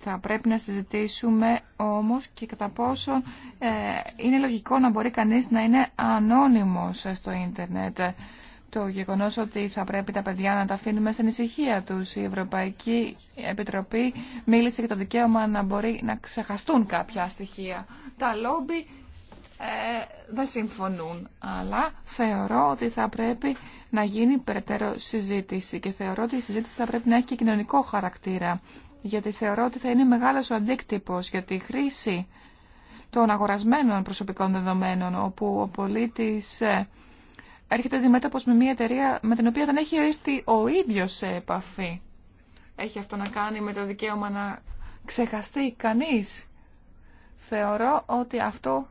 Θα πρέπει να συζητήσουμε όμως και κατά πόσο ε, είναι λογικό να μπορεί κανείς να είναι ανώνυμος στο ίντερνετ. Το γεγονός ότι θα πρέπει τα παιδιά να τα αφήνουμε στην ησυχία τους. Η Ευρωπαϊκή Επιτροπή μίλησε για το δικαίωμα να μπορεί να ξεχαστούν κάποια στοιχεία. Τα λόμπι ε, δεν συμφωνούν, αλλά θεωρώ ότι θα πρέπει να γίνει περαιτέρω συζήτηση και θεωρώ ότι η συζήτηση θα πρέπει να έχει και κοινωνικό χαρακτήρα γιατί θεωρώ ότι θα είναι μεγάλος ο αντίκτυπος για τη χρήση των αγορασμένων προσωπικών δεδομένων, όπου ο πολίτης ε, έρχεται αντιμέτωπος με μια εταιρεία με την οποία δεν έχει έρθει ο ίδιος σε επαφή. Έχει αυτό να κάνει με το δικαίωμα να ξεχαστεί κανείς. Θεωρώ ότι αυτό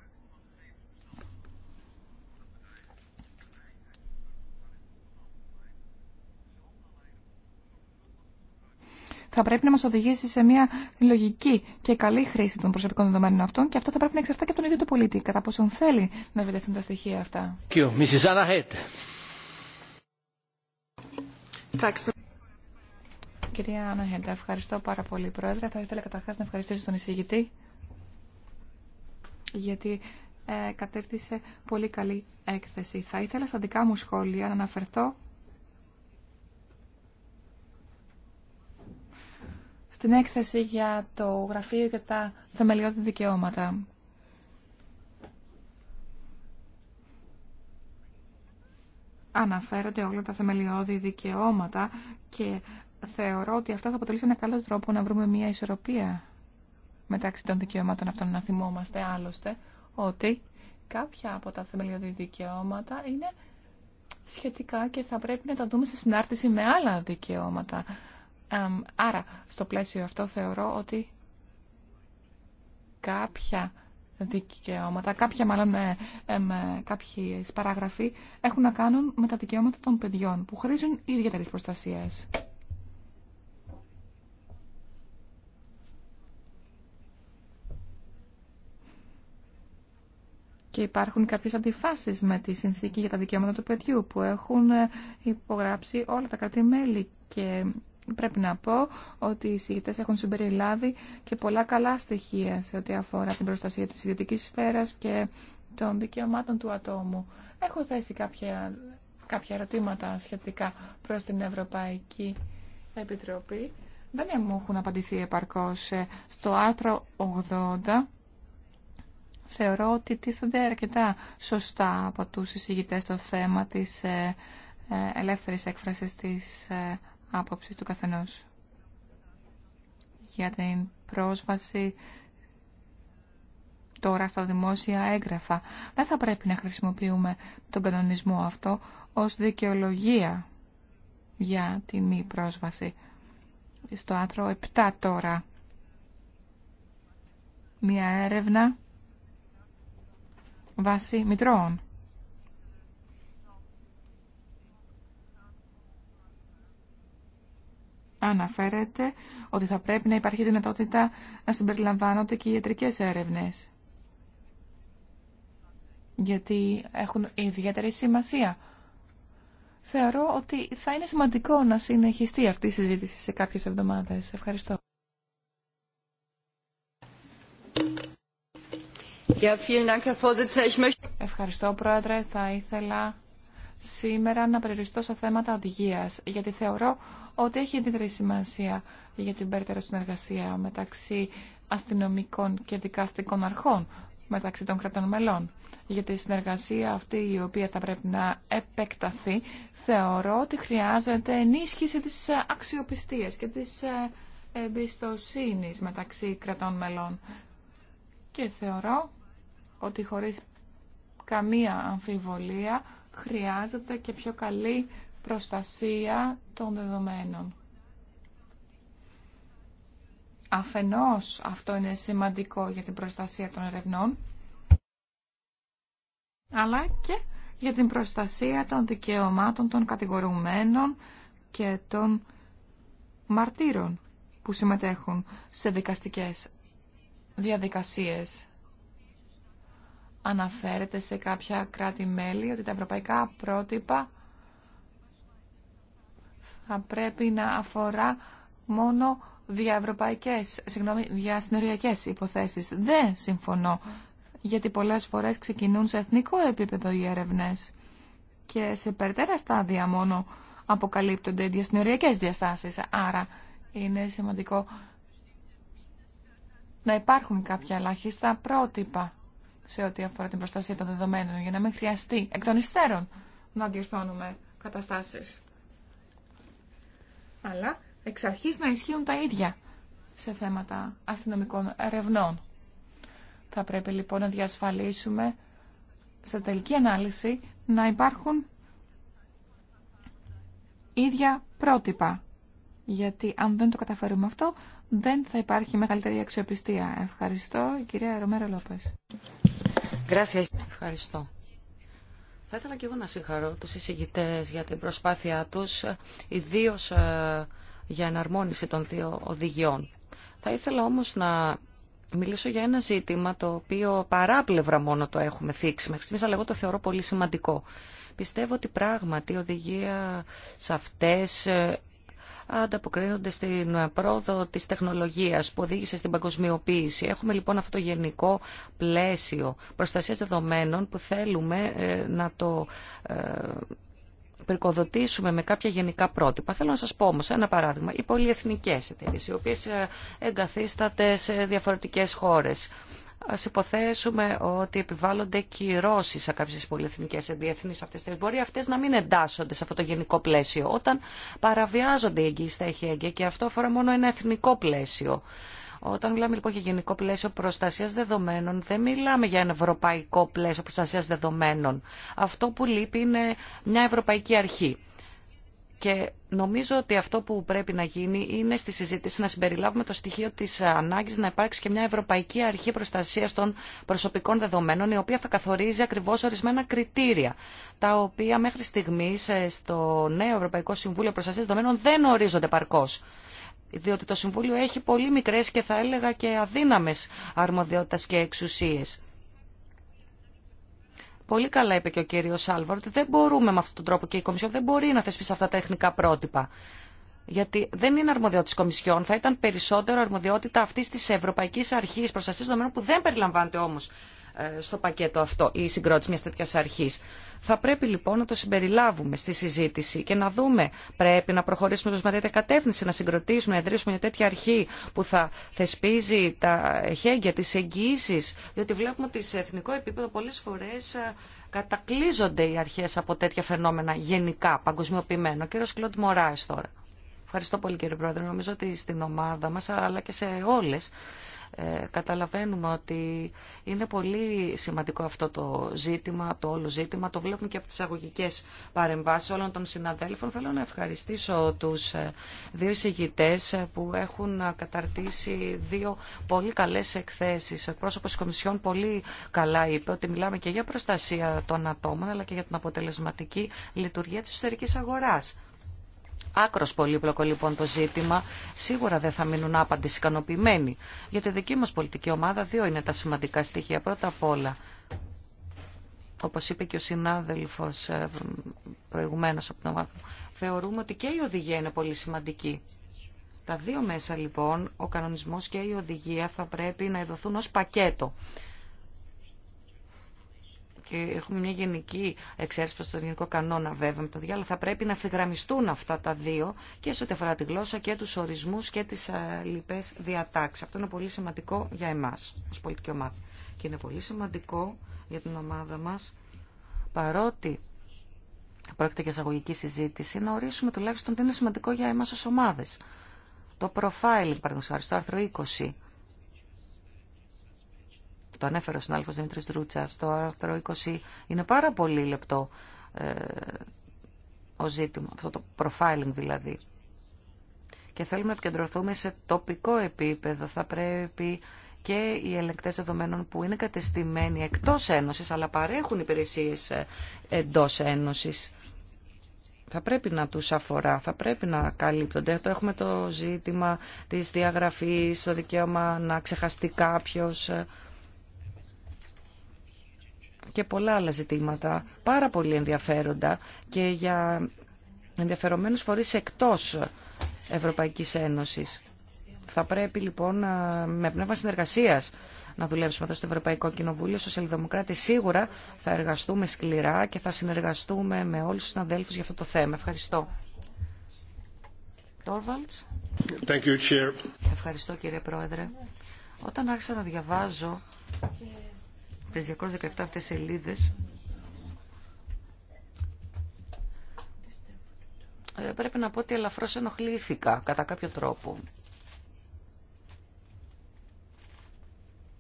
θα πρέπει να μα οδηγήσει σε μια λογική και καλή χρήση των προσωπικών δεδομένων αυτών και αυτό θα πρέπει να εξαρτάται και από τον ίδιο το πολίτη, κατά πόσον θέλει να βεβαιωθούν τα στοιχεία αυτά. Κυρία Αναχέντα, ευχαριστώ πάρα πολύ, Πρόεδρε. Θα ήθελα καταρχά να ευχαριστήσω τον εισηγητή, γιατί ε, πολύ καλή έκθεση. Θα ήθελα στα δικά μου σχόλια να αναφερθώ στην έκθεση για το γραφείο για τα θεμελιώδη δικαιώματα. Αναφέρονται όλα τα θεμελιώδη δικαιώματα και θεωρώ ότι αυτό θα αποτελεί ένα καλό τρόπο να βρούμε μια ισορροπία μεταξύ των δικαιωμάτων αυτών. Να θυμόμαστε άλλωστε ότι κάποια από τα θεμελιώδη δικαιώματα είναι σχετικά και θα πρέπει να τα δούμε σε συνάρτηση με άλλα δικαιώματα άρα, στο πλαίσιο αυτό θεωρώ ότι κάποια δικαιώματα, κάποια μάλλον ε, ε κάποιες έχουν να κάνουν με τα δικαιώματα των παιδιών που χρήζουν ιδιαίτερες προστασίες. Και υπάρχουν κάποιες αντιφάσεις με τη συνθήκη για τα δικαιώματα του παιδιού που έχουν ε, υπογράψει όλα τα κρατημέλη και Πρέπει να πω ότι οι συγητές έχουν συμπεριλάβει και πολλά καλά στοιχεία σε ό,τι αφορά την προστασία της ιδιωτικής σφαίρας και των δικαιωμάτων του ατόμου. Έχω θέσει κάποια, κάποια ερωτήματα σχετικά προς την Ευρωπαϊκή Επιτροπή. Δεν μου έχουν απαντηθεί επαρκώ ε, στο άρθρο 80 θεωρώ ότι τίθονται αρκετά σωστά από τους εισηγητές το θέμα της ε, ε, ελεύθερης έκφρασης της άποψης του καθενός για την πρόσβαση τώρα στα δημόσια έγγραφα. Δεν θα πρέπει να χρησιμοποιούμε τον κανονισμό αυτό ως δικαιολογία για την μη πρόσβαση. Στο άτρο 7 τώρα. Μια έρευνα βάση μητρώων. αναφέρεται ότι θα πρέπει να υπάρχει δυνατότητα να συμπεριλαμβάνονται και οι ιατρικές έρευνες. Γιατί έχουν ιδιαίτερη σημασία. Θεωρώ ότι θα είναι σημαντικό να συνεχιστεί αυτή η συζήτηση σε κάποιες εβδομάδες. Ευχαριστώ. Ευχαριστώ, Πρόεδρε. Θα ήθελα σήμερα να περιοριστώ σε θέματα οδηγίας, γιατί θεωρώ ότι έχει ιδιαίτερη σημασία για την περαιτέρω συνεργασία μεταξύ αστυνομικών και δικαστικών αρχών μεταξύ των κρατών μελών. Για τη συνεργασία αυτή η οποία θα πρέπει να επεκταθεί, θεωρώ ότι χρειάζεται ενίσχυση της αξιοπιστίας και της ε, εμπιστοσύνης μεταξύ κρατών μελών. Και θεωρώ ότι χωρίς καμία αμφιβολία χρειάζεται και πιο καλή προστασία των δεδομένων. Αφενός αυτό είναι σημαντικό για την προστασία των ερευνών, αλλά και για την προστασία των δικαιωμάτων των κατηγορουμένων και των μαρτύρων που συμμετέχουν σε δικαστικές διαδικασίες. Αναφέρεται σε κάποια κράτη-μέλη ότι τα ευρωπαϊκά πρότυπα θα πρέπει να αφορά μόνο διαευρωπαϊκές, συγγνώμη, διασυνοριακές υποθέσεις. Δεν συμφωνώ, γιατί πολλές φορές ξεκινούν σε εθνικό επίπεδο οι έρευνες και σε περτέρα στάδια μόνο αποκαλύπτονται διασυνοριακές διαστάσεις. Άρα είναι σημαντικό να υπάρχουν κάποια ελάχιστα πρότυπα σε ό,τι αφορά την προστασία των δεδομένων για να μην χρειαστεί εκ των υστέρων να διορθώνουμε καταστάσεις αλλά εξ αρχής να ισχύουν τα ίδια σε θέματα αστυνομικών ερευνών. Θα πρέπει λοιπόν να διασφαλίσουμε σε τελική ανάλυση να υπάρχουν ίδια πρότυπα. Γιατί αν δεν το καταφέρουμε αυτό, δεν θα υπάρχει μεγαλύτερη αξιοπιστία. Ευχαριστώ, κυρία Ρωμέρα Λόπες. Ευχαριστώ. Θα ήθελα και εγώ να συγχαρώ τους εισηγητέ για την προσπάθειά τους, ιδίως ε, για εναρμόνιση των δύο οδηγιών. Θα ήθελα όμως να μιλήσω για ένα ζήτημα το οποίο παράπλευρα μόνο το έχουμε θίξει μέχρι στιγμής, αλλά εγώ το θεωρώ πολύ σημαντικό. Πιστεύω ότι πράγματι η οδηγία σε αυτές ε, ανταποκρίνονται στην πρόοδο τη τεχνολογίας που οδήγησε στην παγκοσμιοποίηση. Έχουμε λοιπόν αυτό το γενικό πλαίσιο προστασίας δεδομένων που θέλουμε ε, να το ε, περικοδοτήσουμε με κάποια γενικά πρότυπα. Θέλω να σας πω όμως ένα παράδειγμα. Οι πολυεθνικές εταιρείε, οι οποίες ε, εγκαθίσταται σε διαφορετικέ χώρε. Α υποθέσουμε ότι επιβάλλονται κυρώσει σε κάποιες πολυεθνικές διεθνεί αυτέ τι μπορεί αυτέ να μην εντάσσονται σε αυτό το γενικό πλαίσιο. Όταν παραβιάζονται οι εγγύησεις στα ΕΧΕΓΕ και αυτό αφορά μόνο ένα εθνικό πλαίσιο. Όταν μιλάμε λοιπόν για γενικό πλαίσιο προστασία δεδομένων, δεν μιλάμε για ένα ευρωπαϊκό πλαίσιο προστασία δεδομένων. Αυτό που λείπει είναι μια ευρωπαϊκή αρχή. Και νομίζω ότι αυτό που πρέπει να γίνει είναι στη συζήτηση να συμπεριλάβουμε το στοιχείο τη ανάγκη να υπάρξει και μια Ευρωπαϊκή Αρχή Προστασία των Προσωπικών Δεδομένων, η οποία θα καθορίζει ακριβώ ορισμένα κριτήρια, τα οποία μέχρι στιγμή ε, στο νέο Ευρωπαϊκό Συμβούλιο Προστασία Δεδομένων δεν ορίζονται παρκώ. Διότι το Συμβούλιο έχει πολύ μικρέ και θα έλεγα και αδύναμε αρμοδιότητε και εξουσίε. Πολύ καλά είπε και ο κύριος Σάλβορ ότι δεν μπορούμε με αυτόν τον τρόπο και η Κομισιόν δεν μπορεί να θεσπίσει αυτά τα τεχνικά πρότυπα. Γιατί δεν είναι αρμοδιότητα τη Κομισιόν, θα ήταν περισσότερο αρμοδιότητα αυτή τη Ευρωπαϊκή Αρχή Προστασία Δεδομένων που δεν περιλαμβάνεται όμω στο πακέτο αυτό η συγκρότηση μια τέτοια αρχή. Θα πρέπει λοιπόν να το συμπεριλάβουμε στη συζήτηση και να δούμε πρέπει να προχωρήσουμε με τέτοια κατεύθυνση, να συγκροτήσουμε, να ιδρύσουμε μια τέτοια αρχή που θα θεσπίζει τα χέγγια, τις εγγυήσει. διότι βλέπουμε ότι σε εθνικό επίπεδο πολλέ φορέ ε, κατακλείζονται οι αρχέ από τέτοια φαινόμενα γενικά, παγκοσμιοποιημένα. Ο κύριος Κλοντ τώρα. Ευχαριστώ πολύ κύριε Πρόεδρε. Νομίζω ότι στην ομάδα μα, αλλά και σε όλε. Ε, καταλαβαίνουμε ότι είναι πολύ σημαντικό αυτό το ζήτημα, το όλο ζήτημα. Το βλέπουμε και από τις αγωγικές παρεμβάσεις όλων των συναδέλφων. Θέλω να ευχαριστήσω τους ε, δύο εισηγητές ε, που έχουν καταρτήσει δύο πολύ καλές εκθέσεις. Ο πρόσωπος της Κομισιόν πολύ καλά είπε ότι μιλάμε και για προστασία των ατόμων αλλά και για την αποτελεσματική λειτουργία της εσωτερικής αγοράς. Άκρος πολύπλοκο λοιπόν το ζήτημα. Σίγουρα δεν θα μείνουν άπαντες ικανοποιημένοι. Για τη δική μας πολιτική ομάδα δύο είναι τα σημαντικά στοιχεία. Πρώτα απ' όλα, όπως είπε και ο συνάδελφος ε, προηγουμένως από την ομάδα, θεωρούμε ότι και η οδηγία είναι πολύ σημαντική. Τα δύο μέσα λοιπόν, ο κανονισμός και η οδηγία θα πρέπει να ειδωθούν ως πακέτο και έχουμε μια γενική εξαίρεση προς τον γενικό κανόνα βέβαια με το διάλογο, θα πρέπει να ευθυγραμμιστούν αυτά τα δύο και σε ό,τι αφορά τη γλώσσα και του ορισμού και τι λοιπέ διατάξει. Αυτό είναι πολύ σημαντικό για εμά, ω πολιτική ομάδα. Και είναι πολύ σημαντικό για την ομάδα μα, παρότι πρόκειται για εισαγωγική συζήτηση, να ορίσουμε τουλάχιστον τι είναι σημαντικό για εμά ω ομάδε. Το profiling, χάρη, στο άρθρο 20, το ανέφερε ο συνάδελφο Δημήτρης Τρούτσας. Το άρθρο 20 είναι πάρα πολύ λεπτό ε, ο ζήτημα, αυτό το profiling δηλαδή. Και θέλουμε να επικεντρωθούμε σε τοπικό επίπεδο. Θα πρέπει και οι ελεγκτέ δεδομένων που είναι κατεστημένοι εκτό Ένωση, αλλά παρέχουν υπηρεσίε ε, εντό Ένωση. Θα πρέπει να τους αφορά, θα πρέπει να καλύπτονται. Το έχουμε το ζήτημα της διαγραφής, το δικαίωμα να ξεχαστεί κάποιος. Ε, και πολλά άλλα ζητήματα πάρα πολύ ενδιαφέροντα και για ενδιαφερομένους φορείς εκτός Ευρωπαϊκής Ένωσης. Θα πρέπει λοιπόν με πνεύμα συνεργασίας να δουλέψουμε εδώ στο Ευρωπαϊκό Κοινοβούλιο. Σοσιαλδημοκράτε σίγουρα θα εργαστούμε σκληρά και θα συνεργαστούμε με όλους τους συναδέλφους για αυτό το θέμα. Ευχαριστώ. Ευχαριστώ κύριε Πρόεδρε. Όταν άρχισα να διαβάζω τις 217 αυτές σελίδες ε, πρέπει να πω ότι ελαφρώς ενοχλήθηκα κατά κάποιο τρόπο.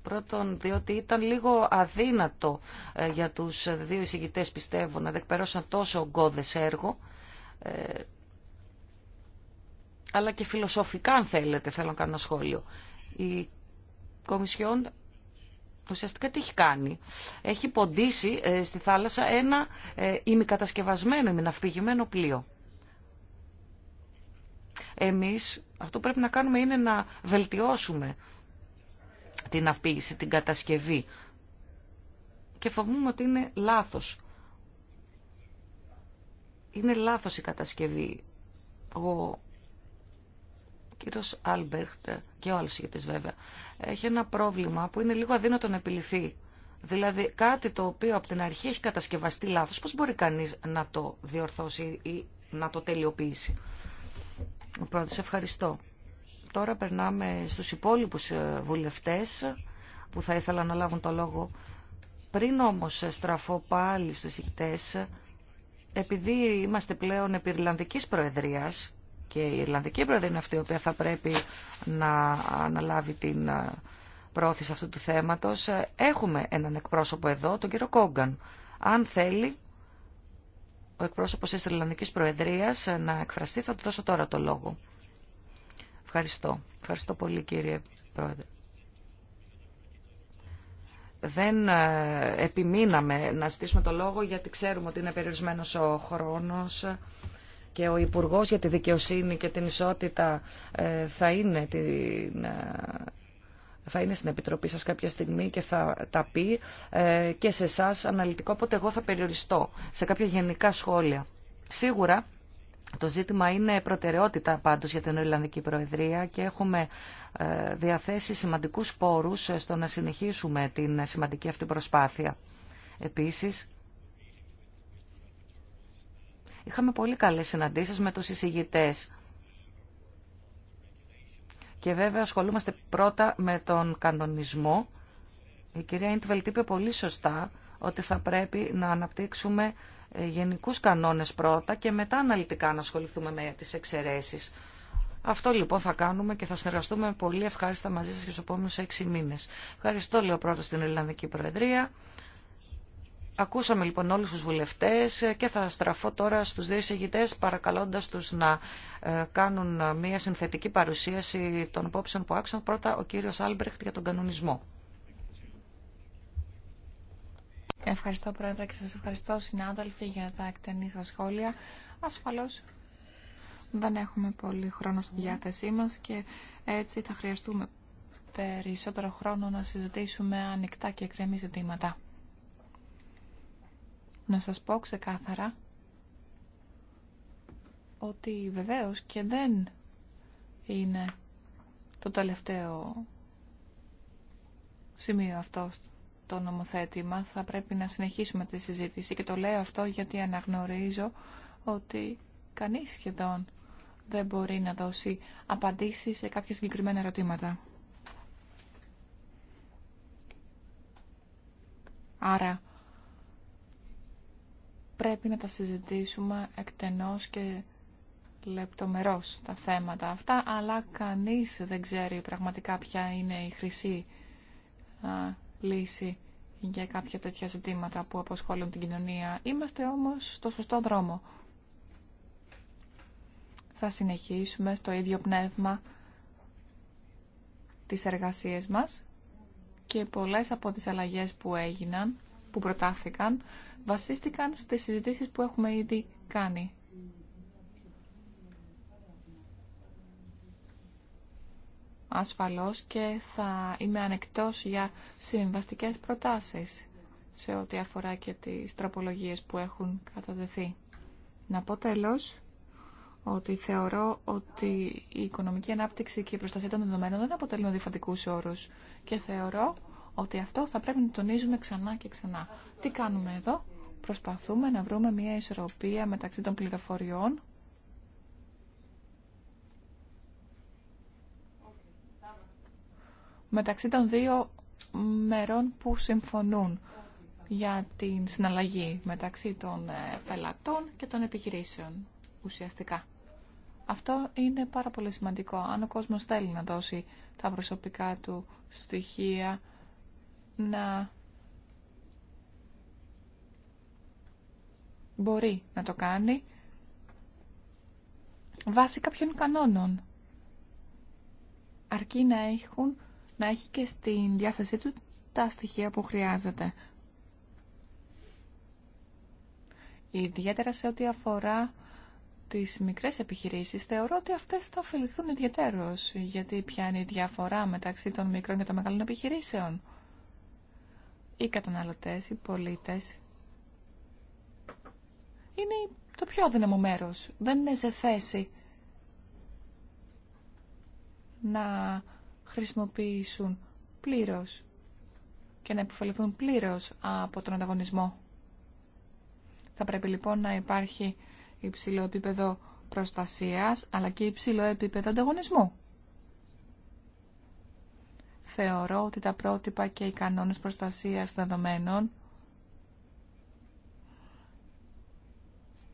Πρώτον, διότι ήταν λίγο αδύνατο ε, για τους ε, δύο εισηγητές, πιστεύω, να δεκπερώσαν τόσο ογκώδες έργο, αλλά και φιλοσοφικά, αν θέλετε, θέλω να κάνω σχόλιο. Η Κομισιόν ουσιαστικά τι έχει κάνει. Έχει ποντίσει ε, στη θάλασσα ένα ε, ημικατασκευασμένο, ημιναυπηγημένο πλοίο. Εμείς αυτό που πρέπει να κάνουμε είναι να βελτιώσουμε την αυπήγηση, την κατασκευή. Και φοβούμαι ότι είναι λάθος. Είναι λάθος η κατασκευή κύριος Άλμπερχτ και ο άλλος ηγετής βέβαια, έχει ένα πρόβλημα που είναι λίγο αδύνατο να επιληθεί. Δηλαδή κάτι το οποίο από την αρχή έχει κατασκευαστεί λάθος, πώς μπορεί κανείς να το διορθώσει ή να το τελειοποιήσει. Πρώτα, ευχαριστώ. Τώρα περνάμε στους υπόλοιπους ε, βουλευτές που θα ήθελα να λάβουν το λόγο. Πριν όμως στραφώ πάλι στους ηγητές, επειδή είμαστε πλέον επί Ιρλανδικής Προεδρίας, και η Ιρλανδική Πρόεδρε είναι αυτή η οποία θα πρέπει να αναλάβει την ε, πρόθεση αυτού του θέματος. Ε, έχουμε έναν εκπρόσωπο εδώ, τον κύριο Κόγκαν. Αν θέλει ο εκπρόσωπος της Ιρλανδικής Προεδρίας ε, να εκφραστεί, θα του δώσω τώρα το λόγο. Ευχαριστώ. Ευχαριστώ πολύ κύριε Πρόεδρε δεν επιμείναμε να ζητήσουμε το λόγο γιατί ξέρουμε ότι είναι περιορισμένος ο χρόνος και ο υπουργό για τη Δικαιοσύνη και την Ισότητα ε, θα είναι την ε, θα είναι στην Επιτροπή σας κάποια στιγμή και θα τα πει ε, και σε εσά αναλυτικό, οπότε εγώ θα περιοριστώ σε κάποια γενικά σχόλια. Σίγουρα το ζήτημα είναι προτεραιότητα πάντως για την Ολλανδική Προεδρία και έχουμε ε, διαθέσει σημαντικούς πόρους στο να συνεχίσουμε την σημαντική αυτή προσπάθεια. Επίσης, Είχαμε πολύ καλές συναντήσεις με τους εισηγητές. Και βέβαια ασχολούμαστε πρώτα με τον κανονισμό. Η κυρία Ιντβελτ είπε πολύ σωστά ότι θα πρέπει να αναπτύξουμε ε, γενικούς κανόνες πρώτα και μετά αναλυτικά να ασχοληθούμε με τις εξαιρέσεις. Αυτό λοιπόν θα κάνουμε και θα συνεργαστούμε πολύ ευχάριστα μαζί σας και στους επόμενους έξι μήνες. Ευχαριστώ, λέω πρώτα στην Ελληνική Προεδρία. Ακούσαμε λοιπόν όλους τους βουλευτές και θα στραφώ τώρα στους δύο εισηγητές παρακαλώντας τους να ε, κάνουν μια συνθετική παρουσίαση των υπόψεων που άξουν. Πρώτα ο κύριος Άλμπρεχτ για τον κανονισμό. Ευχαριστώ Πρόεδρε και σας ευχαριστώ συνάδελφοι για τα εκτενή σας σχόλια. Ασφαλώς δεν έχουμε πολύ χρόνο στη διάθεσή μας και έτσι θα χρειαστούμε περισσότερο χρόνο να συζητήσουμε ανοιχτά και εκκρεμή ζητήματα να σας πω ξεκάθαρα ότι βεβαίως και δεν είναι το τελευταίο σημείο αυτό το νομοθέτημα. Θα πρέπει να συνεχίσουμε τη συζήτηση και το λέω αυτό γιατί αναγνωρίζω ότι κανείς σχεδόν δεν μπορεί να δώσει απαντήσεις σε κάποια συγκεκριμένα ερωτήματα. Άρα πρέπει να τα συζητήσουμε εκτενώς και λεπτομερώς τα θέματα αυτά, αλλά κανείς δεν ξέρει πραγματικά ποια είναι η χρυσή λύση για κάποια τέτοια ζητήματα που αποσχολούν την κοινωνία. Είμαστε όμως στο σωστό δρόμο. Θα συνεχίσουμε στο ίδιο πνεύμα τις εργασίες μας και πολλές από τις αλλαγές που έγιναν που προτάθηκαν βασίστηκαν στις συζητήσεις που έχουμε ήδη κάνει. Ασφαλώς και θα είμαι ανεκτός για συμβαστικές προτάσεις σε ό,τι αφορά και τις τροπολογίες που έχουν καταδεθεί. Να πω τέλος ότι θεωρώ ότι η οικονομική ανάπτυξη και η προστασία των δεδομένων δεν αποτελούν διφαντικούς όρους και θεωρώ ότι αυτό θα πρέπει να τονίζουμε ξανά και ξανά. Τι κάνουμε εδώ, προσπαθούμε να βρούμε μια ισορροπία μεταξύ των πληροφοριών μεταξύ των δύο μερών που συμφωνούν για την συναλλαγή μεταξύ των ε, πελατών και των επιχειρήσεων ουσιαστικά. Αυτό είναι πάρα πολύ σημαντικό. Αν ο κόσμος θέλει να δώσει τα προσωπικά του στοιχεία να μπορεί να το κάνει βάσει κάποιων κανόνων. Αρκεί να, έχουν, να έχει και στην διάθεσή του τα στοιχεία που χρειάζεται. Ιδιαίτερα σε ό,τι αφορά τις μικρές επιχειρήσεις, θεωρώ ότι αυτές θα ωφεληθούν ιδιαίτερως, γιατί ποια είναι η διαφορά μεταξύ των μικρών και των μεγάλων επιχειρήσεων οι καταναλωτές, οι πολίτες είναι το πιο αδύναμο μέρος. Δεν είναι σε θέση να χρησιμοποιήσουν πλήρως και να υποφεληθούν πλήρως από τον ανταγωνισμό. Θα πρέπει λοιπόν να υπάρχει υψηλό επίπεδο προστασίας αλλά και υψηλό επίπεδο ανταγωνισμού θεωρώ ότι τα πρότυπα και οι κανόνες προστασίας δεδομένων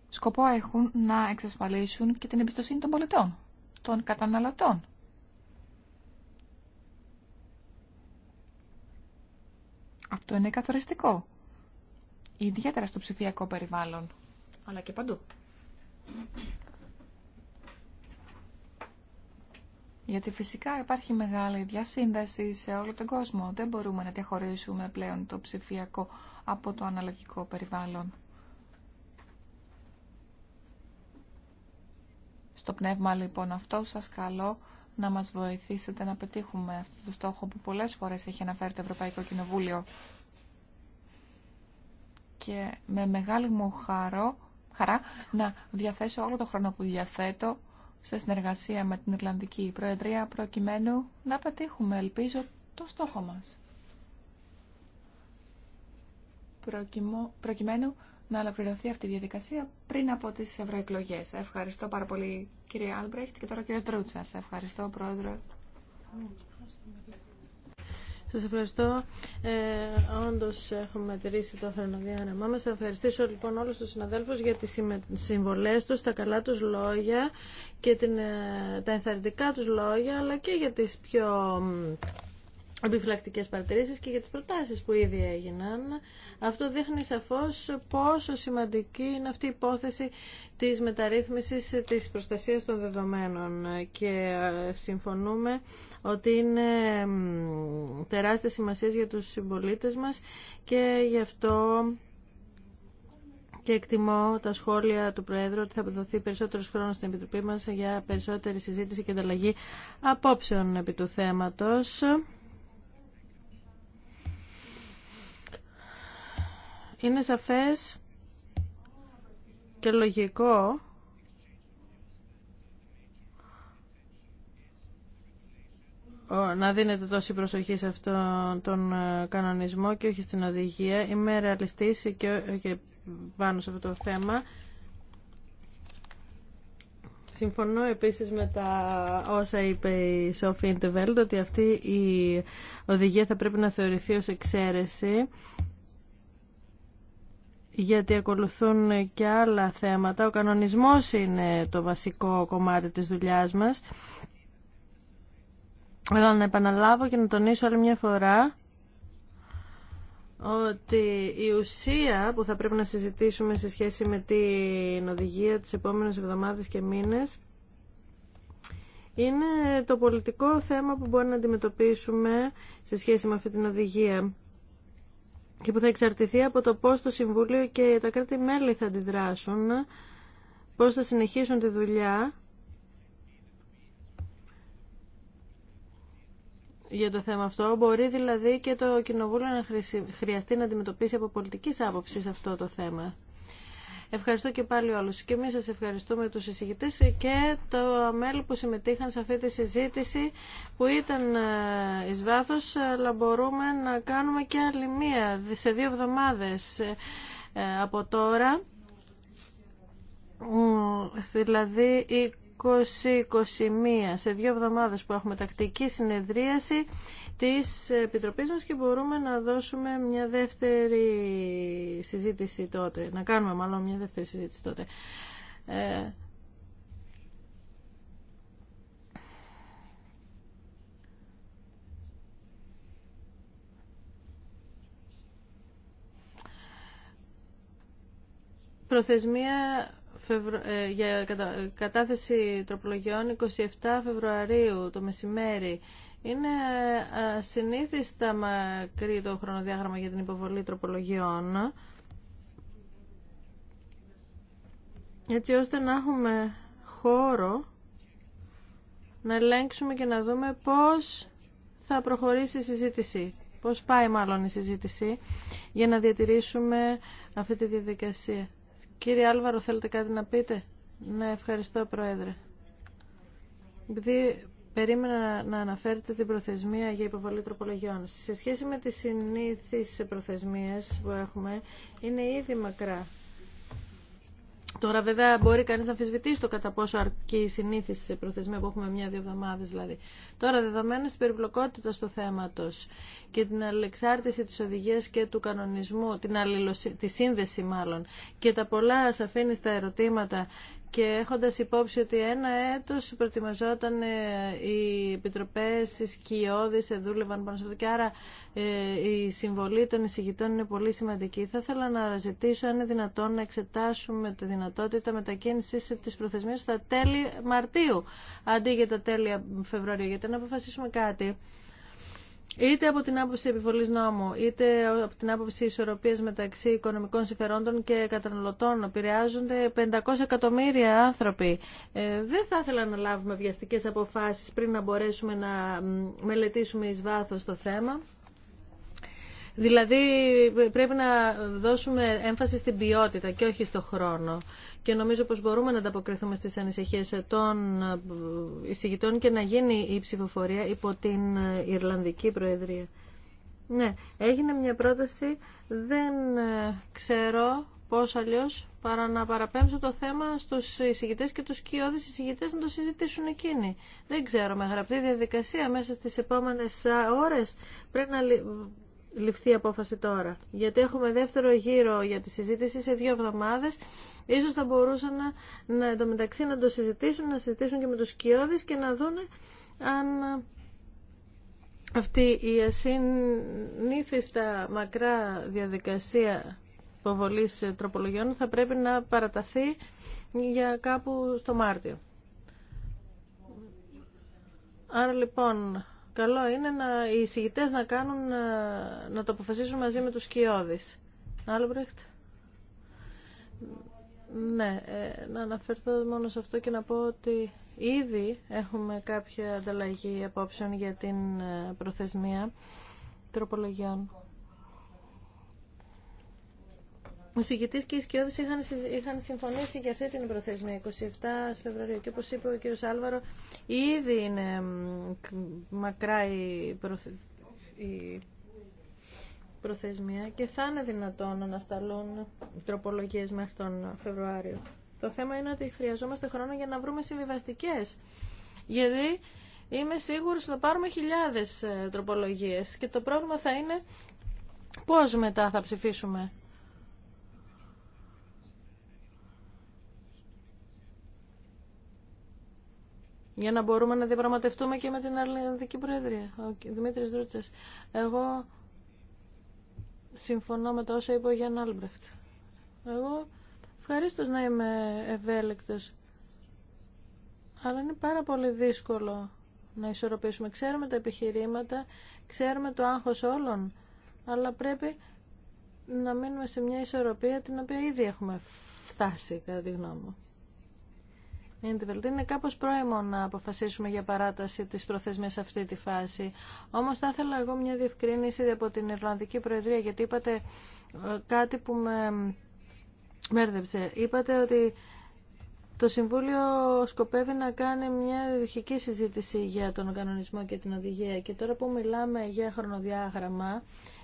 σκοπό έχουν να εξασφαλίσουν και την εμπιστοσύνη των πολιτών, των καταναλωτών. Αυτό είναι καθοριστικό, ιδιαίτερα στο ψηφιακό περιβάλλον, αλλά και παντού. Γιατί φυσικά υπάρχει μεγάλη διασύνδεση σε όλο τον κόσμο. Δεν μπορούμε να διαχωρίσουμε πλέον το ψηφιακό από το αναλογικό περιβάλλον. Στο πνεύμα λοιπόν αυτό σας καλώ να μας βοηθήσετε να πετύχουμε αυτό το στόχο που πολλές φορές έχει αναφέρει το Ευρωπαϊκό Κοινοβούλιο. Και με μεγάλη μου χαρό, χαρά να διαθέσω όλο το χρόνο που διαθέτω σε συνεργασία με την Ιρλανδική Προεδρία προκειμένου να πετύχουμε, ελπίζω, το στόχο μας. Προκειμένου να ολοκληρωθεί αυτή η διαδικασία πριν από τις ευρωεκλογέ. Ευχαριστώ πάρα πολύ κύριε Άλμπρεχτ και τώρα κύριε Τρούτσα. Ευχαριστώ πρόεδρε. Σα ευχαριστώ. Ε, έχουμε τηρήσει το χρονοδιάγραμμά μα. Θα ευχαριστήσω λοιπόν όλου του συναδέλφους για τι συμβολέ του, τα καλά του λόγια και την, ε, τα ενθαρρυντικά τους λόγια, αλλά και για τις πιο επιφυλακτικές παρατηρήσεις και για τις προτάσεις που ήδη έγιναν. Αυτό δείχνει σαφώς πόσο σημαντική είναι αυτή η υπόθεση της μεταρρύθμισης της προστασίας των δεδομένων και ε, συμφωνούμε ότι είναι τεράστια σημασία για τους συμπολίτες μας και γι' αυτό και εκτιμώ τα σχόλια του Προέδρου ότι θα δοθεί περισσότερο χρόνο στην Επιτροπή μας για περισσότερη συζήτηση και ανταλλαγή απόψεων επί του θέματος. είναι σαφές και λογικό να δίνετε τόση προσοχή σε αυτόν τον ε, κανονισμό και όχι στην οδηγία. Είμαι ρεαλιστής και πάνω σε αυτό το θέμα. Συμφωνώ επίσης με τα όσα είπε η Σόφη Ιντεβέλντ ότι αυτή η οδηγία θα πρέπει να θεωρηθεί ως εξαίρεση γιατί ακολουθούν και άλλα θέματα. Ο κανονισμός είναι το βασικό κομμάτι της δουλειάς μας. Αλλά να επαναλάβω και να τονίσω άλλη μια φορά ότι η ουσία που θα πρέπει να συζητήσουμε σε σχέση με την οδηγία της επόμενης εβδομάδας και μήνες είναι το πολιτικό θέμα που μπορεί να αντιμετωπίσουμε σε σχέση με αυτή την οδηγία και που θα εξαρτηθεί από το πώς το Συμβούλιο και τα κράτη-μέλη θα αντιδράσουν, πώς θα συνεχίσουν τη δουλειά για το θέμα αυτό. Μπορεί δηλαδή και το Κοινοβούλιο να χρειαστεί να αντιμετωπίσει από πολιτικής άποψης αυτό το θέμα. Ευχαριστώ και πάλι όλους. Και εμείς σας ευχαριστούμε τους εισηγητές και το μέλη που συμμετείχαν σε αυτή τη συζήτηση που ήταν ε, εις βάθος, αλλά μπορούμε να κάνουμε και άλλη μία σε δύο εβδομάδες ε, ε, από τώρα δηλαδή 2021, σε δύο εβδομάδες που έχουμε τακτική συνεδρίαση της Επιτροπής μας και μπορούμε να δώσουμε μια δεύτερη συζήτηση τότε, να κάνουμε μάλλον μια δεύτερη συζήτηση τότε. Ε, προθεσμία ε, για κατάθεση τροπολογιών 27 Φεβρουαρίου το μεσημέρι. Είναι ε, συνήθιστα μακρύ το χρονοδιάγραμμα για την υποβολή τροπολογιών. Έτσι ώστε να έχουμε χώρο να ελέγξουμε και να δούμε πώς θα προχωρήσει η συζήτηση. Πώς πάει μάλλον η συζήτηση για να διατηρήσουμε αυτή τη διαδικασία. Κύριε Άλβαρο, θέλετε κάτι να πείτε. Ναι, ευχαριστώ, Πρόεδρε. Επειδή περίμενα να αναφέρετε την προθεσμία για υποβολή τροπολογιών. Σε σχέση με τις συνήθεις προθεσμίες που έχουμε, είναι ήδη μακρά. Τώρα βέβαια μπορεί κανείς να αμφισβητήσει το κατά πόσο αρκεί η συνήθιση σε προθεσμία που έχουμε μια-δύο εβδομάδες δηλαδή. Τώρα στην περιπλοκότητα του θέματος και την αλληλεξάρτηση της οδηγίας και του κανονισμού, την αλληλοσύ... τη σύνδεση μάλλον και τα πολλά σαφήνιστα ερωτήματα και έχοντας υπόψη ότι ένα έτος προετοιμαζόταν ε, οι επιτροπές, οι σκιώδεις ε, δούλευαν πάνω σε αυτό και άρα ε, η συμβολή των εισηγητών είναι πολύ σημαντική. Θα ήθελα να ζητήσω αν είναι δυνατόν να εξετάσουμε τη δυνατότητα μετακίνησης της προθεσμίας στα τέλη Μαρτίου αντί για τα τέλη Φεβρουαρίου γιατί να αποφασίσουμε κάτι είτε από την άποψη επιβολή νόμου, είτε από την άποψη ισορροπία μεταξύ οικονομικών συμφερόντων και καταναλωτών. Επηρεάζονται 500 εκατομμύρια άνθρωποι. Ε, δεν θα ήθελα να λάβουμε βιαστικέ αποφάσει πριν να μπορέσουμε να μελετήσουμε ει βάθο το θέμα. Δηλαδή πρέπει να δώσουμε έμφαση στην ποιότητα και όχι στο χρόνο. Και νομίζω πως μπορούμε να ανταποκριθούμε στις ανησυχίες των εισηγητών και να γίνει η ψηφοφορία υπό την Ιρλανδική Προεδρία. Ναι, έγινε μια πρόταση. Δεν ξέρω πώς αλλιώς παρά να παραπέμψω το θέμα στους εισηγητές και τους κοιόδης εισηγητές να το συζητήσουν εκείνοι. Δεν ξέρω, με γραπτή διαδικασία μέσα στις επόμενες ώρες πρέπει να ληφθεί απόφαση τώρα. Γιατί έχουμε δεύτερο γύρο για τη συζήτηση σε δύο εβδομάδες. Ίσως θα μπορούσαν να, να μεταξύ να το συζητήσουν, να συζητήσουν και με τους σκιώδεις και να δούνε αν αυτή η ασυνήθιστα μακρά διαδικασία υποβολή τροπολογιών θα πρέπει να παραταθεί για κάπου στο Μάρτιο. Άρα λοιπόν καλό είναι να, οι εισηγητές να κάνουν, ε, να, το αποφασίσουν μαζί με τους σκιώδεις. Άλμπρεχτ. Ναι, ε, να αναφερθώ μόνο σε αυτό και να πω ότι ήδη έχουμε κάποια ανταλλαγή απόψεων για την ε, προθεσμία τροπολογιών. Ο συγκητή και οι σκιώδες είχαν, συμφωνήσει για αυτή την προθεσμία 27 Φεβρουαρίου και όπως είπε ο κύριος Άλβαρο ήδη είναι μακρά η, προθεσμία και θα είναι δυνατόν να ανασταλούν τροπολογίες μέχρι τον Φεβρουάριο. Το θέμα είναι ότι χρειαζόμαστε χρόνο για να βρούμε συμβιβαστικέ. Γιατί είμαι σίγουρος ότι θα πάρουμε χιλιάδες ε, τροπολογίες και το πρόβλημα θα είναι πώς μετά θα ψηφίσουμε. για να μπορούμε να διαπραγματευτούμε και με την ελληνική Προεδρία. Ο Δημήτρης Δρούτσε. Εγώ συμφωνώ με τα όσα είπε ο Γιάνν Άλμπρεχτ. Εγώ ευχαρίστω να είμαι ευέλικτο, Αλλά είναι πάρα πολύ δύσκολο να ισορροπήσουμε. Ξέρουμε τα επιχειρήματα, ξέρουμε το άγχος όλων, αλλά πρέπει να μείνουμε σε μια ισορροπία την οποία ήδη έχουμε φτάσει, κατά τη γνώμη μου είναι κάπως πρόημο να αποφασίσουμε για παράταση της προθεσμίας σε αυτή τη φάση. Όμως θα ήθελα εγώ μια διευκρίνηση από την Ιρλανδική Προεδρία, γιατί είπατε ε, κάτι που με μέρδεψε. Είπατε ότι το Συμβούλιο σκοπεύει να κάνει μια διοχική συζήτηση για τον κανονισμό και την οδηγία. Και τώρα που μιλάμε για χρονοδιάγραμμα,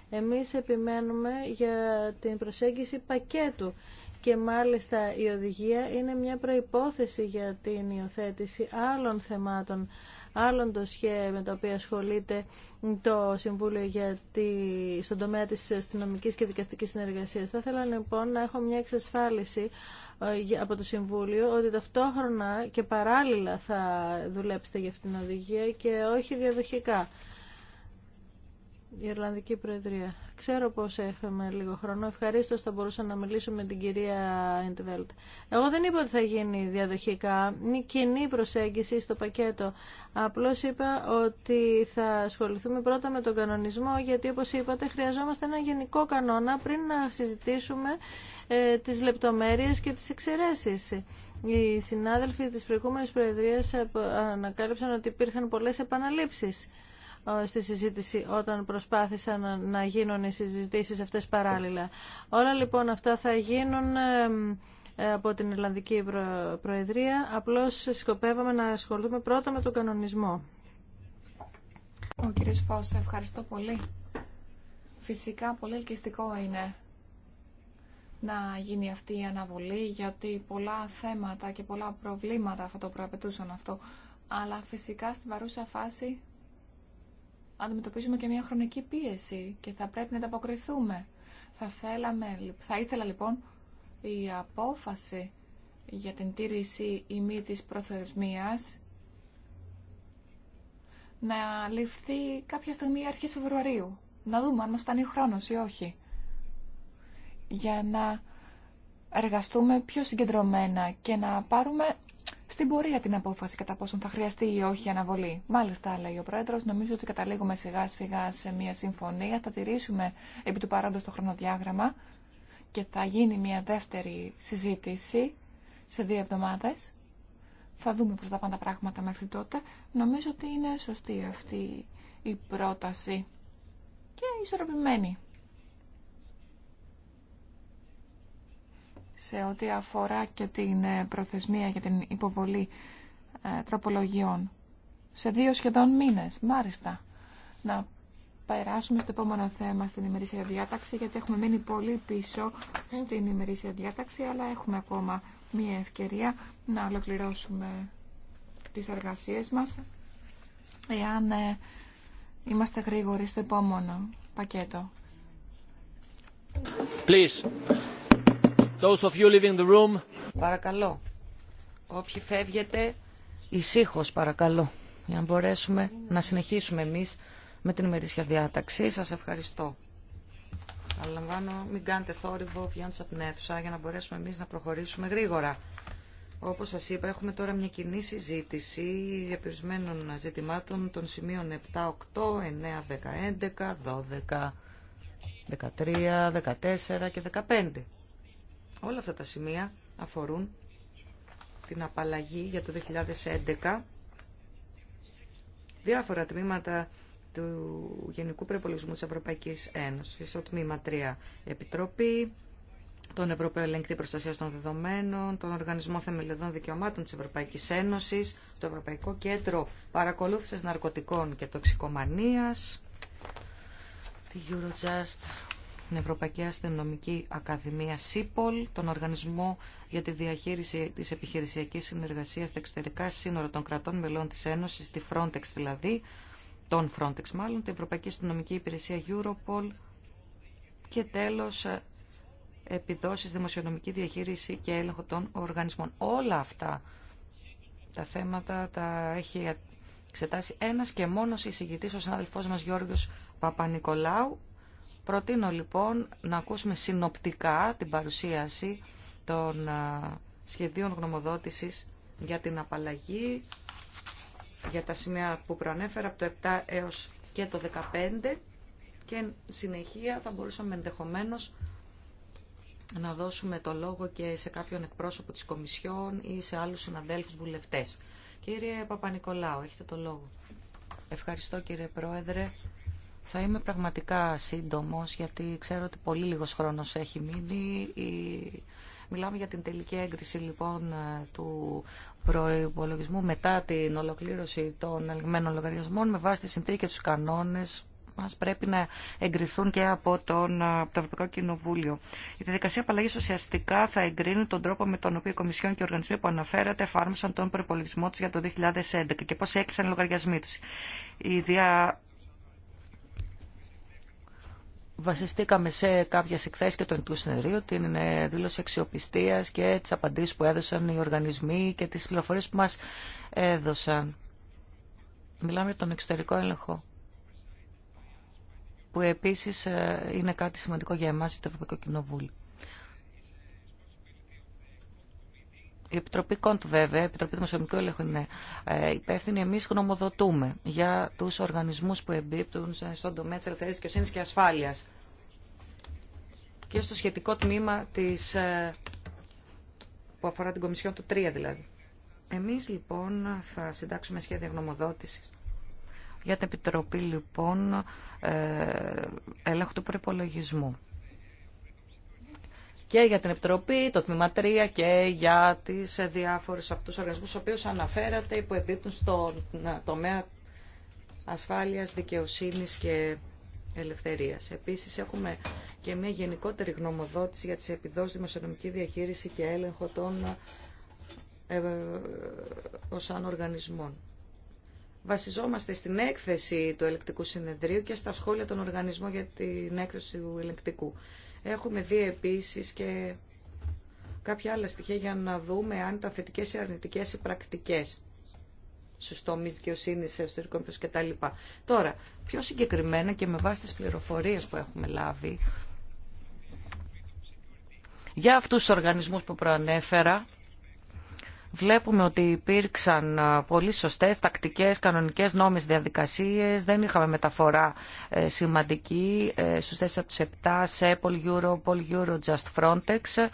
εμείς επιμένουμε για την προσέγγιση πακέτου και μάλιστα η οδηγία είναι μια προϋπόθεση για την υιοθέτηση άλλων θεμάτων άλλων ντοσιέ με τα οποία ασχολείται το Συμβούλιο για τη... στον τομέα της αστυνομική και δικαστικής συνεργασίας. Θα ήθελα λοιπόν να έχω μια εξασφάλιση ε, από το Συμβούλιο ότι ταυτόχρονα και παράλληλα θα δουλέψετε για αυτήν την οδηγία και όχι διαδοχικά η Ιρλανδική Προεδρία. Ξέρω πως έχουμε λίγο χρόνο. Ευχαρίστως θα μπορούσα να μιλήσω με την κυρία Εντβέλτ. Εγώ δεν είπα ότι θα γίνει διαδοχικά. Είναι κοινή προσέγγιση στο πακέτο. Απλώς είπα ότι θα ασχοληθούμε πρώτα με τον κανονισμό, γιατί όπως είπατε χρειαζόμαστε ένα γενικό κανόνα πριν να συζητήσουμε ε, τις λεπτομέρειες και τις εξαιρέσεις. Οι συνάδελφοι της προηγούμενης Προεδρίας ανακάλυψαν ότι υπήρχαν πολλές επαναλήψεις στη συζήτηση όταν προσπάθησαν να γίνουν οι συζητήσεις αυτές παράλληλα. Όλα λοιπόν αυτά θα γίνουν από την Ιρλανδική Προεδρία. Απλώς σκοπεύαμε να ασχοληθούμε πρώτα με τον κανονισμό. Ο κύριος Φως, ευχαριστώ πολύ. Φυσικά πολύ ελκυστικό είναι να γίνει αυτή η αναβολή γιατί πολλά θέματα και πολλά προβλήματα θα το προαπαιτούσαν αυτό. Αλλά φυσικά στην παρούσα φάση αντιμετωπίζουμε και μια χρονική πίεση και θα πρέπει να τα αποκριθούμε. Θα, θέλαμε, θα ήθελα λοιπόν η απόφαση για την τήρηση ή μη της προθεσμίας να ληφθεί κάποια στιγμή αρχές Φεβρουαρίου. Να δούμε αν μας φτάνει ο χρόνος ή όχι. Για να εργαστούμε πιο συγκεντρωμένα και να πάρουμε στην πορεία την απόφαση κατά πόσον θα χρειαστεί ή όχι αναβολή. Μάλιστα, λέει ο Πρόεδρος, νομίζω ότι καταλήγουμε σιγά σιγά σε μια συμφωνία, θα τηρήσουμε επί του παρόντος το χρονοδιάγραμμα και θα γίνει μια δεύτερη συζήτηση σε δύο εβδομάδες. Θα δούμε πώ θα πάνε τα πράγματα μέχρι τότε. Νομίζω ότι είναι σωστή αυτή η πρόταση και ισορροπημένη. σε ό,τι αφορά και την ε, προθεσμία για την υποβολή ε, τροπολογιών. Σε δύο σχεδόν μήνες, μάλιστα. Να περάσουμε στο επόμενο θέμα στην ημερήσια διάταξη, γιατί έχουμε μείνει πολύ πίσω στην ημερήσια διάταξη, αλλά έχουμε ακόμα μία ευκαιρία να ολοκληρώσουμε τις εργασίες μας, εάν ε, είμαστε γρήγοροι στο επόμενο πακέτο. Please. Those of you leaving the room. Παρακαλώ. Όποιοι φεύγετε, ησύχω παρακαλώ. Για να μπορέσουμε να συνεχίσουμε εμείς με την ημερήσια διάταξη. Σας ευχαριστώ. Αναλαμβάνω, μην κάνετε θόρυβο βγαίνοντα από την αίθουσα για να μπορέσουμε εμείς να προχωρήσουμε γρήγορα. Όπως σας είπα, έχουμε τώρα μια κοινή συζήτηση διαπερισμένων ζητημάτων των σημείων 7, 8, 9, 10, 11, 12, 13, 14 και 15. Όλα αυτά τα σημεία αφορούν την απαλλαγή για το 2011 διάφορα τμήματα του Γενικού Προπολογισμού της Ευρωπαϊκής Ένωσης, Το τμήμα 3 Επιτροπή, τον Ευρωπαίο Ελεγκτή Προστασία των Δεδομένων, τον Οργανισμό Θεμελιωδών Δικαιωμάτων της Ευρωπαϊκής Ένωσης, το Ευρωπαϊκό Κέντρο Παρακολούθησης Ναρκωτικών και Τοξικομανίας, τη Eurojust, την Ευρωπαϊκή Αστυνομική Ακαδημία ΣΥΠΟΛ, τον Οργανισμό για τη Διαχείριση της Επιχειρησιακής Συνεργασίας στα Εξωτερικά Σύνορα των Κρατών Μελών της Ένωσης, τη Frontex δηλαδή, τον Frontex μάλλον, την Ευρωπαϊκή Αστυνομική Υπηρεσία Europol και τέλος ε, επιδόσεις, δημοσιονομική διαχείριση και έλεγχο των οργανισμών. Όλα αυτά τα θέματα τα έχει εξετάσει ένας και μόνος εισηγητής, ο συνάδελφός μας Γιώργος Παπα-Νικολάου, Προτείνω λοιπόν να ακούσουμε συνοπτικά την παρουσίαση των σχεδίων γνωμοδότησης για την απαλλαγή για τα σημεία που προανέφερα από το 7 έως και το 15 και συνεχεία θα μπορούσαμε ενδεχομένως να δώσουμε το λόγο και σε κάποιον εκπρόσωπο της Κομισιόν ή σε άλλους συναδέλφους βουλευτές. Κύριε Παπα-Νικολάου, έχετε το λόγο. Ευχαριστώ κύριε Πρόεδρε. Θα είμαι πραγματικά σύντομος γιατί ξέρω ότι πολύ λίγος χρόνος έχει μείνει. Μιλάμε για την τελική έγκριση λοιπόν ε, του προϋπολογισμού μετά την ολοκλήρωση των ελεγμένων λογαριασμών με βάση τη συνθήκη και τους κανόνες μας πρέπει να εγκριθούν και από, τον, ε, από το Ευρωπαϊκό Κοινοβούλιο. Η διαδικασία απαλλαγή ουσιαστικά θα εγκρίνει τον τρόπο με τον οποίο οι Κομισιόν και οι οργανισμοί που αναφέρατε εφάρμοσαν τον προπολογισμό του για το 2011 και πώ έκλεισαν οι λογαριασμοί του βασιστήκαμε σε κάποιες εκθέσεις και το Ελληνικού Συνεδρίου, την ε, δήλωση αξιοπιστίας και τις απαντήσεις που έδωσαν οι οργανισμοί και τις πληροφορίες που μας έδωσαν. Μιλάμε για τον εξωτερικό έλεγχο, που επίσης ε, είναι κάτι σημαντικό για εμάς, το Ευρωπαϊκό Κοινοβούλιο. Η Επιτροπή Κοντ βέβαια, η Επιτροπή Δημοσιονομικού Έλεγχου είναι ε, υπεύθυνη. Εμεί γνωμοδοτούμε για του οργανισμού που εμπίπτουν στον τομέα τη ελευθερία δικαιοσύνη και ασφάλεια και στο σχετικό τμήμα της, ε, που αφορά την Κομισιόν του 3 δηλαδή. Εμεί, λοιπόν θα συντάξουμε σχέδια γνωμοδότηση για την Επιτροπή λοιπόν ε, Ελέγχου του Προπολογισμού και για την Επιτροπή, το Τμήμα 3 και για τις διάφορες από τους οργανισμούς στους οποίους αναφέρατε που επίπτουν στον τομέα ασφάλειας, δικαιοσύνης και ελευθερίας. Επίσης έχουμε και μια γενικότερη γνωμοδότηση για τις επιδόσεις δημοσιονομική διαχείριση και έλεγχο των ε, οργανισμών. Βασιζόμαστε στην έκθεση του ελεκτικού συνεδρίου και στα σχόλια των οργανισμών για την έκθεση του ελεκτικού. Έχουμε δει επίσης και κάποια άλλα στοιχεία για να δούμε αν ήταν θετικές ή αρνητικές οι πρακτικές στους τομείς δικαιοσύνης, εσωτερικών και κτλ. Τώρα, πιο συγκεκριμένα και με βάση τις πληροφορίες που έχουμε λάβει, για αυτούς τους οργανισμούς που προανέφερα, Βλέπουμε ότι υπήρξαν πολύ σωστές τακτικές, κανονικές νόμες διαδικασίες, δεν είχαμε μεταφορά ε, σημαντική Ε, σωστές από τις 7, Σέπολ, Euro, Just Frontex.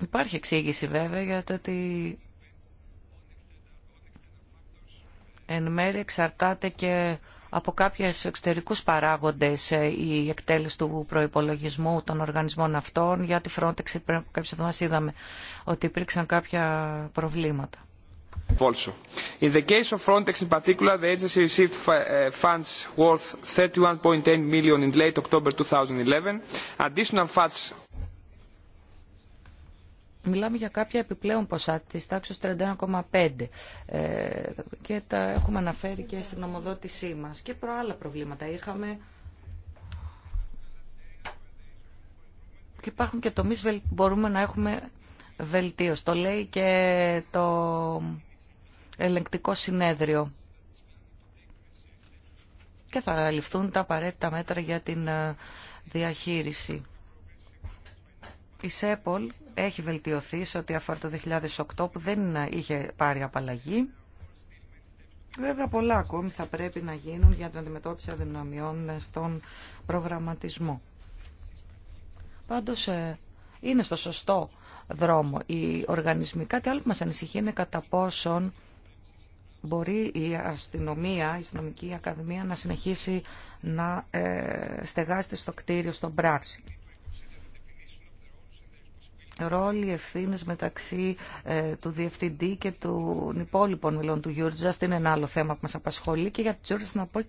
Υπάρχει εξήγηση βέβαια για το ότι εν μέρει εξαρτάται και από κάποιες εξωτερικούς παράγοντες ε, η εκτέλεση του προϋπολογισμού των οργανισμών αυτών. Για τη Frontex πριν από κάποιες εβδομάδες είδαμε ότι υπήρξαν κάποια προβλήματα. Also. In the case of Frontex in particular, the agency received uh, funds worth 31.8 million in late October 2011. Additional funds Μιλάμε για κάποια επιπλέον ποσά της Τάξη 31,5 ε, και τα έχουμε αναφέρει και στην ομοδότησή μας. Και προάλλα προβλήματα είχαμε και υπάρχουν και τομεί που μπορούμε να έχουμε βελτίωση. Το λέει και το ελεγκτικό συνέδριο. Και θα ληφθούν τα απαραίτητα μέτρα για την ε, διαχείριση. Η ΣΕΠΟΛ έχει βελτιωθεί σε ό,τι αφορά το 2008 που δεν είχε πάρει απαλλαγή. Βέβαια πολλά ακόμη θα πρέπει να γίνουν για την αντιμετώπιση αδυναμιών στον προγραμματισμό. Πάντως ε, είναι στο σωστό δρόμο οι οργανισμοί. Κάτι άλλο που μας ανησυχεί είναι κατά πόσον μπορεί η αστυνομία, η αστυνομική ακαδημία να συνεχίσει να ε, στεγάζεται στο κτίριο, στον πράξη ρόλοι ευθύνε μεταξύ ε, του διευθυντή και των υπόλοιπων μιλών του Eurojust είναι ένα άλλο θέμα που μας απασχολεί και για το Γιούρτζα να πω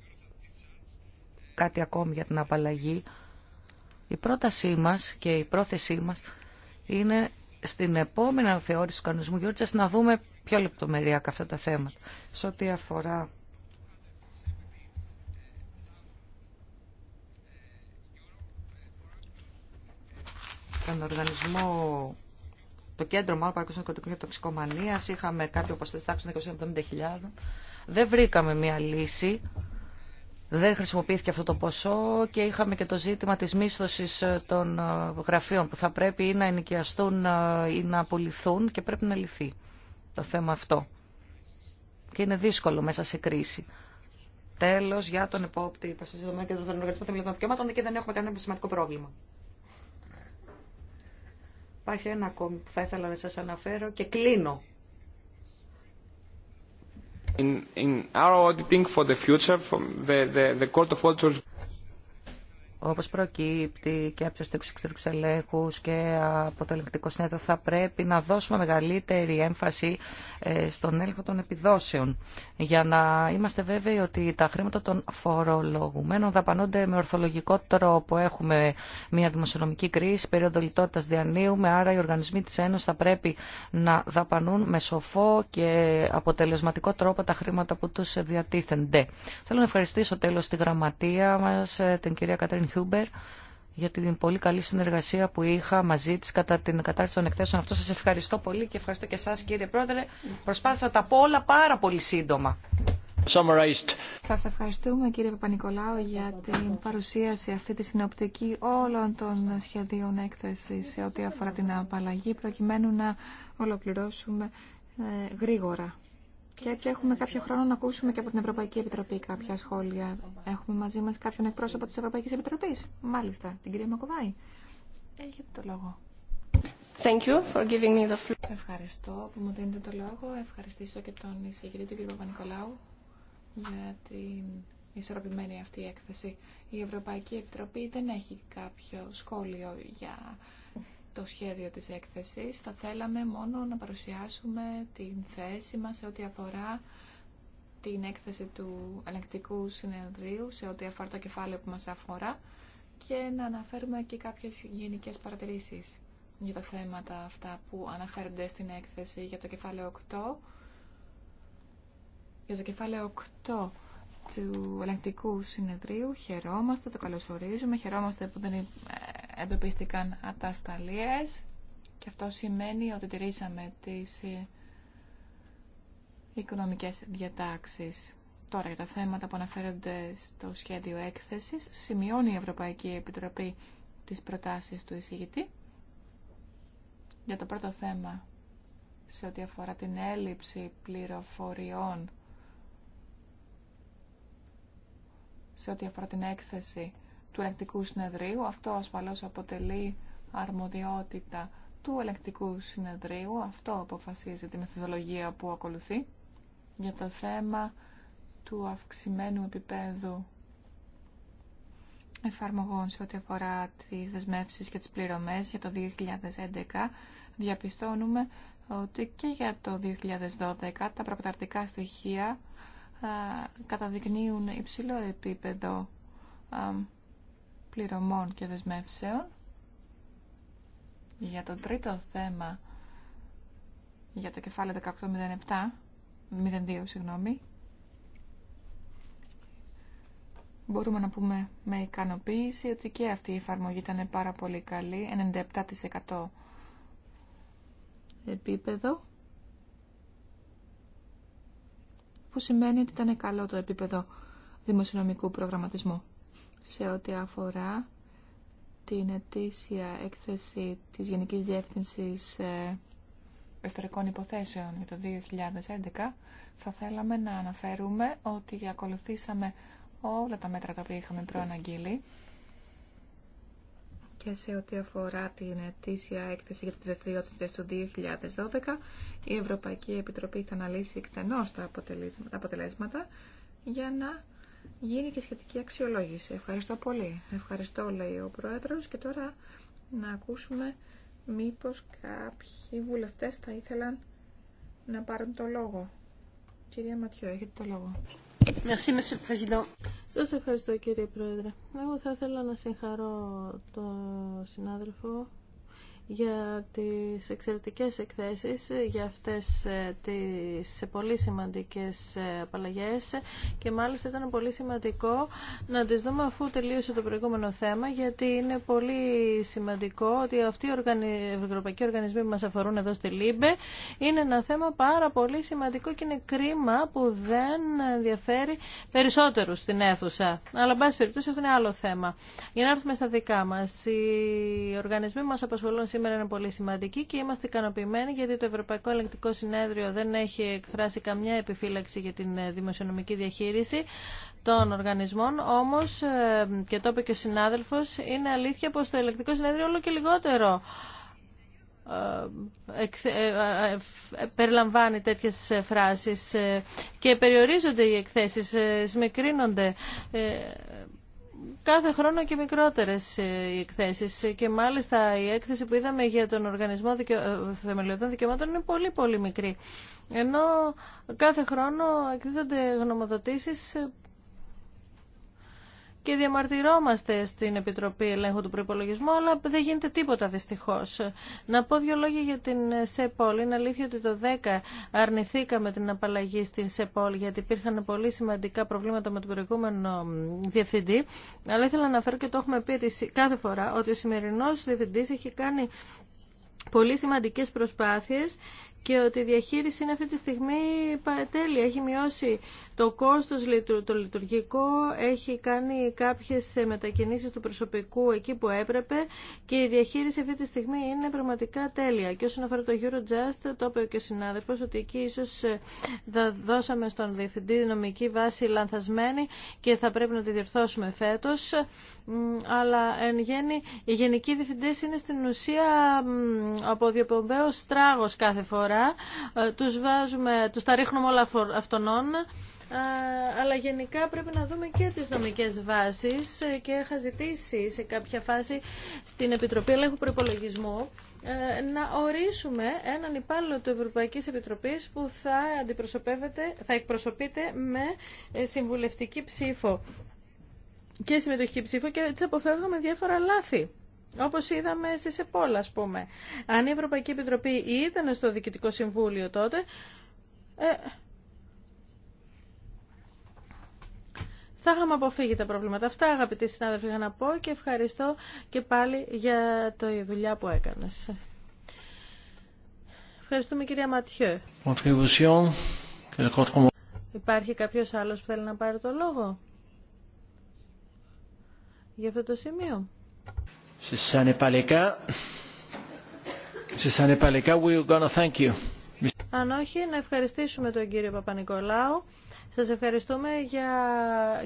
κάτι ακόμη για την απαλλαγή. Η πρότασή μας και η πρόθεσή μας είναι στην επόμενη θεώρηση του κανονισμού Γιούρτζα να δούμε πιο λεπτομεριακά αυτά τα θέματα. Σε ό,τι αφορά τον οργανισμό, το κέντρο μάλλον Παγκοσμίου το Τοξικομανία, είχαμε κάποιο ποσοστό τάξη των 270.000. Δεν βρήκαμε μία λύση. Δεν χρησιμοποιήθηκε αυτό το ποσό και είχαμε και το ζήτημα της μίσθωσης ε, των ε, γραφείων που θα πρέπει ή να ενοικιαστούν ε, ή να απολυθούν και πρέπει να λυθεί το θέμα αυτό. Και είναι δύσκολο μέσα σε κρίση. Τέλο, για τον και των δικαιωμάτων, και δεν έχουμε κανένα σημαντικό πρόβλημα. Υπάρχει ένα ακόμη που θα ήθελα να σας αναφέρω και κλείνω. In, in our auditing for the future, the, the, the court of auditors... Όπως προκύπτει και από τους εξωτερικούς ελέγχους και από το ελεγκτικό συνέδριο θα πρέπει να δώσουμε μεγαλύτερη έμφαση ε, στον έλεγχο των επιδόσεων για να είμαστε βέβαιοι ότι τα χρήματα των φορολογουμένων δαπανώνται με ορθολογικό τρόπο. Έχουμε μια δημοσιονομική κρίση, περίοδο λιτότητα διανύουμε, άρα οι οργανισμοί τη Ένωση θα πρέπει να δαπανούν με σοφό και αποτελεσματικό τρόπο τα χρήματα που του διατίθενται. Θέλω να ευχαριστήσω τέλο τη γραμματεία μα, ε, την κυρία Κατρίν Χιούμπερ, για την πολύ καλή συνεργασία που είχα μαζί της κατά την κατάρτιση των εκθέσεων. Αυτό σας ευχαριστώ πολύ και ευχαριστώ και εσάς κύριε Πρόεδρε. Προσπάθησα τα πω όλα πάρα πολύ σύντομα. Summarized. Σας ευχαριστούμε κύριε Παπα-Νικολάου για την παρουσίαση αυτή τη συνοπτική όλων των σχεδίων έκθεσης σε ό,τι αφορά την απαλλαγή προκειμένου να ολοκληρώσουμε ε, γρήγορα. Και έτσι έχουμε κάποιο χρόνο να ακούσουμε και από την Ευρωπαϊκή Επιτροπή κάποια σχόλια. Έχουμε μαζί μας κάποιον εκπρόσωπο της ευρωπαϊκή επιτροπή; Μάλιστα, την κυρία Μακοβάη. Έχετε το λόγο. Thank you for giving me the floor. Ευχαριστώ που μου δίνετε το λόγο. Ευχαριστήσω και τον εισηγητή του κ. Παπα-Νικολάου για την ισορροπημένη αυτή έκθεση. Η Ευρωπαϊκή Επιτροπή δεν έχει κάποιο σχόλιο για το σχέδιο της έκθεσης. Θα θέλαμε μόνο να παρουσιάσουμε την θέση μας σε ό,τι αφορά την έκθεση του ελεγκτικού συνεδρίου, σε ό,τι αφορά το κεφάλαιο που μας αφορά και να αναφέρουμε και κάποιες γενικές παρατηρήσεις για τα θέματα αυτά που αναφέρονται στην έκθεση για το κεφάλαιο 8. Για το κεφάλαιο 8 του ελεγκτικού συνεδρίου χαιρόμαστε, το καλωσορίζουμε, χαιρόμαστε που δεν εντοπίστηκαν ατασταλίες και αυτό σημαίνει ότι τηρήσαμε τις ε, οικονομικές διατάξεις. Τώρα για τα θέματα που αναφέρονται στο σχέδιο έκθεσης σημειώνει η Ευρωπαϊκή Επιτροπή τις προτάσεις του εισηγητή. Για το πρώτο θέμα σε ό,τι αφορά την έλλειψη πληροφοριών σε ό,τι αφορά την έκθεση του ελεκτικού συνεδρίου. Αυτό ασφαλώς αποτελεί αρμοδιότητα του ελεκτικού συνεδρίου. Αυτό αποφασίζει τη μεθοδολογία που ακολουθεί για το θέμα του αυξημένου επίπεδου εφαρμογών σε ό,τι αφορά τις δεσμεύσεις και τις πληρωμές για το 2011 διαπιστώνουμε ότι και για το 2012 τα προκαταρτικά στοιχεία καταδεικνύουν υψηλό επίπεδο πληρωμών και δεσμεύσεων. Για το τρίτο θέμα, για το κεφάλαιο 1807, 02, συγγνώμη, μπορούμε να πούμε με ικανοποίηση ότι και αυτή η εφαρμογή ήταν πάρα πολύ καλή, 97% επίπεδο, που σημαίνει ότι ήταν καλό το επίπεδο δημοσιονομικού προγραμματισμού σε ό,τι αφορά την ετήσια έκθεση της Γενικής Διεύθυνσης ε, Ιστορικών Υποθέσεων για το 2011, θα θέλαμε να αναφέρουμε ότι ακολουθήσαμε όλα τα μέτρα τα οποία είχαμε προαναγγείλει και σε ό,τι αφορά την ετήσια έκθεση για τις δραστηριότητε του 2012, η Ευρωπαϊκή Επιτροπή θα αναλύσει εκτενώς τα αποτελέσματα για να γίνει και σχετική αξιολόγηση. Ευχαριστώ πολύ. Ευχαριστώ, λέει ο Πρόεδρος. Και τώρα να ακούσουμε μήπως κάποιοι βουλευτές θα ήθελαν να πάρουν το λόγο. Κυρία Ματιό, έχετε το λόγο. Σας ευχαριστώ κύριε Πρόεδρε. Εγώ θα ήθελα να συγχαρώ τον συνάδελφο για τις εξαιρετικές εκθέσεις, για αυτές ε, τις πολύ σημαντικές ε, απαλλαγές και μάλιστα ήταν πολύ σημαντικό να τις δούμε αφού τελείωσε το προηγούμενο θέμα γιατί είναι πολύ σημαντικό ότι αυτοί οι ευρωπαϊκοί οργανισμοί που μας αφορούν εδώ στη ΛΥΜΠΕ είναι ένα θέμα πάρα πολύ σημαντικό και είναι κρίμα που δεν ενδιαφέρει περισσότερους στην αίθουσα. Αλλά, εν περιπτώσει, αυτό είναι άλλο θέμα. Για να έρθουμε στα δικά μας. Οι οργανισμοί μας απασχολούν σήμερα είναι πολύ σημαντική και είμαστε ικανοποιημένοι γιατί το Ευρωπαϊκό Ελεκτικό Συνέδριο δεν έχει εκφράσει καμιά επιφύλαξη για την ε, δημοσιονομική διαχείριση των οργανισμών. Όμως, ε, και το είπε και ο συνάδελφο, είναι αλήθεια πως το Ελεκτικό Συνέδριο όλο και λιγότερο ε, περιλαμβάνει τέτοιες φράσεις και περιορίζονται οι εκθέσεις, σμικρίνονται κάθε χρόνο και μικρότερες ε, οι εκθέσεις και μάλιστα η έκθεση που είδαμε για τον Οργανισμό δικαι... Ε, Θεμελιωδών Δικαιωμάτων είναι πολύ πολύ μικρή. Ενώ κάθε χρόνο εκδίδονται γνωμοδοτήσεις ε, και διαμαρτυρόμαστε στην Επιτροπή Ελέγχου του Προπολογισμού, αλλά δεν γίνεται τίποτα δυστυχώ. Να πω δύο λόγια για την ΣΕΠΟΛ. Είναι αλήθεια ότι το 10 αρνηθήκαμε την απαλλαγή στην ΣΕΠΟΛ, γιατί υπήρχαν πολύ σημαντικά προβλήματα με τον προηγούμενο διευθυντή. Αλλά ήθελα να αναφέρω και το έχουμε πει κάθε φορά, ότι ο σημερινό διευθυντή έχει κάνει πολύ σημαντικές προσπάθειες και ότι η διαχείριση είναι αυτή τη στιγμή τέλεια. Έχει μειώσει το κόστος το λειτουργικό έχει κάνει κάποιες μετακινήσεις του προσωπικού εκεί που έπρεπε και η διαχείριση αυτή τη στιγμή είναι πραγματικά τέλεια. Και όσον αφορά το Eurojust, το είπε και ο συνάδελφος ότι εκεί ίσως ε, δώσαμε στον διευθυντή νομική βάση λανθασμένη και θα πρέπει να τη διορθώσουμε φέτος. Αλλά εν γέννη, οι γενικοί διευθυντές είναι στην ουσία από διοπομπαίος στράγος κάθε φορά. Ε, τους, βάζουμε, τους τα ρίχνουμε όλα αυτονών αλλά γενικά πρέπει να δούμε και τις νομικές βάσεις ε, και είχα ζητήσει σε κάποια φάση στην Επιτροπή Ελέγχου Προπολογισμού ε, να ορίσουμε έναν υπάλληλο του Ευρωπαϊκής Επιτροπής που θα, αντιπροσωπεύεται, θα εκπροσωπείται με ε, συμβουλευτική ψήφο και συμμετοχική ψήφο και έτσι αποφεύγουμε διάφορα λάθη. Όπω είδαμε στις ΕΠΟΛΑ, α πούμε. Αν η Ευρωπαϊκή Επιτροπή ήταν στο Διοικητικό Συμβούλιο τότε, Θα είχαμε αποφύγει τα προβλήματα αυτά, αγαπητοί συνάδελφοι, είχα να πω και ευχαριστώ και πάλι για το δουλειά που έκανες. Ευχαριστούμε κυρία Ματιέ. Υπάρχει κάποιος άλλος που θέλει να πάρει το λόγο για αυτό το σημείο. Αν όχι, να ευχαριστήσουμε τον κύριο Παπα-Νικολάου. Σας ευχαριστούμε για...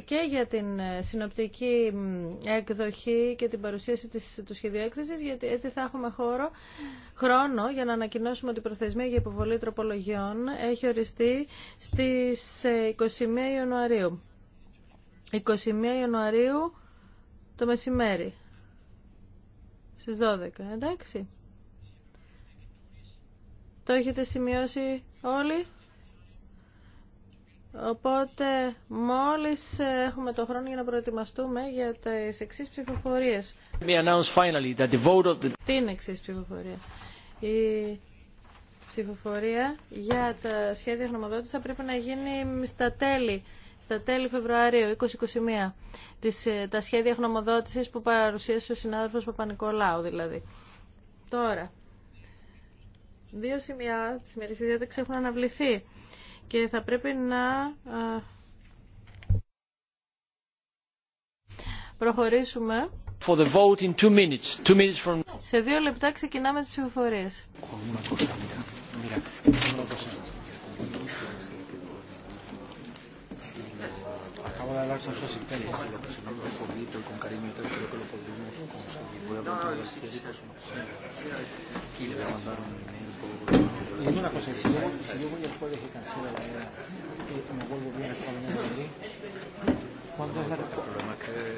και για την ε, συνοπτική εκδοχή και την παρουσίαση της... του σχεδίου έκθεσης, γιατί έτσι θα έχουμε χώρο, χρόνο για να ανακοινώσουμε ότι η προθεσμία για υποβολή τροπολογιών έχει οριστεί στις 21 ε, Ιανουαρίου. 21 Ιανουαρίου το μεσημέρι. Στις 12, εντάξει. Το έχετε σημειώσει όλοι. Οπότε μόλις ε, έχουμε το χρόνο για να προετοιμαστούμε για τις εξής ψηφοφορίες. Τι είναι εξής ψηφοφορία. Η ψηφοφορία για τα σχέδια γνωμοδότηση θα πρέπει να γίνει στα τέλη, στα τέλη Φεβρουαρίου 2021. Τις, ε, τα σχέδια χνομοδότησης που παρουσίασε ο συνάδελφος Παπα-Νικολάου δηλαδή. Τώρα, δύο σημεία της μερικής διάταξης έχουν αναβληθεί και θα πρέπει να προχωρήσουμε. For the vote in minutes. minutes from... Σε δύο λεπτά ξεκινάμε τις ψηφοφορίες te una cosa, si yo, si yo voy el jueves y cancelo la hora y me vuelvo bien hasta la mañana de Madrid, ¿cuándo es la, ¿cuándo, es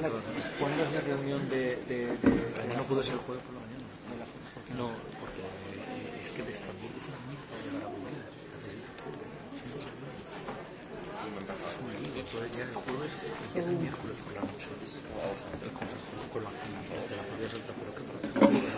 la, ¿cuándo es la reunión de, de, de, No pudo ser el jueves por la mañana. No, porque es que de Estambul es una para llegar a Bulgaria. Necesita todo. Es un lío. Entonces ya el jueves empieza el miércoles por la noche. El consejo con la cena. Te la podías saltar, pero que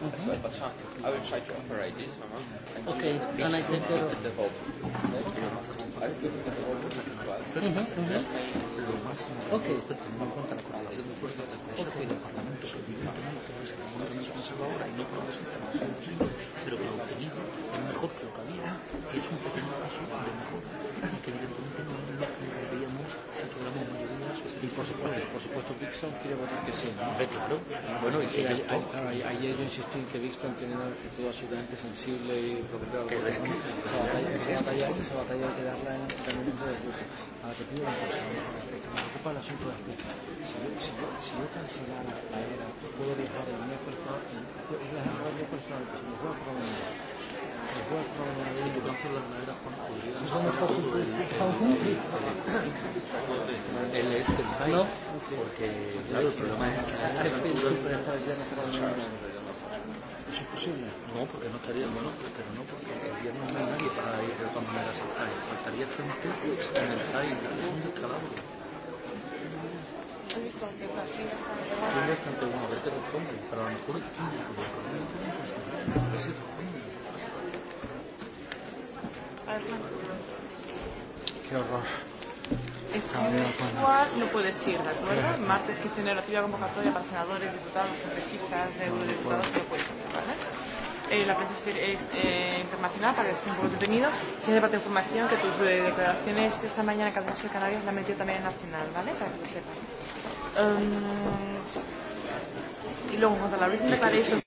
as well, but I will try to operate this. Okay, I take the I will the Pero que lo mejor que lo había, es un pequeño paso mejor Y por supuesto, por supuesto quiere votar que sí. ¿no? Bueno, y que Ayer yo insistí en que Dixon tiene una actitud absolutamente sensible y es que esa batalla, que darla en el Ahora te pido una cosa, me el asunto este. Si yo, cancelara la era, puedo dejar el la era, Él este, no. porque claro, el problema es que No, porque estaría, bueno, pero no, porque el no hay nadie para ir de otra manera al Faltaría gente en el JAI, es un descalabro. bueno, Qué horror. Es usual, no puedes ir, ¿de acuerdo? Martes 15 de enero, la convocatoria para senadores, diputados, congresistas, eurodiputados, no puedes ir, ¿vale? eh, la prensa eh, internacional para que esté un poco detenido. Si parte de información que tus eh, declaraciones esta mañana en Cadena Canarias la metió también en Nacional, ¿vale? Para que lo sepas. Um, y luego, en cuanto a la recent declaration...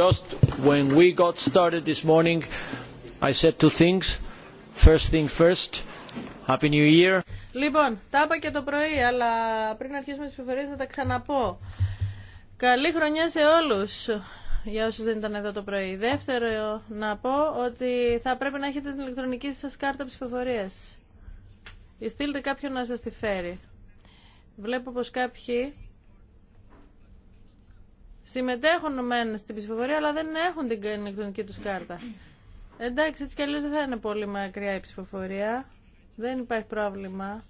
just when we got started this morning, I said two things. First first. Happy New Year. Λοιπόν, τα είπα και το πρωί, αλλά πριν αρχίσουμε τις προφορίες θα τα ξαναπώ. Καλή χρονιά σε όλους για όσους δεν ήταν εδώ το πρωί. Δεύτερο, να πω ότι θα πρέπει να έχετε την ηλεκτρονική σας κάρτα ψηφοφορίας. Στείλτε κάποιον να σας τη φέρει. Βλέπω πως κάποιοι συμμετέχουν μεν στην ψηφοφορία, αλλά δεν έχουν την ηλεκτρονική του κάρτα. Εντάξει, έτσι κι αλλιώ δεν θα είναι πολύ μακριά η ψηφοφορία. Δεν υπάρχει πρόβλημα.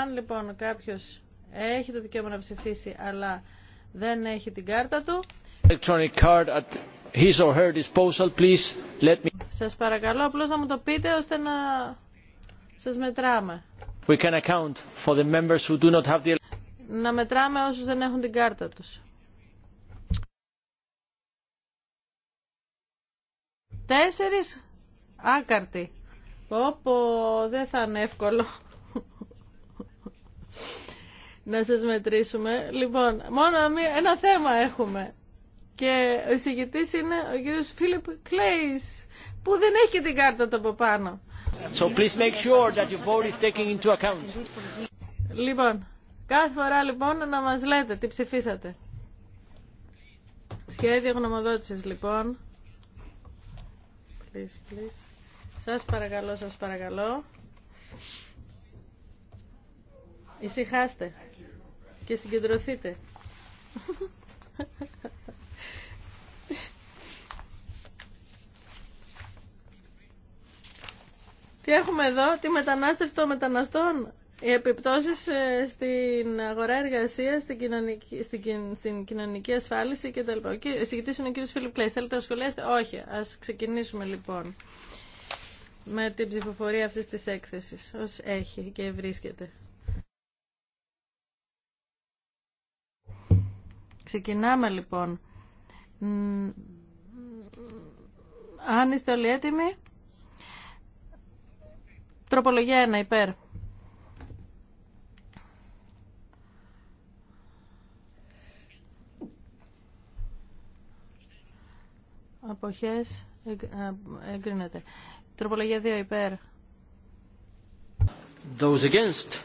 Αν λοιπόν κάποιο έχει το δικαίωμα να ψηφίσει, αλλά δεν έχει την κάρτα του... Electronic Σας παρακαλώ απλώς να μου το πείτε ώστε να σας μετράμε. We can account for the members who do not have the να μετράμε όσους δεν έχουν την κάρτα τους. Τέσσερις άκαρτοι. Πω δεν θα είναι εύκολο <laughs> να σας μετρήσουμε. Λοιπόν, μόνο ένα θέμα έχουμε. Και ο εισηγητής είναι ο κύριος Φίλιπ Κλέης, που δεν έχει την κάρτα του από πάνω. So please make sure that your vote is taken into account. Λοιπόν, Κάθε φορά λοιπόν να μας λέτε τι ψηφίσατε. Σχέδιο γνωμοδότησης λοιπόν. Please, Σας παρακαλώ, σας παρακαλώ. Ησυχάστε και συγκεντρωθείτε. Τι έχουμε εδώ, τι μετανάστευτο των μεταναστών. Οι επιπτώσεις ε, στην αγορά εργασία, στην κοινωνική, στην, στην κοινωνική ασφάλιση κτλ. Ο συγκεκριτή είναι ο κ. Φίλιπ Κλέη. Θέλετε να σχολιάσετε. Όχι. Ας ξεκινήσουμε λοιπόν με την ψηφοφορία αυτή τη έκθεση. Ως έχει και βρίσκεται. Ξεκινάμε λοιπόν. Αν είστε όλοι έτοιμοι, τροπολογία 1 υπέρ. Αποχές εγκρίνεται. Τροπολογία 2 υπέρ. Those against.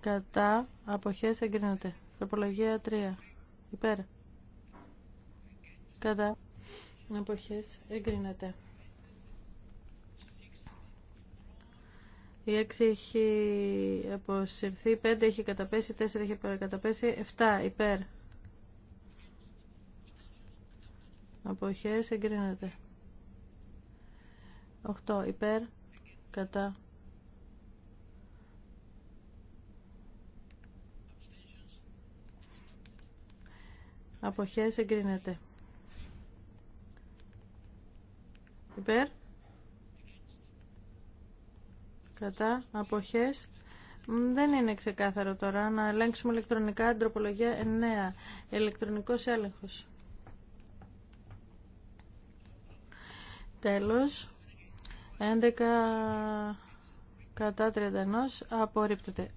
Κατά. Αποχές εγκρίνεται. Τροπολογία 3 υπέρ. Κατά. Αποχές εγκρίνεται. Η 6 έχει αποσυρθεί, 5 έχει καταπέσει, 4 έχει παρακαταπέσει, 7 υπέρ. Αποχές εγκρίνεται. 8 υπέρ κατά Αποχές εγκρίνεται. Υπέρ. Κατά. Αποχές. Δεν είναι ξεκάθαρο τώρα να ελέγξουμε ηλεκτρονικά αντροπολογία 9. Ηλεκτρονικός έλεγχος. Τέλος. 11 κατά 31 απορρίπτεται.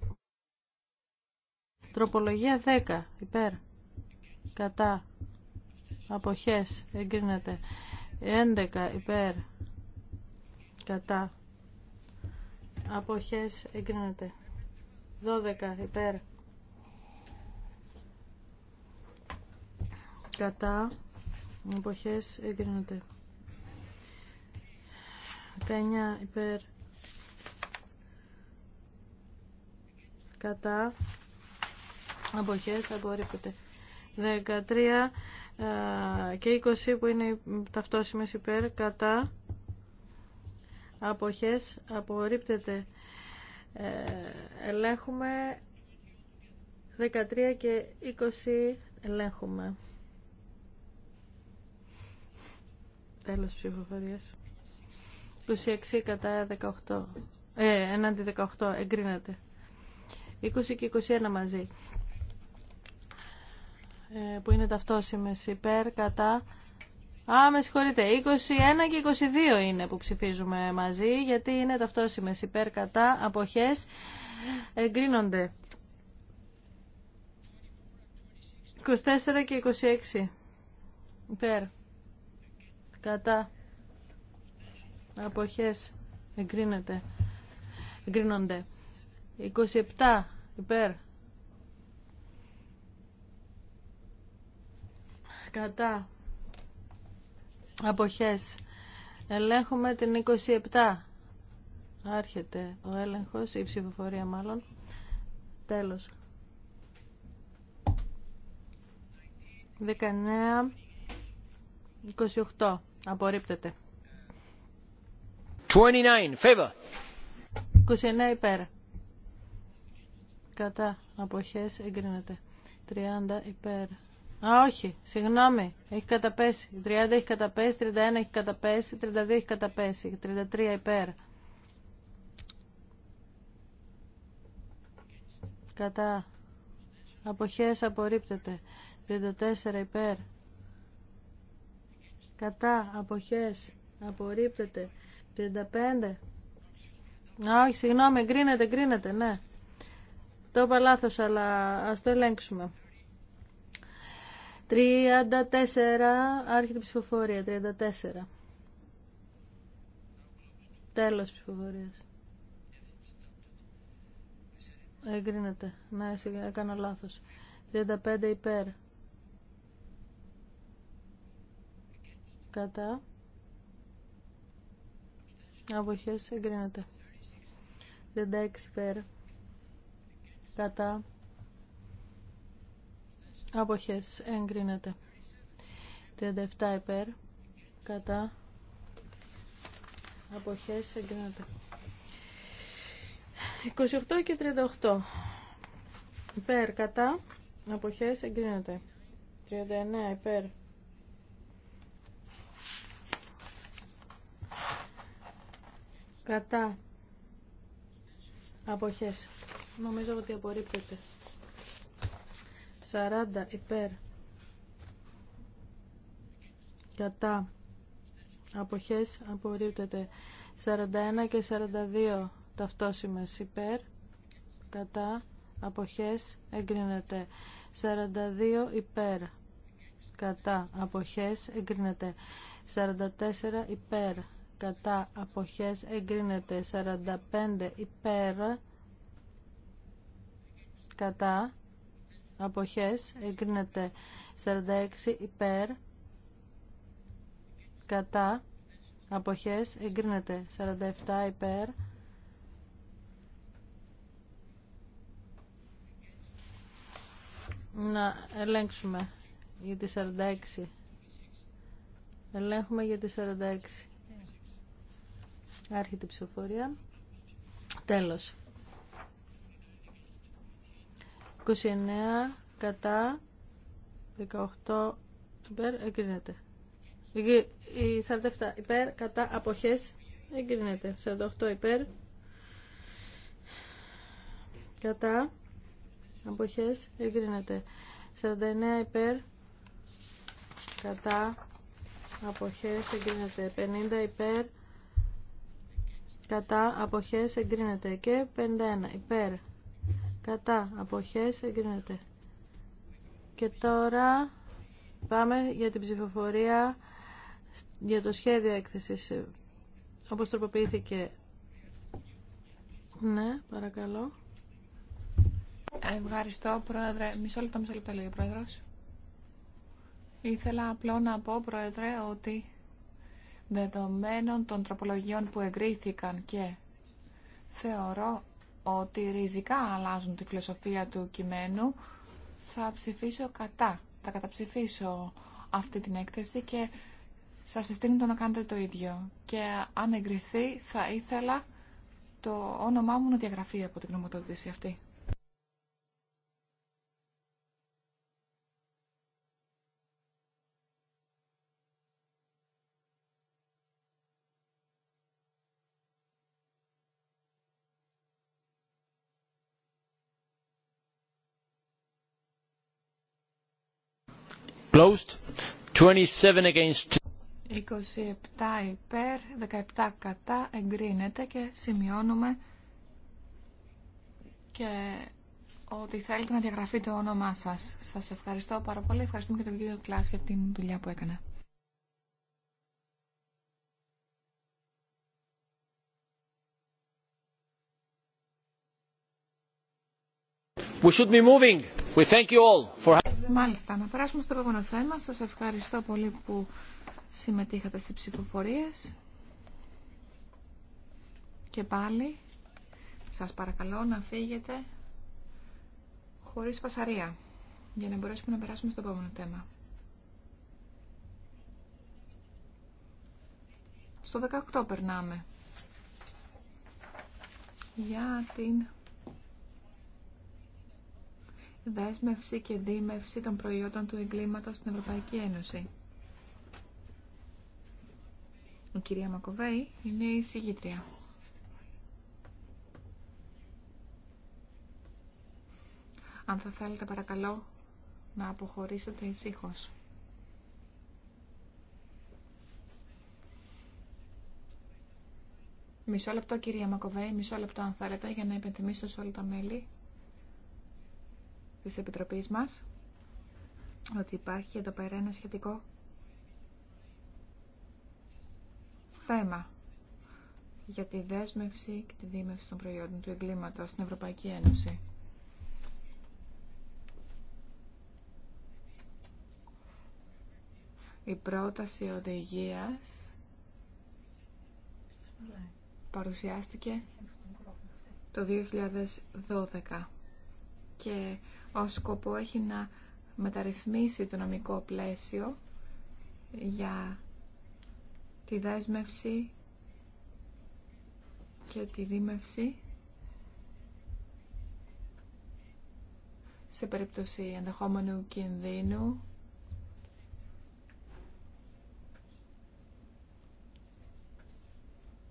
Τροπολογία 10 υπέρ κατά αποχές εγκρίνεται. 11 υπέρ κατά αποχές εγκρίνεται. 12 υπέρ κατά αποχές εγκρίνεται. 19 υπέρ κατά αποχές απορρίπτεται 13 και 20 που είναι ταυτόσιμες υπέρ κατά αποχές απορρίπτεται ε, ελέγχουμε 13 και 20 ελέγχουμε τέλος ψηφοφορίας 26 κατά 18. Ε, έναντι 18. Εγκρίνεται. 20 και 21 μαζί. Ε, που είναι ταυτόσιμες υπέρ, κατά... Α, με συγχωρείτε. 21 και 22 είναι που ψηφίζουμε μαζί, γιατί είναι ταυτόσιμες υπέρ, κατά, αποχές. Εγκρίνονται. 24 και 26. Υπέρ. Κατά αποχές εγκρίνεται εγκρίνονται 27 υπέρ κατά αποχές ελέγχουμε την 27 άρχεται ο έλεγχος η ψηφοφορία μάλλον τέλος 19 28 απορρίπτεται 29 favor. 29 υπέρ. Κατά. Αποχές εγκρίνεται. 30 υπέρ. Α, όχι. Συγγνώμη. Έχει καταπέσει. 30 έχει καταπέσει. 31 έχει καταπέσει. 32 έχει καταπέσει. 33 υπέρ. Κατά. Αποχές απορρίπτεται. 34 υπέρ. Κατά. Αποχές απορρίπτεται. 35. Όχι, συγγνώμη, εγκρίνεται, εγκρίνεται, ναι. Το είπα λάθος, αλλά ας το ελέγξουμε. 34, άρχεται η ψηφοφορία, 34. Τέλος ψηφοφορίας. Εγκρίνεται. Ναι, έκανα λάθος. 35 υπέρ. Κατά. Αποχές εγκρίνεται. 36 πέρα. Κατά. Αποχές εγκρίνεται. 37 υπέρ. Κατά. Αποχές εγκρίνεται. 28 και 38. Υπέρ, κατά. Αποχές εγκρίνεται. 39 υπέρ. Κατά. Αποχές. Νομίζω ότι απορρίπτεται. 40 υπέρ. Κατά. Αποχές απορρίπτεται. 41 και 42 ταυτόσημες υπέρ. Κατά. Αποχές εγκρίνεται. 42 υπέρ. Κατά. Αποχές εγκρίνεται. 44 υπέρ κατά αποχές εγκρίνεται 45 υπέρ κατά αποχές εγκρίνεται 46 υπέρ κατά αποχές εγκρίνεται 47 υπέρ να ελέγξουμε για τη 46 ελέγχουμε για τη 46 Άρχεται η ψηφοφορία. Τέλος. 29 κατά 18 υπέρ εγκρίνεται. Η 47 υπέρ κατά αποχές εγκρίνεται. 48 υπέρ κατά αποχές εγκρίνεται. 49 υπέρ κατά αποχές εγκρίνεται. 50 υπέρ κατά αποχές εγκρίνεται και 51 υπέρ κατά αποχές εγκρίνεται και τώρα πάμε για την ψηφοφορία για το σχέδιο έκθεσης όπως τροποποιήθηκε ναι παρακαλώ Ευχαριστώ πρόεδρε μισό λεπτό μισό λεπτό λέει ο πρόεδρος Ήθελα απλό να πω πρόεδρε ότι Δεδομένων των τροπολογιών που εγκρίθηκαν και θεωρώ ότι ριζικά αλλάζουν τη φιλοσοφία του κειμένου, θα ψηφίσω κατά. Θα καταψηφίσω αυτή την έκθεση και σας συστήνω το να κάνετε το ίδιο. Και αν εγκριθεί θα ήθελα το όνομά μου να διαγραφεί από την γνωμοδότηση αυτή. 27 υπέρ, 17 κατά, εγκρίνεται και σημειώνουμε και ότι θέλετε να διαγραφεί το όνομά σας. Σας ευχαριστώ πάρα πολύ. Ευχαριστούμε και τον κύριο Κλάς για την δουλειά που έκανε. We should be moving. We Μάλιστα, να περάσουμε στο επόμενο θέμα. Σας ευχαριστώ πολύ που συμμετείχατε στις ψηφοφορίες. Και πάλι, σας παρακαλώ να φύγετε χωρίς πασαρία, για να μπορέσουμε να περάσουμε στο επόμενο θέμα. Στο 18 περνάμε. Για την δέσμευση και δίμευση των προϊόντων του εγκλήματος στην Ευρωπαϊκή Ένωση. Η κυρία Μακοβέη είναι η συγγήτρια. Αν θα θέλετε παρακαλώ να αποχωρήσετε ησύχως. Μισό λεπτό κυρία Μακοβέη, μισό λεπτό αν θέλετε για να υπενθυμίσω σε όλα τα μέλη της Επιτροπής μας ότι υπάρχει εδώ πέρα ένα σχετικό θέμα για τη δέσμευση και τη δίμευση των προϊόντων του εγκλήματος στην Ευρωπαϊκή Ένωση. Η πρόταση οδηγίας παρουσιάστηκε το 2012 και ο σκοπό έχει να μεταρρυθμίσει το νομικό πλαίσιο για τη δέσμευση και τη δίμευση σε περίπτωση ενδεχόμενου κινδύνου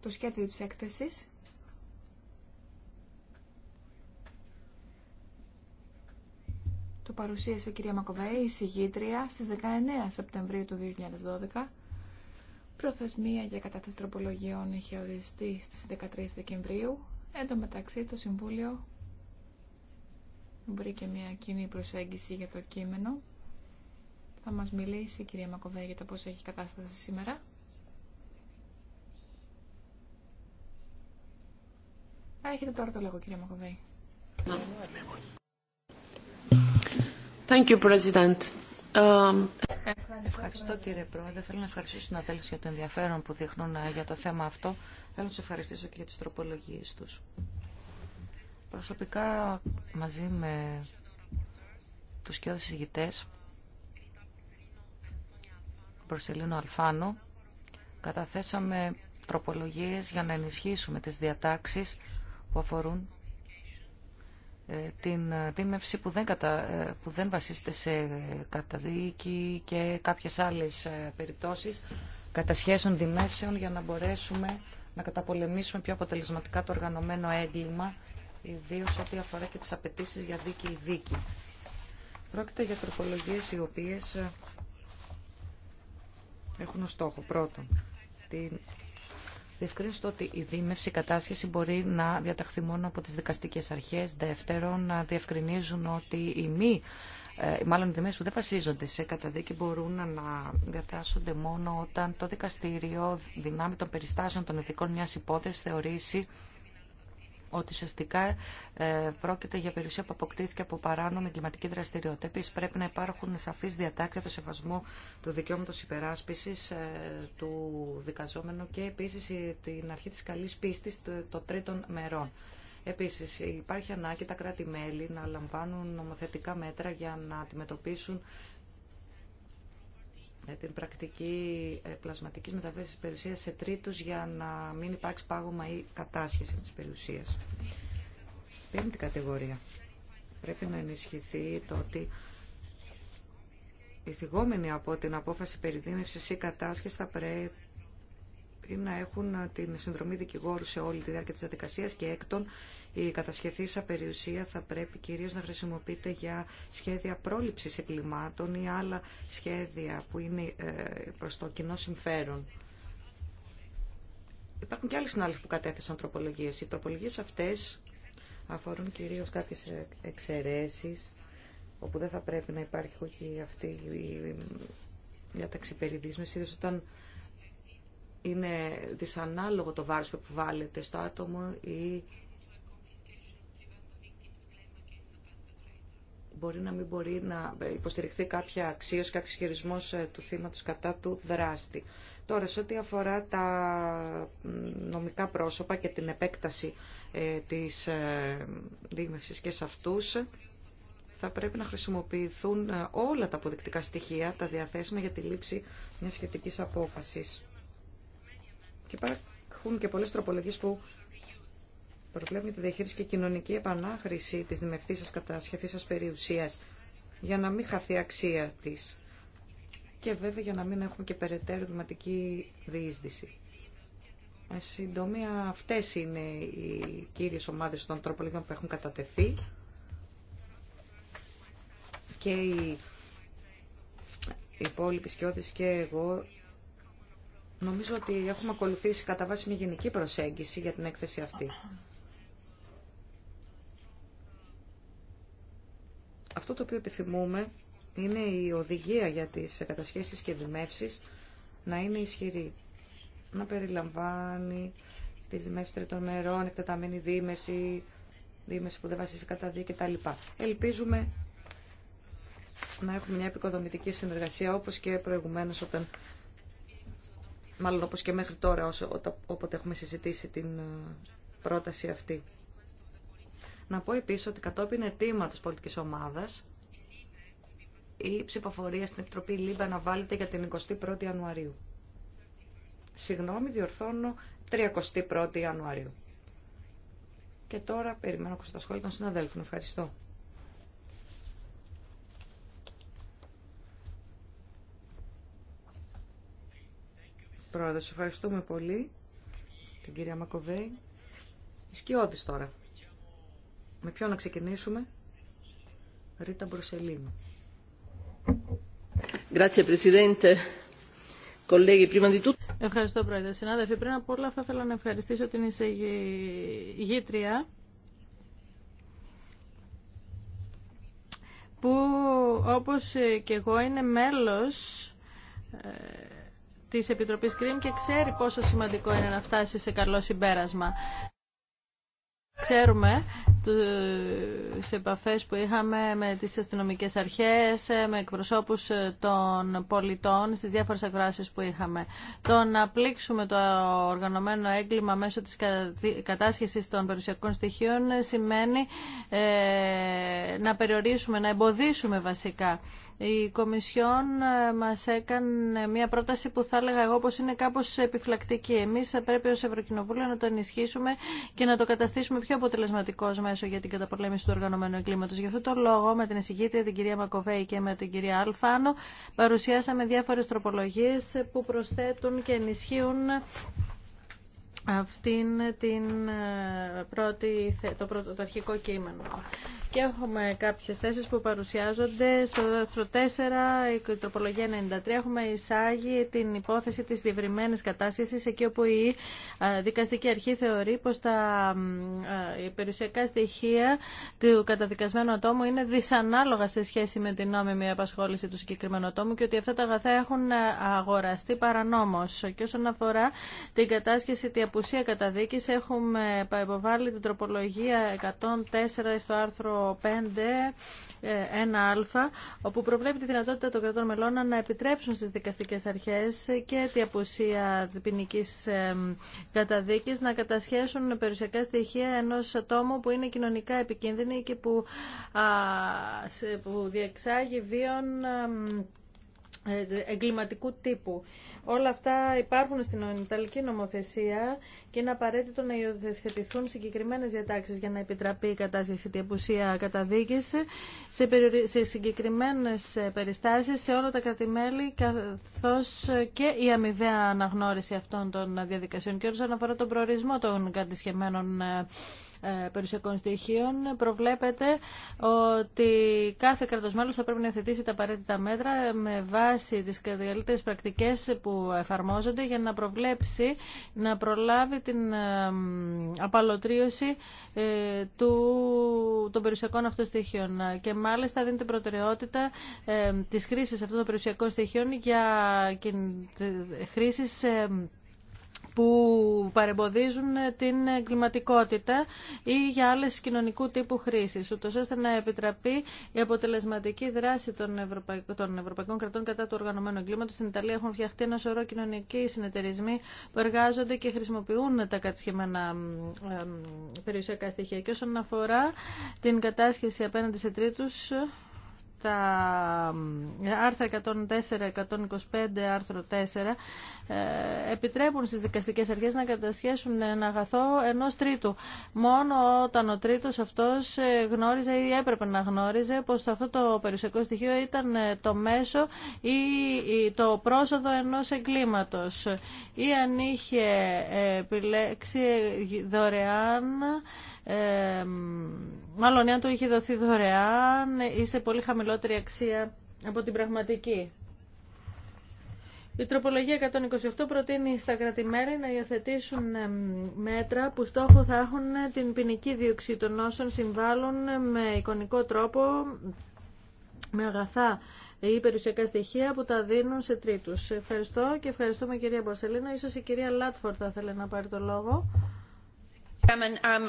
το σχέδιο της έκθεσης Το παρουσίασε η κυρία Μακοβέη, η συγγήτρια, στις 19 Σεπτεμβρίου του 2012. Προθεσμία για κατάθεση τροπολογιών είχε οριστεί στις 13 Δεκεμβρίου. Εν τω μεταξύ το Συμβούλιο βρήκε μια κοινή προσέγγιση για το κείμενο. Θα μας μιλήσει η κυρία Μακοβέη για το πώς έχει κατάσταση σήμερα. Έχετε τώρα το λόγο κυρία Μακοβέη. Um, Ευχαριστώ κύριε Πρόεδρε. Θέλω να ευχαριστήσω του συναδέλφου για το ενδιαφέρον που δείχνουν ε, για το θέμα αυτό. Θέλω να του ευχαριστήσω και για τι τροπολογίε του. Προσωπικά μαζί με του κοιόδου συζητητέ, Προσελίνο Αλφάνο, καταθέσαμε τροπολογίες για να ενισχύσουμε τις διατάξεις που αφορούν ε, την ε, δίμευση που δεν, κατα, ε, που δεν βασίζεται σε καταδίκη και κάποιες άλλες περιπτώσεις κατασχέσεων δημεύσεων για να μπορέσουμε να καταπολεμήσουμε πιο αποτελεσματικά το οργανωμένο έγκλημα, ιδίω ό,τι αφορά και τις απαιτήσει για δίκη δίκη. Πρόκειται για τροπολογίες οι οποίες έχουν στόχο πρώτον την Διευκρίνησε ότι η δίμευση, η κατάσχεση μπορεί να διαταχθεί μόνο από τις δικαστικές αρχές. Δεύτερον, να διευκρινίζουν ότι οι μη ε, μάλλον οι δήμες που δεν βασίζονται σε καταδίκη μπορούν να διατάσσονται μόνο όταν το δικαστήριο δυνάμει των περιστάσεων των ειδικών μιας υπόθεσης θεωρήσει ότι ουσιαστικά ε, πρόκειται για περιουσία που αποκτήθηκε από παράνομη εγκληματική δραστηριότητα. Επίση, πρέπει να υπάρχουν σαφεί διατάξει για το σεβασμό του δικαιώματο υπεράσπιση ε, του δικαζόμενου και επίση την αρχή τη καλή πίστη των τρίτων μερών. Επίση, υπάρχει ανάγκη τα κράτη-μέλη να λαμβάνουν νομοθετικά μέτρα για να αντιμετωπίσουν ε, την πρακτική ε, πλασματικής μεταβίβασης της περιουσίας σε τρίτους για να μην υπάρξει πάγωμα ή κατάσχεση της περιουσίας. Πέμπτη κατηγορία. Πρέπει να ενισχυθεί το ότι η θυγόμενη από την απόφαση περιδίμευσης ή κατάσχεση θα πρέπει ή να έχουν ε, την συνδρομή δικηγόρου σε όλη τη διάρκεια της διαδικασίας και έκτον η κατασχεθήσα περιουσία θα πρέπει κυρίως να χρησιμοποιείται για σχέδια πρόληψης εγκλημάτων ή άλλα σχέδια που είναι ε, προς το κοινό συμφέρον. Υπάρχουν και άλλοι συνάδελφοι που κατέθεσαν τροπολογίες. Οι τροπολογίες αυτές αφορούν κυρίως κάποιες εξαιρέσεις όπου δεν θα πρέπει να υπάρχει όχι αυτή η διάταξη όταν είναι δυσανάλογο το βάρος που επιβάλλεται στο άτομο ή μπορεί να μην μπορεί να υποστηριχθεί κάποια αξίωση, κάποιο χειρισμό ε, του θύματος κατά του δράστη. Τώρα, σε ό,τι αφορά τα νομικά πρόσωπα και την επέκταση ε, της ε, δίμευσης και σε αυτούς, θα πρέπει να χρησιμοποιηθούν όλα τα αποδεικτικά στοιχεία, τα διαθέσιμα για τη λήψη μιας σχετικής απόφασης. Και υπάρχουν και πολλέ τροπολογίε που προβλέπουν τη διαχείριση και κοινωνική επανάχρηση της δημευθύσας σα περιουσία για να μην χαθεί αξία της και βέβαια για να μην έχουμε και περαιτέρω δηματική διείσδυση. Ε, συντομία αυτές είναι οι κύριε ομάδε των τροπολογιών που έχουν κατατεθεί και οι υπόλοιποι σκιώδεις και εγώ Νομίζω ότι έχουμε ακολουθήσει κατά βάση μια γενική προσέγγιση για την έκθεση αυτή. Αυτό το οποίο επιθυμούμε είναι η οδηγία για τις κατασχέσεις και δημεύσεις να είναι ισχυρή. Να περιλαμβάνει τις δημεύσεις τριτών μερών, εκτεταμένη δήμευση, δήμευση που δεν βασίζει κατά δύο κτλ. Ελπίζουμε να έχουμε μια επικοδομητική συνεργασία όπως και προηγουμένως όταν μάλλον όπως και μέχρι τώρα όσο, όποτε έχουμε συζητήσει την ε, πρόταση αυτή. Να πω επίσης ότι κατόπιν αιτήματος πολιτικής ομάδας η ψηφοφορία στην Επιτροπή να βάλετε για την 21η Ιανουαρίου. Συγγνώμη, διορθώνω, 31η Ιανουαρίου. Και τώρα περιμένω ακούσω τα σχόλια των συναδέλφων. Ευχαριστώ. Πρόεδρος, ευχαριστούμε πολύ την κυρία Μακοβέη. σκιώδης τώρα. Με ποιον να ξεκινήσουμε. Ρίτα Μπροσελίνου. Ευχαριστώ, Πρόεδρε. Συνάδελφοι, πριν από όλα θα ήθελα να ευχαριστήσω την εισηγήτρια που όπως και εγώ είναι μέλος ε, της Επιτροπής ΚΡΙΜ και ξέρει πόσο σημαντικό είναι να φτάσει σε καλό συμπέρασμα. Ξέρουμε σε επαφές που είχαμε με τις αστυνομικές αρχές, με εκπροσώπους των πολιτών στις διάφορες ακροάσεις που είχαμε. Το να πλήξουμε το οργανωμένο έγκλημα μέσω της κατάσχεσης των περιουσιακών στοιχείων σημαίνει ε, να περιορίσουμε, να εμποδίσουμε βασικά. Η Κομισιόν ε, μας έκανε μια πρόταση που θα έλεγα εγώ πως είναι κάπως επιφυλακτική. Εμείς πρέπει ως Ευρωκοινοβούλιο να το ενισχύσουμε και να το καταστήσουμε πιο πιο αποτελεσματικό μέσο για την καταπολέμηση του οργανωμένου εγκλήματο. Γι' αυτό το λόγο, με την εισηγήτρια την κυρία Μακοβέη και με την κυρία Αλφάνο, παρουσιάσαμε διάφορε τροπολογίε που προσθέτουν και ενισχύουν αυτήν την ε, πρώτη, το, πρώτο, το αρχικό κείμενο. Και έχουμε κάποιες θέσεις που παρουσιάζονται στο άρθρο 4, η τροπολογία 93. Έχουμε εισάγει την υπόθεση της διευρυμένης κατάστασης, εκεί όπου η δικαστική αρχή θεωρεί πως τα περιουσιακά στοιχεία του καταδικασμένου ατόμου είναι δυσανάλογα σε σχέση με την νόμιμη απασχόληση του συγκεκριμένου ατόμου και ότι αυτά τα αγαθά έχουν ε, αγοραστεί παρανόμως. Και όσον αφορά την κατάσχεση, την απουσία καταδίκης, έχουμε υποβάλει την τροπολογία 104 στο άρθρο 51 5.1α, ε, όπου προβλέπει τη δυνατότητα των κρατών μελών να επιτρέψουν στι δικαστικέ αρχέ και τη απουσία ποινική ε, καταδίκη, να κατασχέσουν περιουσιακά στοιχεία ενό ατόμου που είναι κοινωνικά επικίνδυνη και που, α, που διεξάγει βίον ε, εγκληματικού τύπου. Όλα αυτά υπάρχουν στην Ιταλική νομοθεσία και είναι απαραίτητο να υιοθετηθούν συγκεκριμένε διατάξει για να επιτραπεί η κατάσχεση τη απουσία καταδίκη σε συγκεκριμένε περιστάσει σε όλα τα κρατημέλη, καθώ και η αμοιβαία αναγνώριση αυτών των διαδικασιών. Και όσον αφορά τον προορισμό των κατησχεμένων ε, ε, περιουσιακών στοιχείων προβλέπεται ότι κάθε κράτος μέλος θα πρέπει να θετήσει τα απαραίτητα μέτρα με βάση τις καλύτερες πρακτικές που εφαρμόζονται για να προβλέψει, να προλάβει την ε, απαλωτρίωση ε, του, των περιουσιακών αυτών Και μάλιστα δίνεται προτεραιότητα της χρήσης αυτών των περιουσιακών στοιχείων για χρήσεις που παρεμποδίζουν την εγκληματικότητα ή για άλλες κοινωνικού τύπου χρήσεις, ούτως ώστε να επιτραπεί η αποτελεσματική δράση των, των Ευρωπαϊκών κρατών κατά του οργανωμένου εγκλήματος. Στην Ιταλία έχουν φτιαχτεί ένα σωρό κοινωνικοί συνεταιρισμοί που εργάζονται και χρησιμοποιούν τα κατσχημένα περιουσιακά στοιχεία. Και όσον αφορά την κατάσχεση απέναντι σε τρίτους, τα ε, άρθρα 104, 125, άρθρο 4 ε, επιτρέπουν στις δικαστικές αρχές να κατασχέσουν ένα αγαθό ενός τρίτου. Μόνο όταν ο τρίτος αυτός ε, γνώριζε ή έπρεπε να γνώριζε πως αυτό το περιουσιακό στοιχείο ήταν το μέσο ή το πρόσοδο ενός εγκλήματος ή αν είχε επιλέξει δωρεάν μάλλον αν του είχε δοθεί δωρεάν ή σε πολύ χαμηλό υψηλότερη αξία από την πραγματική. Η τροπολογία 128 προτείνει στα κρατημέρη να υιοθετήσουν μέτρα που στόχο θα έχουν την ποινική δίωξη των όσων συμβάλλουν με εικονικό τρόπο, με αγαθά ή περιουσιακά στοιχεία που τα δίνουν σε τρίτους. Ευχαριστώ και ευχαριστούμε κυρία Μποσελίνα. Ίσως η κυρία Λάτφορ θα θέλει να πάρει το λόγο. Um,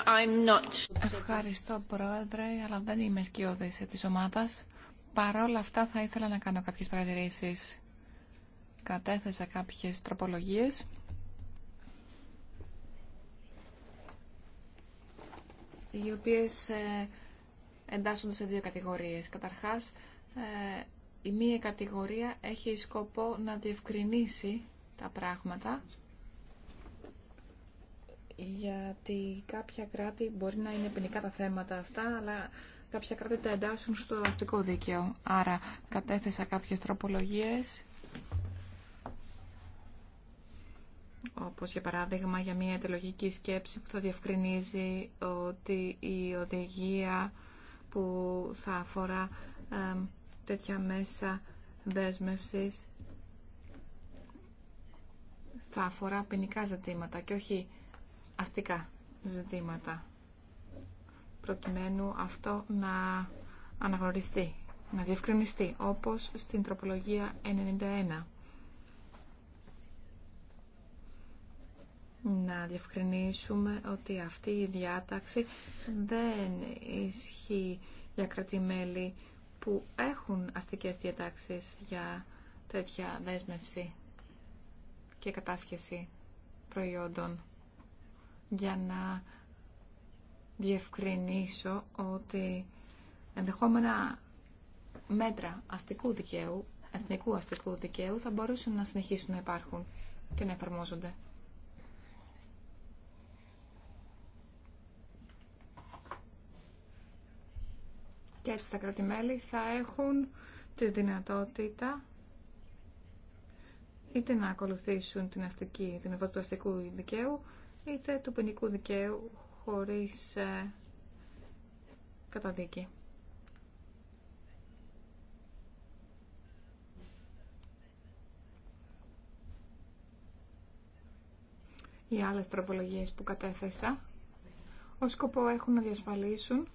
Ευχαριστώ πρόεδρε, αλλά δεν είμαι σκιώδης της ομάδας. Παρ' όλα αυτά θα ήθελα να κάνω κάποιες παρατηρήσεις. Κατέθεσα κάποιες τροπολογίες. οι οποίες ε, εντάσσονται σε δύο κατηγορίες. Καταρχάς, ε, η μία κατηγορία έχει σκοπό να διευκρινίσει τα πράγματα γιατί κάποια κράτη μπορεί να είναι ποινικά τα θέματα αυτά αλλά κάποια κράτη τα εντάσσουν στο αστικό δίκαιο. Άρα κατέθεσα κάποιες τροπολογίες, όπως για παράδειγμα για μια εντελογική σκέψη που θα διευκρινίζει ότι η οδηγία που θα αφορά τέτοια μέσα δέσμευσης θα αφορά ποινικά ζητήματα και όχι αστικά ζητήματα προκειμένου αυτό να αναγνωριστεί, να διευκρινιστεί, όπως στην τροπολογία 91. Να διευκρινίσουμε ότι αυτή η διάταξη δεν ισχύει για κρατημέλη που έχουν αστικές διατάξεις για τέτοια δέσμευση και κατάσχεση προϊόντων για να διευκρινίσω ότι ενδεχόμενα μέτρα αστικού δικαίου, εθνικού αστικού δικαίου θα μπορούσαν να συνεχίσουν να υπάρχουν και να εφαρμόζονται. Και έτσι τα κράτη-μέλη θα έχουν τη δυνατότητα είτε να ακολουθήσουν την αστική, την του αστικού δικαίου, είτε του ποινικού δικαίου χωρίς ε, καταδίκη. Οι άλλες τροπολογίες που κατέθεσα Ο σκοπό έχουν να διασφαλίσουν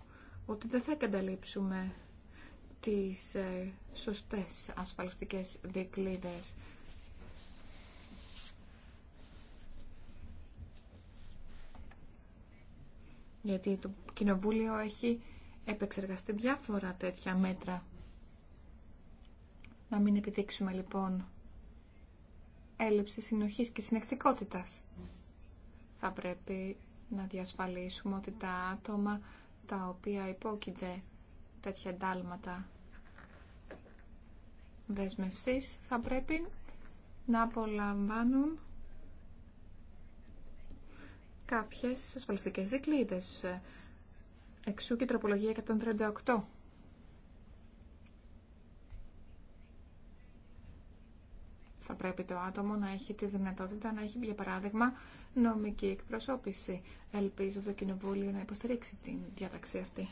ότι δεν θα εγκαταλείψουμε τις ε, σωστές ασφαλιστικές δικλίδες γιατί το Κοινοβούλιο έχει επεξεργαστεί διάφορα τέτοια μέτρα. Να μην επιδείξουμε λοιπόν έλλειψη συνοχής και συνεκτικότητας. Θα πρέπει να διασφαλίσουμε ότι τα άτομα τα οποία υπόκεινται τέτοια εντάλματα δεσμευσής θα πρέπει να απολαμβάνουν κάποιες ασφαλιστικές δικλείδες. Εξού και η τροπολογία 138. Θα πρέπει το άτομο να έχει τη δυνατότητα να έχει, για παράδειγμα, νομική εκπροσώπηση. Ελπίζω το Κοινοβούλιο να υποστηρίξει την διάταξη αυτή.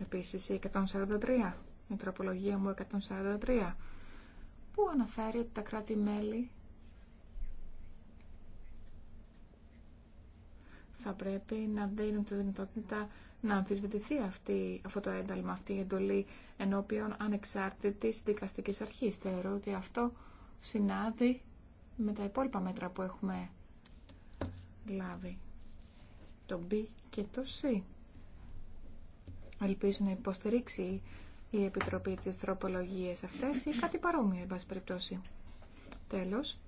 Επίσης, η 143, η τροπολογία μου 143, που αναφέρει ότι τα κράτη-μέλη θα πρέπει να δίνουν τη δυνατότητα να αμφισβητηθεί αυτή, αυτό το ένταλμα, αυτή η εντολή ενώπιον ανεξάρτητης δικαστικής αρχής. Θεωρώ ότι αυτό συνάδει με τα υπόλοιπα μέτρα που έχουμε λάβει. Το B και το C. Ελπίζω να υποστηρίξει η Επιτροπή της τρόπολογίας αυτές ή κάτι παρόμοιο, εν πάση περιπτώσει. Τέλος,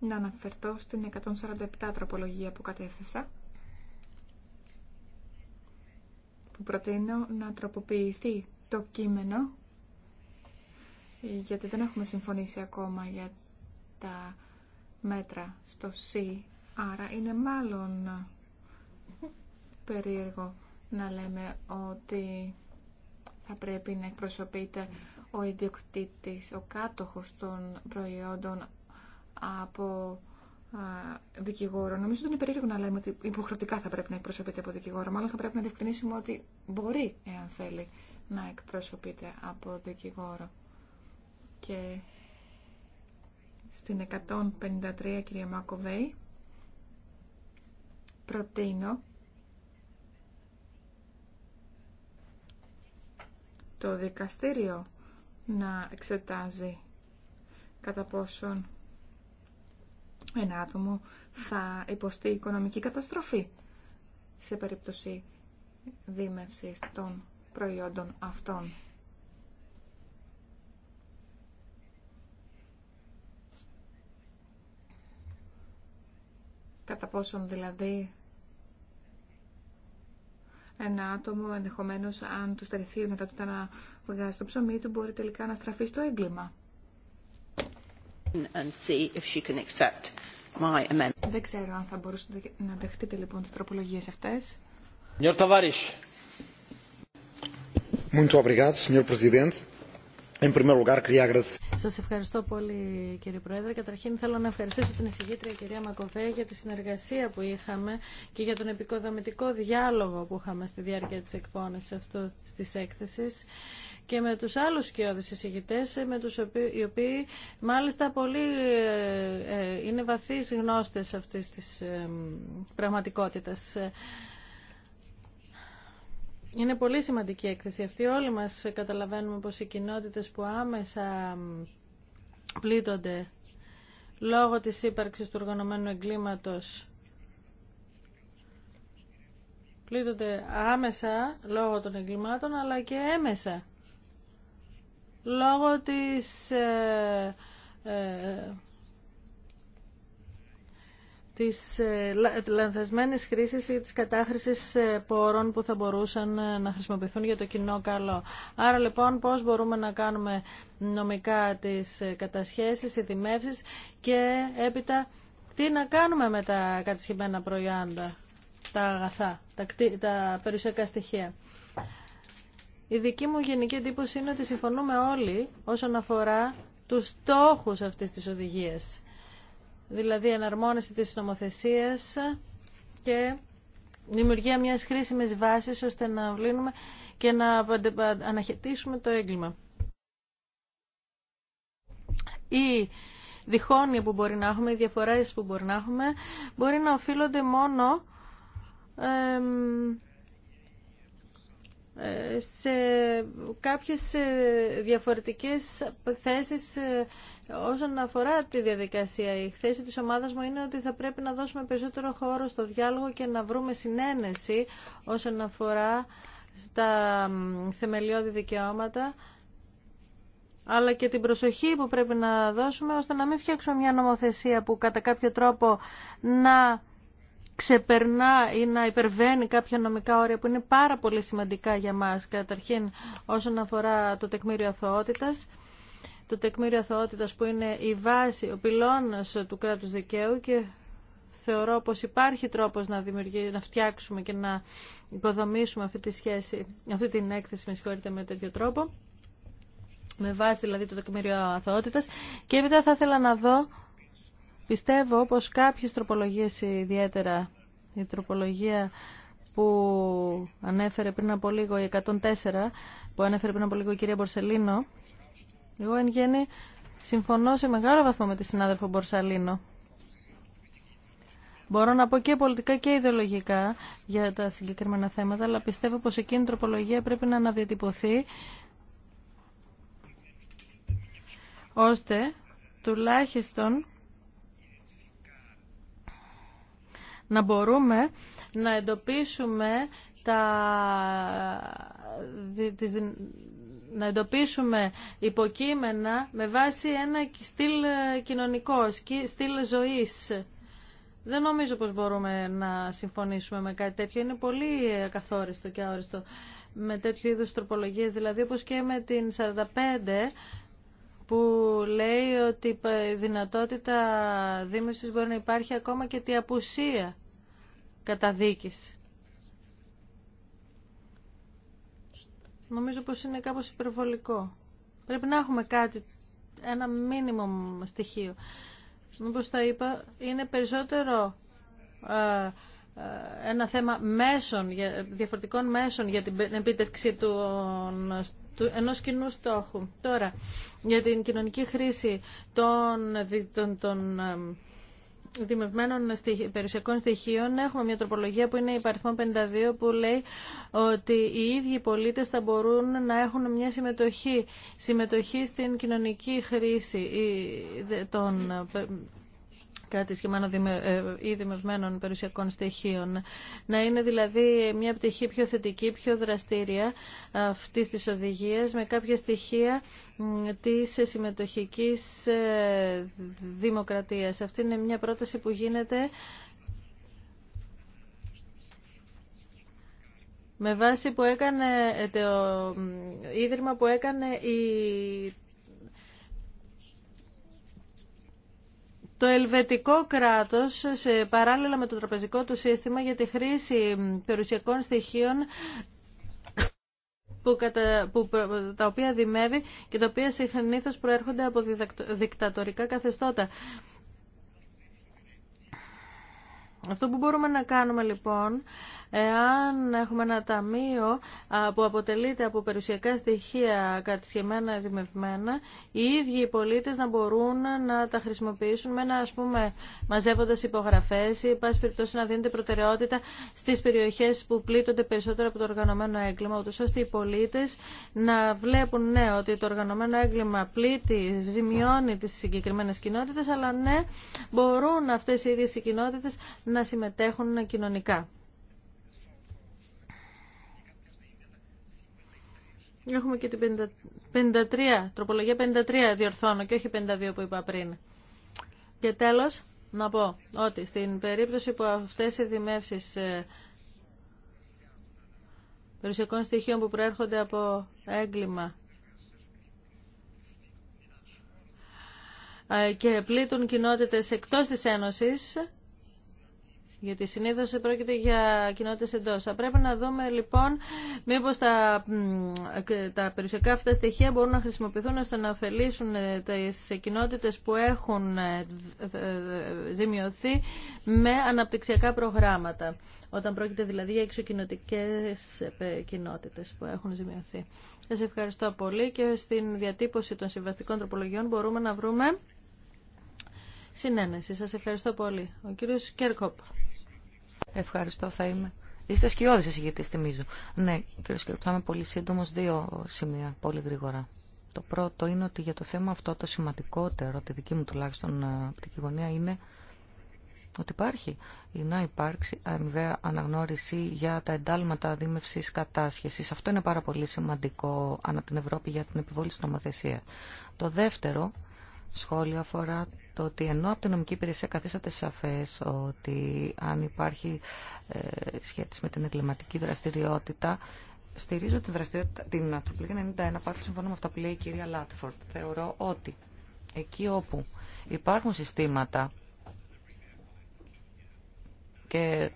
να αναφερθώ στην 147 τροπολογία που κατέθεσα που προτείνω να τροποποιηθεί το κείμενο γιατί δεν έχουμε συμφωνήσει ακόμα για τα μέτρα στο C άρα είναι μάλλον περίεργο να λέμε ότι θα πρέπει να εκπροσωπείται ο ιδιοκτήτης, ο κάτοχος των προϊόντων από δικηγόρο. Νομίζω ότι είναι περίεργο να λέμε ότι υποχρεωτικά θα πρέπει να εκπροσωπείται από δικηγόρο. Μάλλον θα πρέπει να διευκρινίσουμε ότι μπορεί, εάν θέλει, να εκπροσωπείται από δικηγόρο. Και στην 153 κυρία Μακοβέη προτείνω το δικαστήριο να εξετάζει κατά πόσον ένα άτομο θα υποστεί οικονομική καταστροφή σε περίπτωση δίμευσης των προϊόντων αυτών. Κατά πόσον δηλαδή ένα άτομο ενδεχομένως αν του στερηθεί η δυνατότητα να βγάζει το ψωμί του μπορεί τελικά να στραφεί στο έγκλημα. Δεν ξέρω αν θα μπορούσατε να δεχτείτε λοιπόν τις τροπολογίες αυτές. Κύριε Ταβάρις. Ευχαριστώ κύριε Πρόεδρε. Σα ευχαριστώ πολύ κύριε Πρόεδρε. Καταρχήν θέλω να ευχαριστήσω την εισηγήτρια κυρία Μακοβέ για τη συνεργασία που είχαμε και για τον επικοδομητικό διάλογο που είχαμε στη διάρκεια της εκπόνησης αυτού της έκθεσης και με τους άλλους σκιώδεις εισηγητές, με τους οποίοι, οι οποίοι μάλιστα πολύ ε, ε, είναι βαθύς γνώστες αυτής της ε, πραγματικότητας. Είναι πολύ σημαντική έκθεση αυτή. Όλοι μας καταλαβαίνουμε πως οι κοινότητες που άμεσα πλήττονται λόγω της ύπαρξης του οργανωμένου εγκλήματος πλήττονται άμεσα λόγω των εγκλημάτων αλλά και έμεσα λόγω της ε, ε, της ε, λανθασμένης χρήσης ή της κατάχρησης ε, πόρων που θα μπορούσαν ε, να χρησιμοποιηθούν για το κοινό καλό. Άρα λοιπόν πώς μπορούμε να κάνουμε νομικά τις κατασχέσεις, οι δημεύσεις και έπειτα τι να κάνουμε με τα κατασχεμένα προϊόντα, τα αγαθά, τα, τα στοιχεία. Η δική μου γενική εντύπωση είναι ότι συμφωνούμε όλοι όσον αφορά τους στόχους αυτής της οδηγίας δηλαδή εναρμόνιση της νομοθεσίας και δημιουργία μιας χρήσιμης βάσης ώστε να βλύνουμε και να αναχαιτήσουμε το έγκλημα. Η διχόνοια που μπορεί να έχουμε, οι διαφοράς που μπορεί να έχουμε, μπορεί να οφείλονται μόνο ε, σε κάποιες ε, διαφορετικές θέσεις ε, Όσον αφορά τη διαδικασία, η θέση της ομάδας μου είναι ότι θα πρέπει να δώσουμε περισσότερο χώρο στο διάλογο και να βρούμε συνένεση όσον αφορά τα θεμελιώδη δικαιώματα αλλά και την προσοχή που πρέπει να δώσουμε ώστε να μην φτιάξουμε μια νομοθεσία που κατά κάποιο τρόπο να ξεπερνά ή να υπερβαίνει κάποια νομικά όρια που είναι πάρα πολύ σημαντικά για μας καταρχήν όσον αφορά το τεκμήριο αθωότητας το τεκμήριο αθωότητας που είναι η βάση, ο πυλώνας του κράτους δικαίου και θεωρώ πως υπάρχει τρόπος να, να φτιάξουμε και να υποδομήσουμε αυτή τη σχέση, αυτή την έκθεση με συγχωρείτε με τέτοιο τρόπο με βάση δηλαδή το τεκμήριο αθωότητας και μετά θα ήθελα να δω πιστεύω πως κάποιες τροπολογίες ιδιαίτερα η τροπολογία που ανέφερε πριν από λίγο η 104 που ανέφερε πριν από λίγο η κυρία Μπορσελίνο εγώ εν γέννη συμφωνώ σε μεγάλο βαθμό με τη συνάδελφο Μπορσαλίνο. Μπορώ να πω και πολιτικά και ιδεολογικά για τα συγκεκριμένα θέματα, αλλά πιστεύω πως εκείνη η τροπολογία πρέπει να αναδιατυπωθεί ώστε τουλάχιστον να μπορούμε να εντοπίσουμε τα, τις να εντοπίσουμε υποκείμενα με βάση ένα στυλ ε, κοινωνικό, στυλ ζωής. Δεν νομίζω πως μπορούμε να συμφωνήσουμε με κάτι τέτοιο. Είναι πολύ ε, καθόριστο και αόριστο με τέτοιου είδους τροπολογίες. Δηλαδή όπως και με την 45 που λέει ότι η δυνατότητα δίμευσης μπορεί να υπάρχει ακόμα και τη απουσία καταδίκης. νομίζω πως είναι κάπως υπερβολικό. Πρέπει να έχουμε κάτι, ένα μήνυμο στοιχείο. Όπως τα είπα, είναι περισσότερο ε, ε, ένα θέμα μέσων, διαφορετικών μέσων για την επίτευξη του, ενός κοινού στόχου. Τώρα, για την κοινωνική χρήση των, των, των ε, δημευμένων περιουσιακών στοιχείων έχουμε μια τροπολογία που είναι η παριθμό 52 που λέει ότι οι ίδιοι πολίτες θα μπορούν να έχουν μια συμμετοχή συμμετοχή στην κοινωνική χρήση των κάτι σχήμα ε, ή δημευμένων περιουσιακών στοιχείων. Να είναι δηλαδή μια πτυχή πιο θετική, πιο δραστήρια αυτής της οδηγίας με κάποια στοιχεία της συμμετοχικής ε, δημοκρατίας. Αυτή είναι μια πρόταση που γίνεται με βάση που έκανε ε, το ίδρυμα που έκανε η το ελβετικό κράτος σε παράλληλα με το τραπεζικό του σύστημα για τη χρήση περιουσιακών στοιχείων που, κατα... τα οποία δημεύει και τα οποία συνήθως προέρχονται από δικτατορικά καθεστώτα. Αυτό που μπορούμε να κάνουμε λοιπόν Εάν έχουμε ένα ταμείο που αποτελείται από περιουσιακά στοιχεία κατησχεμένα, δημευμένα, οι ίδιοι οι πολίτες να μπορούν να τα χρησιμοποιήσουν με ένα, ας πούμε, μαζεύοντας υπογραφές ή, πάση περιπτώσει, να δίνεται προτεραιότητα στις περιοχές που πλήττονται περισσότερο από το οργανωμένο έγκλημα, ούτως ώστε οι πολίτες να βλέπουν, ναι, ότι το οργανωμένο έγκλημα πλήττει, ζημιώνει τις συγκεκριμένες κοινότητες, αλλά ναι, μπορούν αυτές οι ίδιες οι κοινότητες να συμμετέχουν κοινωνικά. Έχουμε και την 53, τροπολογία 53 διορθώνω και όχι 52 που είπα πριν. Και τέλος, να πω ότι στην περίπτωση που αυτές οι δημεύσεις ε, περιουσιακών στοιχείων που προέρχονται από έγκλημα ε, και πλήττουν κοινότητες εκτός της Ένωσης, γιατί συνήθω πρόκειται για κοινότητε εντός. Θα πρέπει να δούμε λοιπόν μήπω τα, τα περιουσιακά αυτά στοιχεία μπορούν να χρησιμοποιηθούν ώστε να ωφελήσουν ε, τι κοινότητε που έχουν ε, ζημιωθεί με αναπτυξιακά προγράμματα, όταν πρόκειται δηλαδή για εξοκοινωτικές ε, κοινότητε που έχουν ζημιωθεί. Σα ευχαριστώ πολύ και στην διατύπωση των συμβαστικών τροπολογιών μπορούμε να βρούμε συνένεση. Σας ευχαριστώ πολύ. Ο κύριος Κέρκοπ. Ευχαριστώ, θα είμαι. Είστε σκιώδη γιατί θυμίζω. Ναι, κύριε Σκύρου, θα είμαι πολύ σύντομο, δύο σημεία, πολύ γρήγορα. Το πρώτο είναι ότι για το θέμα αυτό το σημαντικότερο, τη δική μου τουλάχιστον ε, οπτική γωνία, είναι ότι υπάρχει ή να υπάρξει αμοιβαία αναγνώριση για τα εντάλματα δίμευση κατάσχεση. Αυτό είναι πάρα πολύ σημαντικό ανά την Ευρώπη για την επιβόληση της νομοθεσία. Το δεύτερο σχόλιο αφορά το ότι ενώ από την νομική υπηρεσία καθίσατε σαφές ότι αν υπάρχει ε, σχέση με την εγκληματική δραστηριότητα, στηρίζω τη δραστηριότητα, την ανθρωπολογία 91, πάλι συμφωνώ με αυτά που λέει η κυρία Λάτφορντ. Θεωρώ ότι εκεί όπου υπάρχουν συστήματα και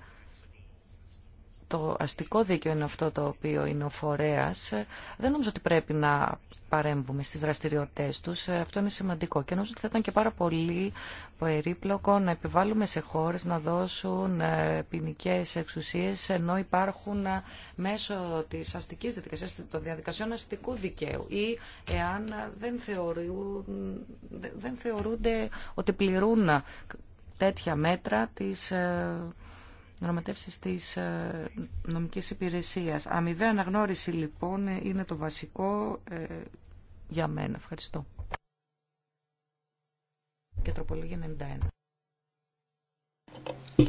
το αστικό δίκαιο είναι αυτό το οποίο είναι ο φορέας, ε, δεν νομίζω ότι πρέπει να παρέμβουμε στις δραστηριότητες τους. Ε, αυτό είναι σημαντικό και νομίζω ότι θα ήταν και πάρα πολύ περίπλοκο να επιβάλλουμε σε χώρες να δώσουν ε, ποινικέ εξουσίες ενώ υπάρχουν ε, μέσω της αστικής διαδικασίας, των διαδικασιών αστικού δικαίου ή εάν δεν, θεωρούν, δεν θεωρούνται ότι πληρούν τέτοια μέτρα της δραματεύσεις της νομικής υπηρεσίας. Αμοιβαία αναγνώριση λοιπόν είναι το βασικό για μένα. Ευχαριστώ. Και τροπολογία 91.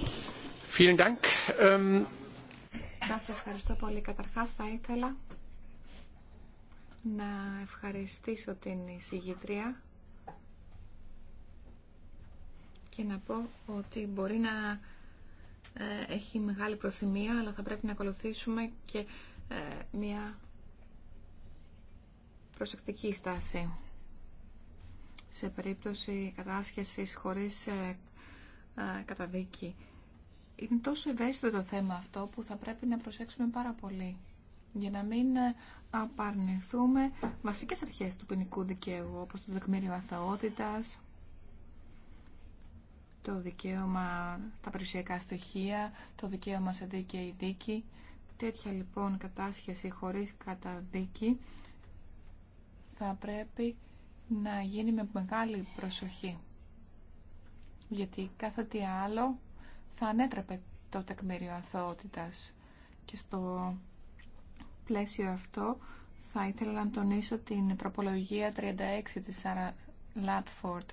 Vielen Dank. Ähm, Σας ευχαριστώ πολύ. Καταρχάς θα ήθελα να ευχαριστήσω την εισηγητρία και να πω ότι μπορεί να ε, έχει μεγάλη προθυμία, αλλά θα πρέπει να ακολουθήσουμε και ε, μια προσεκτική στάση σε περίπτωση κατάσχεσης χωρίς ε, ε, καταδίκη. Είναι τόσο ευαίσθητο το θέμα αυτό που θα πρέπει να προσέξουμε πάρα πολύ για να μην ε, απαρνηθούμε βασικές αρχές του ποινικού δικαίου όπως το δεκμήριο αθαότητας, το δικαίωμα, τα περιουσιακά στοιχεία, το δικαίωμα σε δίκαιη δίκη. Τέτοια λοιπόν κατάσχεση χωρίς καταδίκη θα πρέπει να γίνει με μεγάλη προσοχή. Γιατί κάθε τι άλλο θα ανέτρεπε το τεκμήριο αθωότητας. Και στο πλαίσιο αυτό θα ήθελα να τονίσω την τροπολογία 36 της Σάρα Λάτφορντ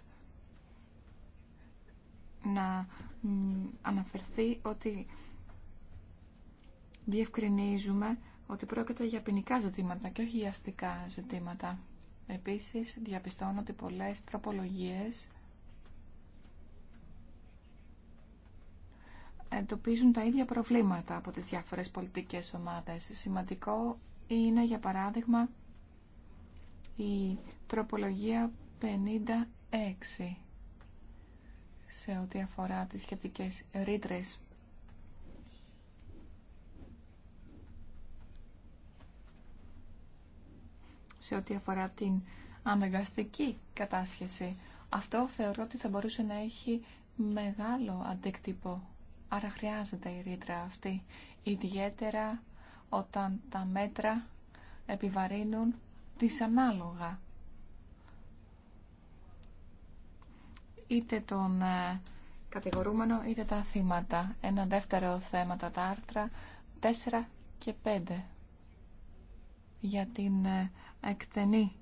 να αναφερθεί ότι διευκρινίζουμε ότι πρόκειται για ποινικά ζητήματα και όχι για αστικά ζητήματα. Επίσης, διαπιστώνω ότι πολλές τροπολογίες εντοπίζουν τα ίδια προβλήματα από τις διάφορες πολιτικές ομάδες. Σημαντικό είναι, για παράδειγμα, η τροπολογία 56 σε ό,τι αφορά τις σχετικές ρήτρες σε ό,τι αφορά την αναγκαστική κατάσχεση. Αυτό θεωρώ ότι θα μπορούσε να έχει μεγάλο αντίκτυπο. Άρα χρειάζεται η ρήτρα αυτή, ιδιαίτερα όταν τα μέτρα επιβαρύνουν δυσανάλογα. Είτε τον ε, κατηγορούμενο είτε τα θύματα. Ένα δεύτερο θέμα τα άρθρα 4 και 5 για την ε, εκτενή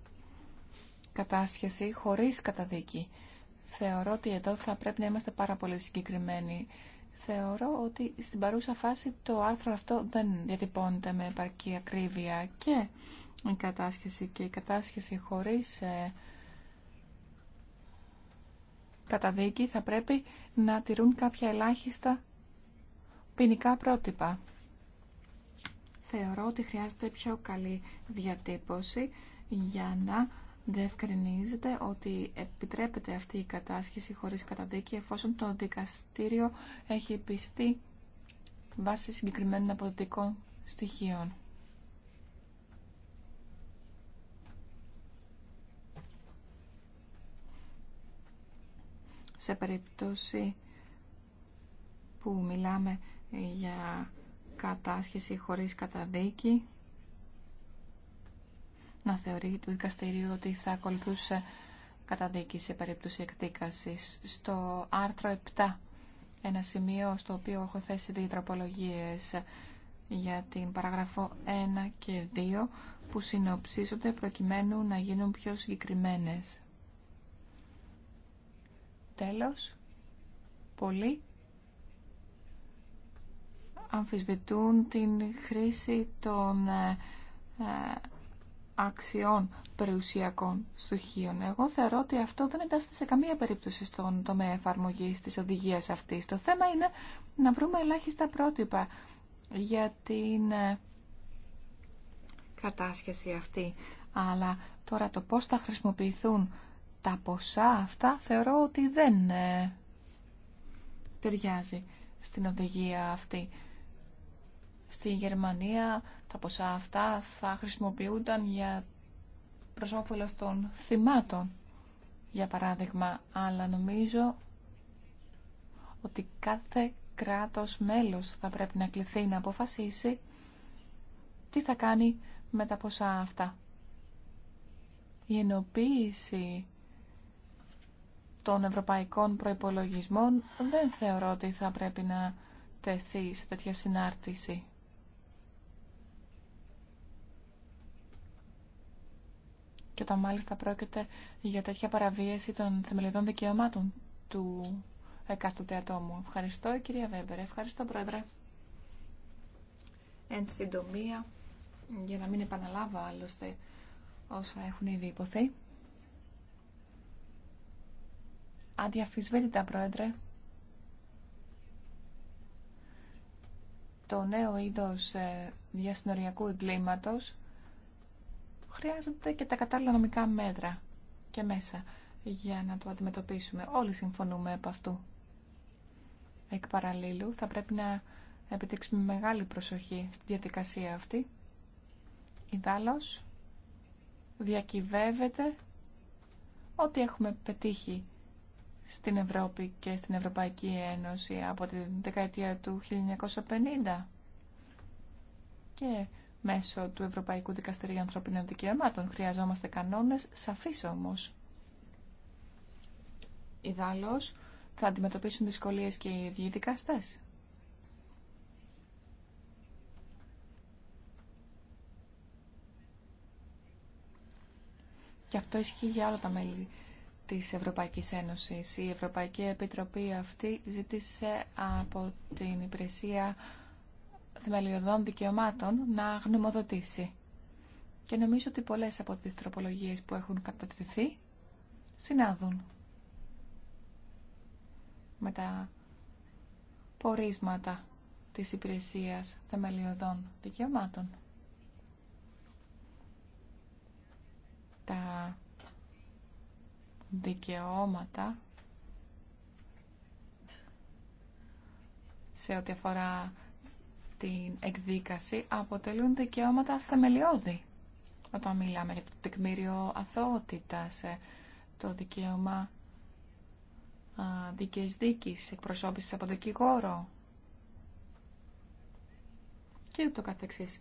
κατάσχεση χωρίς καταδίκη. Θεωρώ ότι εδώ θα πρέπει να είμαστε πάρα πολύ συγκεκριμένοι. Θεωρώ ότι στην παρούσα φάση το άρθρο αυτό δεν διατυπώνεται με επαρκή ακρίβεια και η κατάσχεση και η κατάσχεση χωρίς ε, καταδίκη θα πρέπει να τηρούν κάποια ελάχιστα ποινικά πρότυπα θεωρώ ότι χρειάζεται πιο καλή διατύπωση για να διευκρινίζεται ότι επιτρέπεται αυτή η κατάσχεση χωρίς καταδίκη εφόσον το δικαστήριο έχει πιστεί βάσει συγκεκριμένων αποδεικτικών στοιχείων. Σε περίπτωση που μιλάμε για κατάσχεση χωρίς καταδίκη να θεωρεί το δικαστήριο ότι θα ακολουθούσε καταδίκη σε περίπτωση εκδίκασης. Στο άρθρο 7, ένα σημείο στο οποίο έχω θέσει δύο για την παραγραφό 1 και 2 που συνοψίζονται προκειμένου να γίνουν πιο συγκεκριμένες. Τέλος, πολύ αμφισβητούν την χρήση των ε, ε, αξιών περιουσιακών στοιχείων. Εγώ θεωρώ ότι αυτό δεν εντάσσεται σε καμία περίπτωση στον τομέα εφαρμογή της οδηγίας αυτή. Το θέμα είναι να βρούμε ελάχιστα πρότυπα για την ε, κατάσχεση αυτή. Αλλά τώρα το πώς θα χρησιμοποιηθούν τα ποσά αυτά θεωρώ ότι δεν ταιριάζει στην οδηγία αυτή. Στη Γερμανία τα ποσά αυτά θα χρησιμοποιούνταν για προς των θυμάτων, για παράδειγμα. Αλλά νομίζω ότι κάθε κράτος μέλος θα πρέπει να κληθεί να αποφασίσει τι θα κάνει με τα ποσά αυτά. Η ενοποίηση των ευρωπαϊκών προϋπολογισμών δεν θεωρώ ότι θα πρέπει να τεθεί σε τέτοια συνάρτηση. και όταν μάλιστα πρόκειται για τέτοια παραβίαση των θεμελιωδών δικαιωμάτων του εκάστοτε ατόμου. Ευχαριστώ κυρία Βέμπερ. Ευχαριστώ πρόεδρε. Εν συντομία, για να μην επαναλάβω άλλωστε όσα έχουν ήδη υποθεί. Αδιαφυσβήτητα πρόεδρε. Το νέο είδος ε, διασυνοριακού εγκλήματος χρειάζεται και τα κατάλληλα νομικά μέτρα και μέσα για να το αντιμετωπίσουμε. Όλοι συμφωνούμε από αυτού. Εκ παραλίλου θα πρέπει να επιτύξουμε μεγάλη προσοχή στη διαδικασία αυτή. δάλος διακυβεύεται ό,τι έχουμε πετύχει στην Ευρώπη και στην Ευρωπαϊκή Ένωση από τη δεκαετία του 1950. Και μέσω του Ευρωπαϊκού Δικαστηρίου Ανθρωπίνων Δικαιωμάτων. Χρειαζόμαστε κανόνες σαφείς όμως. Ιδάλλως θα αντιμετωπίσουν δυσκολίες και οι ίδιοι δικαστέ. Και αυτό ισχύει για όλα τα μέλη της Ευρωπαϊκής Ένωσης. Η Ευρωπαϊκή Επιτροπή αυτή ζήτησε από την υπηρεσία θεμελιωδών δικαιωμάτων να γνωμοδοτήσει. Και νομίζω ότι πολλές από τις τροπολογίες που έχουν κατατηθεί συνάδουν με τα πορίσματα της υπηρεσίας θεμελιωδών δικαιωμάτων. Τα δικαιώματα σε ό,τι αφορά την εκδίκαση αποτελούν δικαιώματα θεμελιώδη. Όταν μιλάμε για το τεκμήριο αθωότητας, ε, το δικαίωμα δίκαιης δίκης, εκπροσώπησης από δικηγόρο και ούτω καθεξής.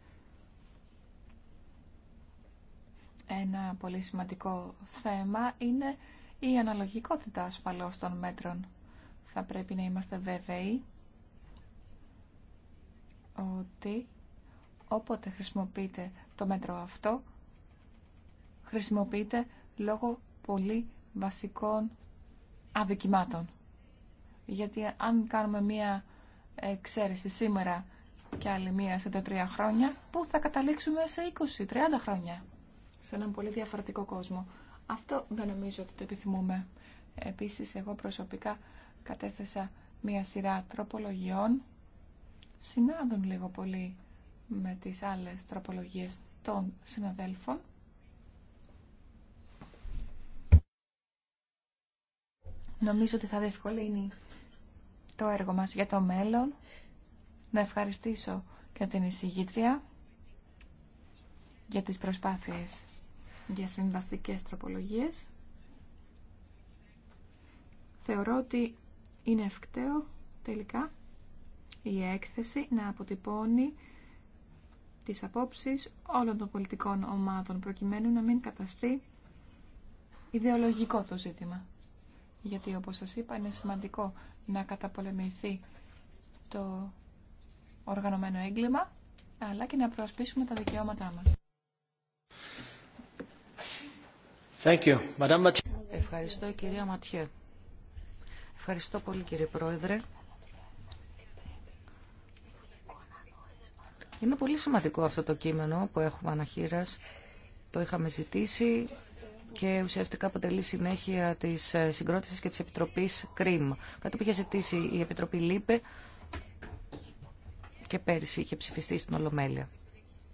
Ένα πολύ σημαντικό θέμα είναι η αναλογικότητα ασφαλώς των μέτρων. Θα πρέπει να είμαστε βέβαιοι ότι όποτε χρησιμοποιείτε το μέτρο αυτό, χρησιμοποιείτε λόγω πολύ βασικών αδικημάτων. Γιατί αν κάνουμε μία εξαίρεση σήμερα και άλλη μία σε τρία χρόνια, πού θα καταλήξουμε σε 20-30 χρόνια. Σε έναν πολύ διαφορετικό κόσμο. Αυτό δεν νομίζω ότι το επιθυμούμε. Επίσης, εγώ προσωπικά κατέθεσα μία σειρά τροπολογιών συνάδουν λίγο πολύ με τις άλλες τροπολογίες των συναδέλφων. Νομίζω ότι θα διευκολύνει το έργο μας για το μέλλον. Να ευχαριστήσω και την εισηγήτρια για τις προσπάθειες για συμβαστικές τροπολογίες. Θεωρώ ότι είναι ευκταίο τελικά η έκθεση να αποτυπώνει τις απόψεις όλων των πολιτικών ομάδων προκειμένου να μην καταστεί ιδεολογικό το ζήτημα. Γιατί όπως σας είπα είναι σημαντικό να καταπολεμηθεί το οργανωμένο έγκλημα αλλά και να προασπίσουμε τα δικαιώματά μας. Thank you. Ευχαριστώ κυρία Ματιέ. Ευχαριστώ πολύ κύριε Πρόεδρε. Είναι πολύ σημαντικό αυτό το κείμενο που έχουμε αναχείρας. Το είχαμε ζητήσει και ουσιαστικά αποτελεί συνέχεια της ε, συγκρότησης και της Επιτροπής ΚΡΙΜ. Κάτι που είχε ζητήσει η Επιτροπή ΛΥΠΕ και πέρυσι είχε ψηφιστεί στην Ολομέλεια.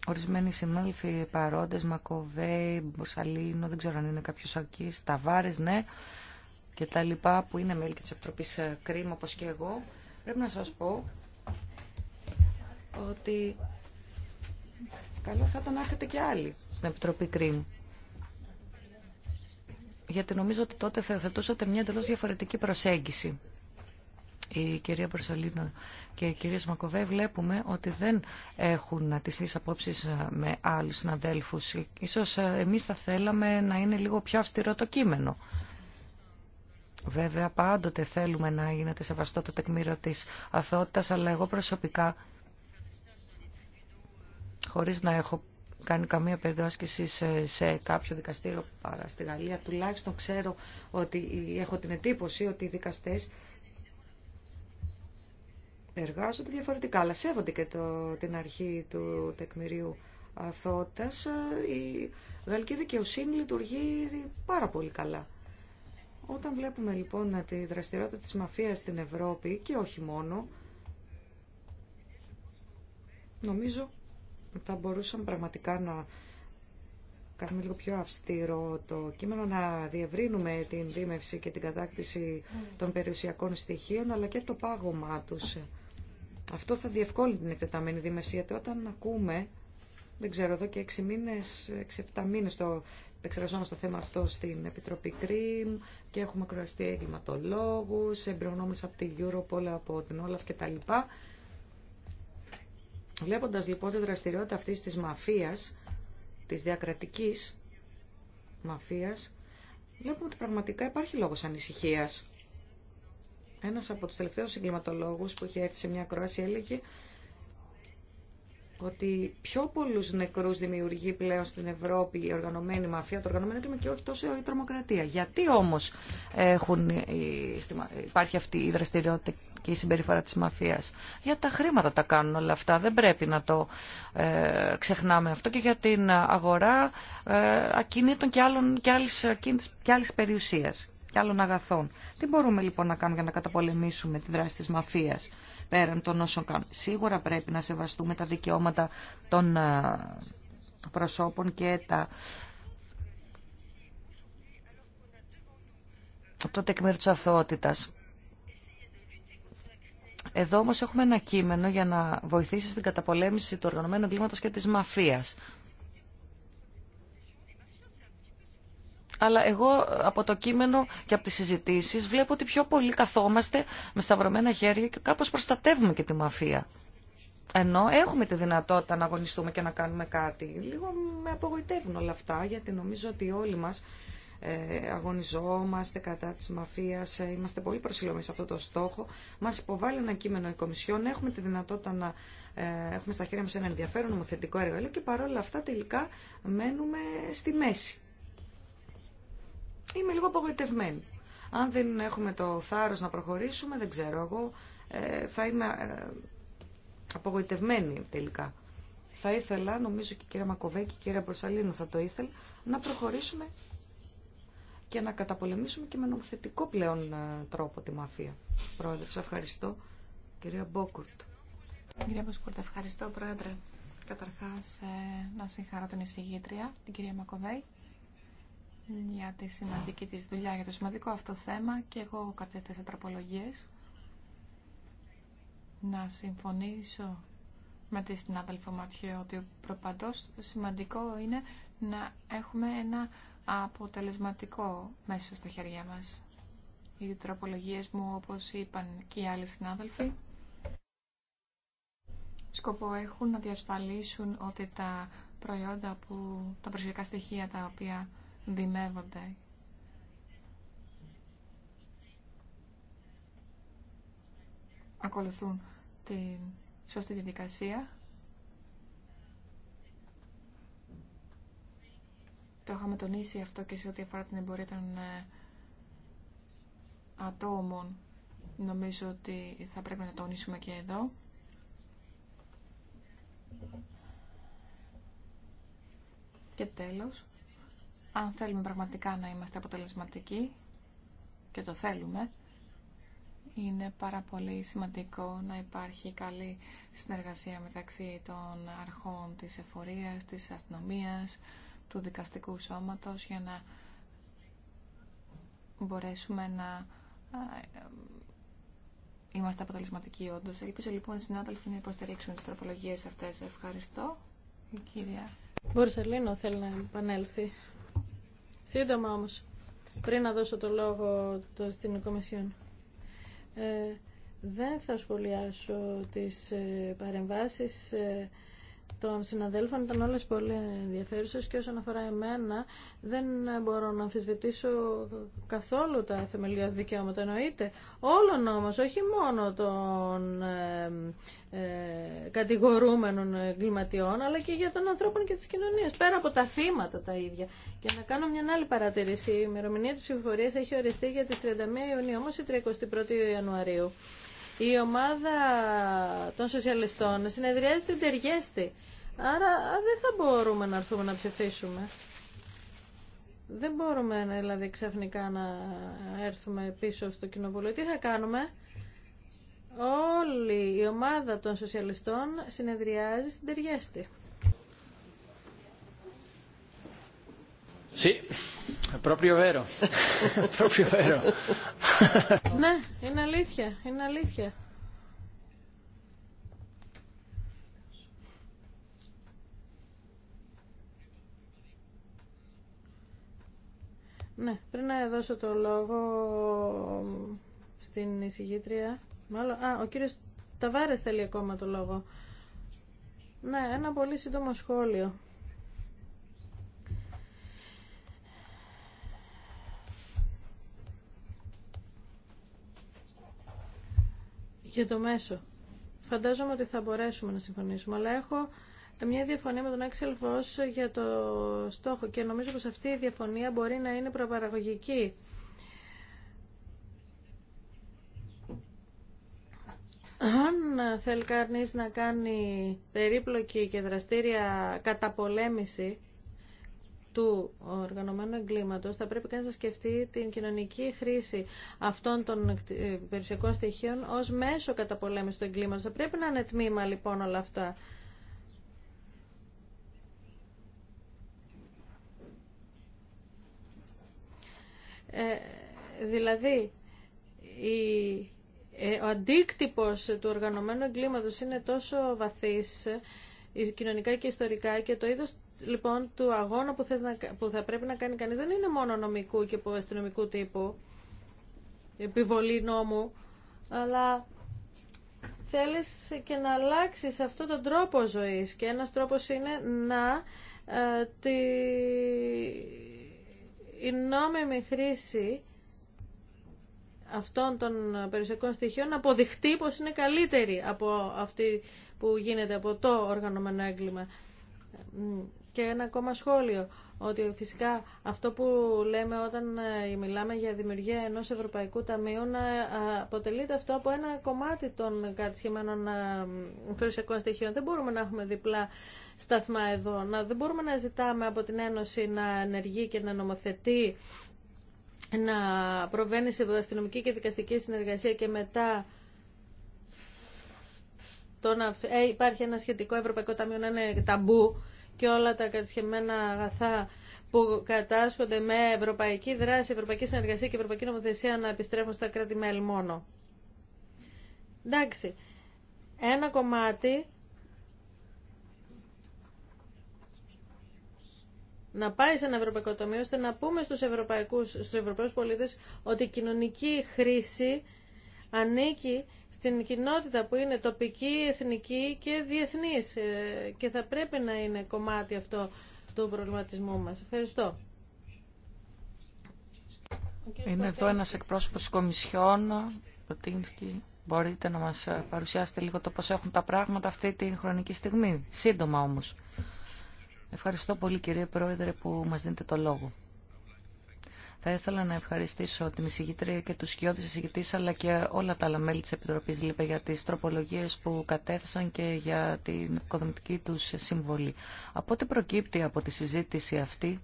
Ορισμένοι συνάδελφοι παρόντες, Μακοβέη, Μπορσαλίνο, δεν ξέρω αν είναι κάποιος εκεί, Ταβάρες, ναι, και τα λοιπά που είναι μέλη και της Επιτροπής ε, ΚΡΙΜ όπως και εγώ. Πρέπει να σας πω ότι καλό θα ήταν να έρθετε και άλλοι στην Επιτροπή Κρίμου. Γιατί νομίζω ότι τότε θα θετούσατε μια εντελώ διαφορετική προσέγγιση. Η κυρία Προσολίνο και η κυρία Σμακοβέ βλέπουμε ότι δεν έχουν τις ίδιε απόψεις ε, με άλλους συναδέλφου. Ίσως ε, εμείς θα θέλαμε να είναι λίγο πιο αυστηρό το κείμενο. Βέβαια πάντοτε θέλουμε να γίνεται σεβαστό το τεκμήριο της αθότητας, αλλά εγώ προσωπικά χωρίς να έχω κάνει καμία περιδάσκηση σε, σε κάποιο δικαστήριο παρά στη Γαλλία. Τουλάχιστον ξέρω ότι έχω την εντύπωση ότι οι δικαστές εργάζονται διαφορετικά, αλλά σέβονται και το, την αρχή του τεκμηρίου αθότητας. Η γαλλική δικαιοσύνη λειτουργεί πάρα πολύ καλά. Όταν βλέπουμε λοιπόν τη δραστηριότητα της μαφίας στην Ευρώπη και όχι μόνο, νομίζω θα μπορούσαμε πραγματικά να κάνουμε λίγο πιο αυστηρό το κείμενο, να διευρύνουμε την δίμευση και την κατάκτηση mm. των περιουσιακών στοιχείων, αλλά και το πάγωμά τους. Αυτό θα διευκόλυνε την εκτεταμένη δίμευση, γιατί όταν ακούμε, δεν ξέρω, εδώ και εξι μήνες, 6-7 μήνες το επεξεργαζόμαστε το θέμα αυτό στην Επιτροπή Κρίμ και έχουμε κρουαστεί εγκληματολόγους, εμπειρογνώμες από την Europol, από την Όλαφ κτλ. Βλέποντας λοιπόν τη δραστηριότητα αυτής της μαφίας, της διακρατικής μαφίας, βλέπουμε ότι πραγματικά υπάρχει λόγος ανησυχίας. Ένας από τους τελευταίους εγκληματολόγους που είχε έρθει σε μια κρόαση έλεγε ότι πιο πολλού νεκρούς δημιουργεί πλέον στην Ευρώπη η οργανωμένη μαφία, το οργανωμένο κλίμα και όχι τόσο η τρομοκρατία. Γιατί όμως υπάρχει αυτή η δραστηριότητα και η συμπεριφορά της μαφίας. Για τα χρήματα τα κάνουν όλα αυτά. Δεν πρέπει να το ε, ξεχνάμε αυτό και για την αγορά ε, ακινήτων και, άλλων, και, και άλλων αγαθών. Τι μπορούμε λοιπόν να κάνουμε για να καταπολεμήσουμε τη δράση της Μαφία πέραν των όσων κάνουν. Σίγουρα πρέπει να σεβαστούμε τα δικαιώματα ε, των προσώπων και τα το τεκμήριο της αθωότητας. Εδώ όμως έχουμε ένα κείμενο για να βοηθήσει στην καταπολέμηση του οργανωμένου εγκλήματος και της μαφίας. αλλά εγώ από το κείμενο και από τις συζητήσεις βλέπω ότι πιο πολύ καθόμαστε με σταυρωμένα χέρια και κάπως προστατεύουμε και τη μαφία. Ενώ έχουμε τη δυνατότητα να αγωνιστούμε και να κάνουμε κάτι. Λίγο με απογοητεύουν όλα αυτά, γιατί νομίζω ότι όλοι μας ε, αγωνιζόμαστε κατά της μαφίας, ε, είμαστε πολύ προσιλωμένοι σε αυτό το στόχο. Μας υποβάλλει ένα κείμενο η Κομισιόν, έχουμε τη δυνατότητα να ε, έχουμε στα χέρια μας ένα ενδιαφέρον νομοθετικό εργαλείο και παρόλα αυτά τελικά μένουμε στη μέση είμαι λίγο απογοητευμένη. Αν δεν έχουμε το θάρρος να προχωρήσουμε, δεν ξέρω εγώ, ε, θα είμαι ε, απογοητευμένη τελικά. Θα ήθελα, νομίζω και η κυρία Μακοβέκη και η κυρία Μπροσαλίνου θα το ήθελε, να προχωρήσουμε και να καταπολεμήσουμε και με νομοθετικό πλέον ε, τρόπο τη μαφία. Πρόεδρε, ευχαριστώ. Κυρία Μπόκουρτ. Κυρία Μπόκουρτ, ευχαριστώ, Πρόεδρε. Καταρχάς, να συγχαρώ την εισηγήτρια, την κυρία Μακοβέη, για τη σημαντική της δουλειά, για το σημαντικό αυτό θέμα και εγώ κατέθεσα τραπολογίες να συμφωνήσω με τη συνάδελφο Ματιέ ότι προπαντός σημαντικό είναι να έχουμε ένα αποτελεσματικό μέσο στα χέρια μας. Οι τροπολογίες μου, όπως είπαν και οι άλλοι συνάδελφοι, σκοπό έχουν να διασφαλίσουν ότι τα προϊόντα, που, τα προσωπικά στοιχεία τα οποία δημεύονται. Ακολουθούν τη σωστή διαδικασία. Το είχαμε τονίσει αυτό και σε ό,τι αφορά την εμπορία των ε, ατόμων. Νομίζω ότι θα πρέπει να τονίσουμε και εδώ. Και τέλος. Αν θέλουμε πραγματικά να είμαστε αποτελεσματικοί και το θέλουμε, είναι πάρα πολύ σημαντικό να υπάρχει καλή συνεργασία μεταξύ των αρχών της εφορίας, της αστυνομίας, του δικαστικού σώματος για να μπορέσουμε να είμαστε αποτελεσματικοί όντω. Ελπίζω λοιπόν οι συνάδελφοι να υποστηρίξουν τι τροπολογίε αυτέ. Ευχαριστώ. Η κυρία Μπορσελίνο θέλει να επανέλθει. Σύντομα όμω, πριν να δώσω το λόγο στην Κομισιόν. Ε, δεν θα σχολιάσω τις ε, παρεμβάσεις ε, των συναδέλφων ήταν όλες πολύ ενδιαφέρουσες και όσον αφορά εμένα δεν μπορώ να αμφισβητήσω καθόλου τα θεμελιώδη δικαιώματα εννοείται όλων όμως όχι μόνο των ε, ε, κατηγορούμενων εγκληματιών αλλά και για των ανθρώπων και τη κοινωνίας πέρα από τα θύματα τα ίδια και να κάνω μια άλλη παρατηρήση η ημερομηνία της ψηφοφορίας έχει οριστεί για τις 31 Ιουνίου όμως η 31 Ιανουαρίου η ομάδα των σοσιαλιστών συνεδριάζει στην Τεργέστη. Άρα δεν θα μπορούμε να έρθουμε να ψηφίσουμε. Δεν μπορούμε δηλαδή ξαφνικά να έρθουμε πίσω στο κοινοβούλιο. Τι θα κάνουμε. Όλη η ομάδα των σοσιαλιστών συνεδριάζει στην Τεργέστη. Sì, proprio vero. <laughs> vero. <laughs> ναι, είναι αλήθεια, είναι αλήθεια. Ναι, πριν να δώσω το λόγο στην εισηγήτρια, μάλλον, α, ο κύριος Ταβάρες θέλει ακόμα το λόγο. Ναι, ένα πολύ σύντομο σχόλιο. για το μέσο. Φαντάζομαι ότι θα μπορέσουμε να συμφωνήσουμε, αλλά έχω μια διαφωνία με τον Axel Voss για το στόχο και νομίζω πως αυτή η διαφωνία μπορεί να είναι προπαραγωγική. Αν θέλει κανείς να κάνει περίπλοκη και δραστήρια καταπολέμηση του οργανωμένου εγκλήματο θα πρέπει κανείς να σκεφτεί την κοινωνική χρήση αυτών των ε, περιουσιακών στοιχείων ως μέσο καταπολέμησης του εγκλήματος. Θα πρέπει να είναι τμήμα λοιπόν όλα αυτά. Ε, δηλαδή, η, ε, ο αντίκτυπος του οργανωμένου εγκλήματος είναι τόσο βαθύς, ε, κοινωνικά και ιστορικά, και το είδος λοιπόν του αγώνα που, θες να, που θα πρέπει να κάνει κανείς δεν είναι μόνο νομικού και αστυνομικού τύπου, επιβολή νόμου, αλλά θέλεις και να αλλάξεις αυτόν τον τρόπο ζωής και ένας τρόπος είναι να ε, τη, η νόμιμη χρήση αυτών των περιουσιακών στοιχείων να αποδειχτεί πως είναι καλύτερη από αυτή που γίνεται από το οργανωμένο έγκλημα. Και ένα ακόμα σχόλιο, ότι φυσικά αυτό που λέμε όταν ε, μιλάμε για δημιουργία ενός Ευρωπαϊκού Ταμείου να ε, αποτελείται αυτό από ένα κομμάτι των κατσχημένων ε, περιουσιακών στοιχείων. Δεν μπορούμε να έχουμε διπλά σταθμά εδώ. Να, δεν μπορούμε να ζητάμε από την Ένωση να ενεργεί και να νομοθετεί, να προβαίνει σε αστυνομική και δικαστική συνεργασία και μετά το να υπάρχει ένα σχετικό Ευρωπαϊκό Ταμείο να είναι ταμπού και όλα τα κατασκευμένα αγαθά που κατάσχονται με ευρωπαϊκή δράση, ευρωπαϊκή συνεργασία και ευρωπαϊκή νομοθεσία να επιστρέφουν στα κράτη-μέλη μόνο. Εντάξει, ένα κομμάτι να πάει σε ένα ευρωπαϊκό τομείο, ώστε να πούμε στους, ευρωπαϊκούς, στους ευρωπαίους πολίτες ότι η κοινωνική χρήση ανήκει στην κοινότητα που είναι τοπική, εθνική και διεθνής ε, και θα πρέπει να είναι κομμάτι αυτό του προβληματισμού μας. Ευχαριστώ. Είναι εδώ ένας εκπρόσωπος της Κομισιόν, Μπορείτε να μας ε, παρουσιάσετε λίγο το πώς έχουν τα πράγματα αυτή τη χρονική στιγμή. Σύντομα όμως. Ευχαριστώ πολύ κύριε Πρόεδρε που μας δίνετε το λόγο. Θα ήθελα να ευχαριστήσω την εισηγήτρια και τους σκιώδη εισηγητή, αλλά και όλα τα άλλα μέλη τη Επιτροπής ΛΥΠΕ για τι τροπολογίε που κατέθεσαν και για την οικοδομητική του συμβολή. Από ό,τι προκύπτει από τη συζήτηση αυτή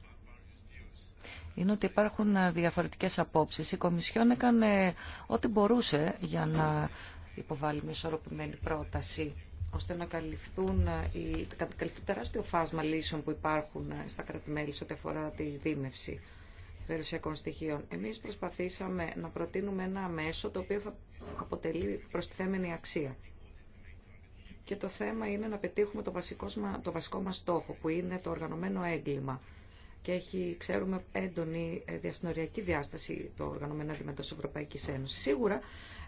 είναι ότι υπάρχουν διαφορετικές απόψεις. Η Κομισιόν έκανε ό,τι μπορούσε για να υποβάλει μια ισορροπημένη πρόταση ώστε να καλυφθούν οι, καλυφθεί τεράστιο φάσμα λύσεων που υπάρχουν στα κρατημέλη σε ό,τι αφορά τη δίμευση περιουσιακών στοιχείων. Εμείς προσπαθήσαμε να προτείνουμε ένα μέσο το οποίο θα αποτελεί προστιθέμενη αξία. Και το θέμα είναι να πετύχουμε το βασικό, το βασικό μας στόχο που είναι το οργανωμένο έγκλημα. Και έχει, ξέρουμε, έντονη ε, διασυνοριακή διάσταση το οργανωμένο έγκλημα της Ευρωπαϊκής Ένωσης. Σίγουρα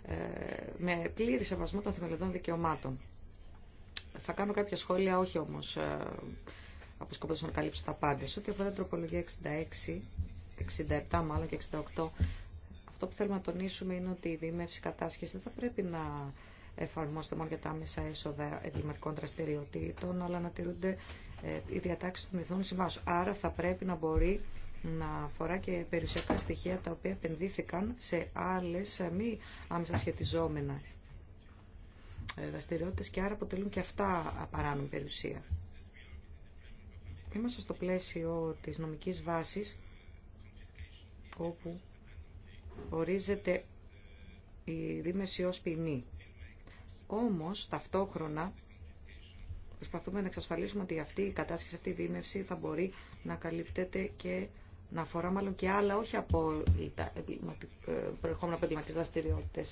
ε, με πλήρη σεβασμό των θεμελιωδών δικαιωμάτων. Θα κάνω κάποια σχόλια, όχι όμως ε, αποσκοπώντας να καλύψω τα πάντα. Σε ό,τι αφορά την τροπολογία 66, 67 μάλλον και 68, αυτό που θέλουμε να τονίσουμε είναι ότι η διήμευση κατάσχεση δεν θα πρέπει να εφαρμόζεται μόνο για τα άμεσα έσοδα εγκληματικών δραστηριοτήτων, αλλά να τηρούνται ε, οι διατάξει των διεθνών συμβάσεων. Άρα θα πρέπει να μπορεί να αφορά και περιουσιακά στοιχεία τα οποία επενδύθηκαν σε άλλε ε, μη άμεσα σχετιζόμενα ε, δραστηριότητε και άρα αποτελούν και αυτά παράνομη περιουσία. Είμαστε στο πλαίσιο της νομικής βάσης όπου ορίζεται η δίμεση ως ποινή. Όμως, ταυτόχρονα, προσπαθούμε να εξασφαλίσουμε ότι αυτή η κατάσχεση, αυτή η δίμευση θα μπορεί να καλύπτεται και να αφορά μάλλον και άλλα, όχι ε, από προερχόμενα επαγγελματικές δραστηριότητε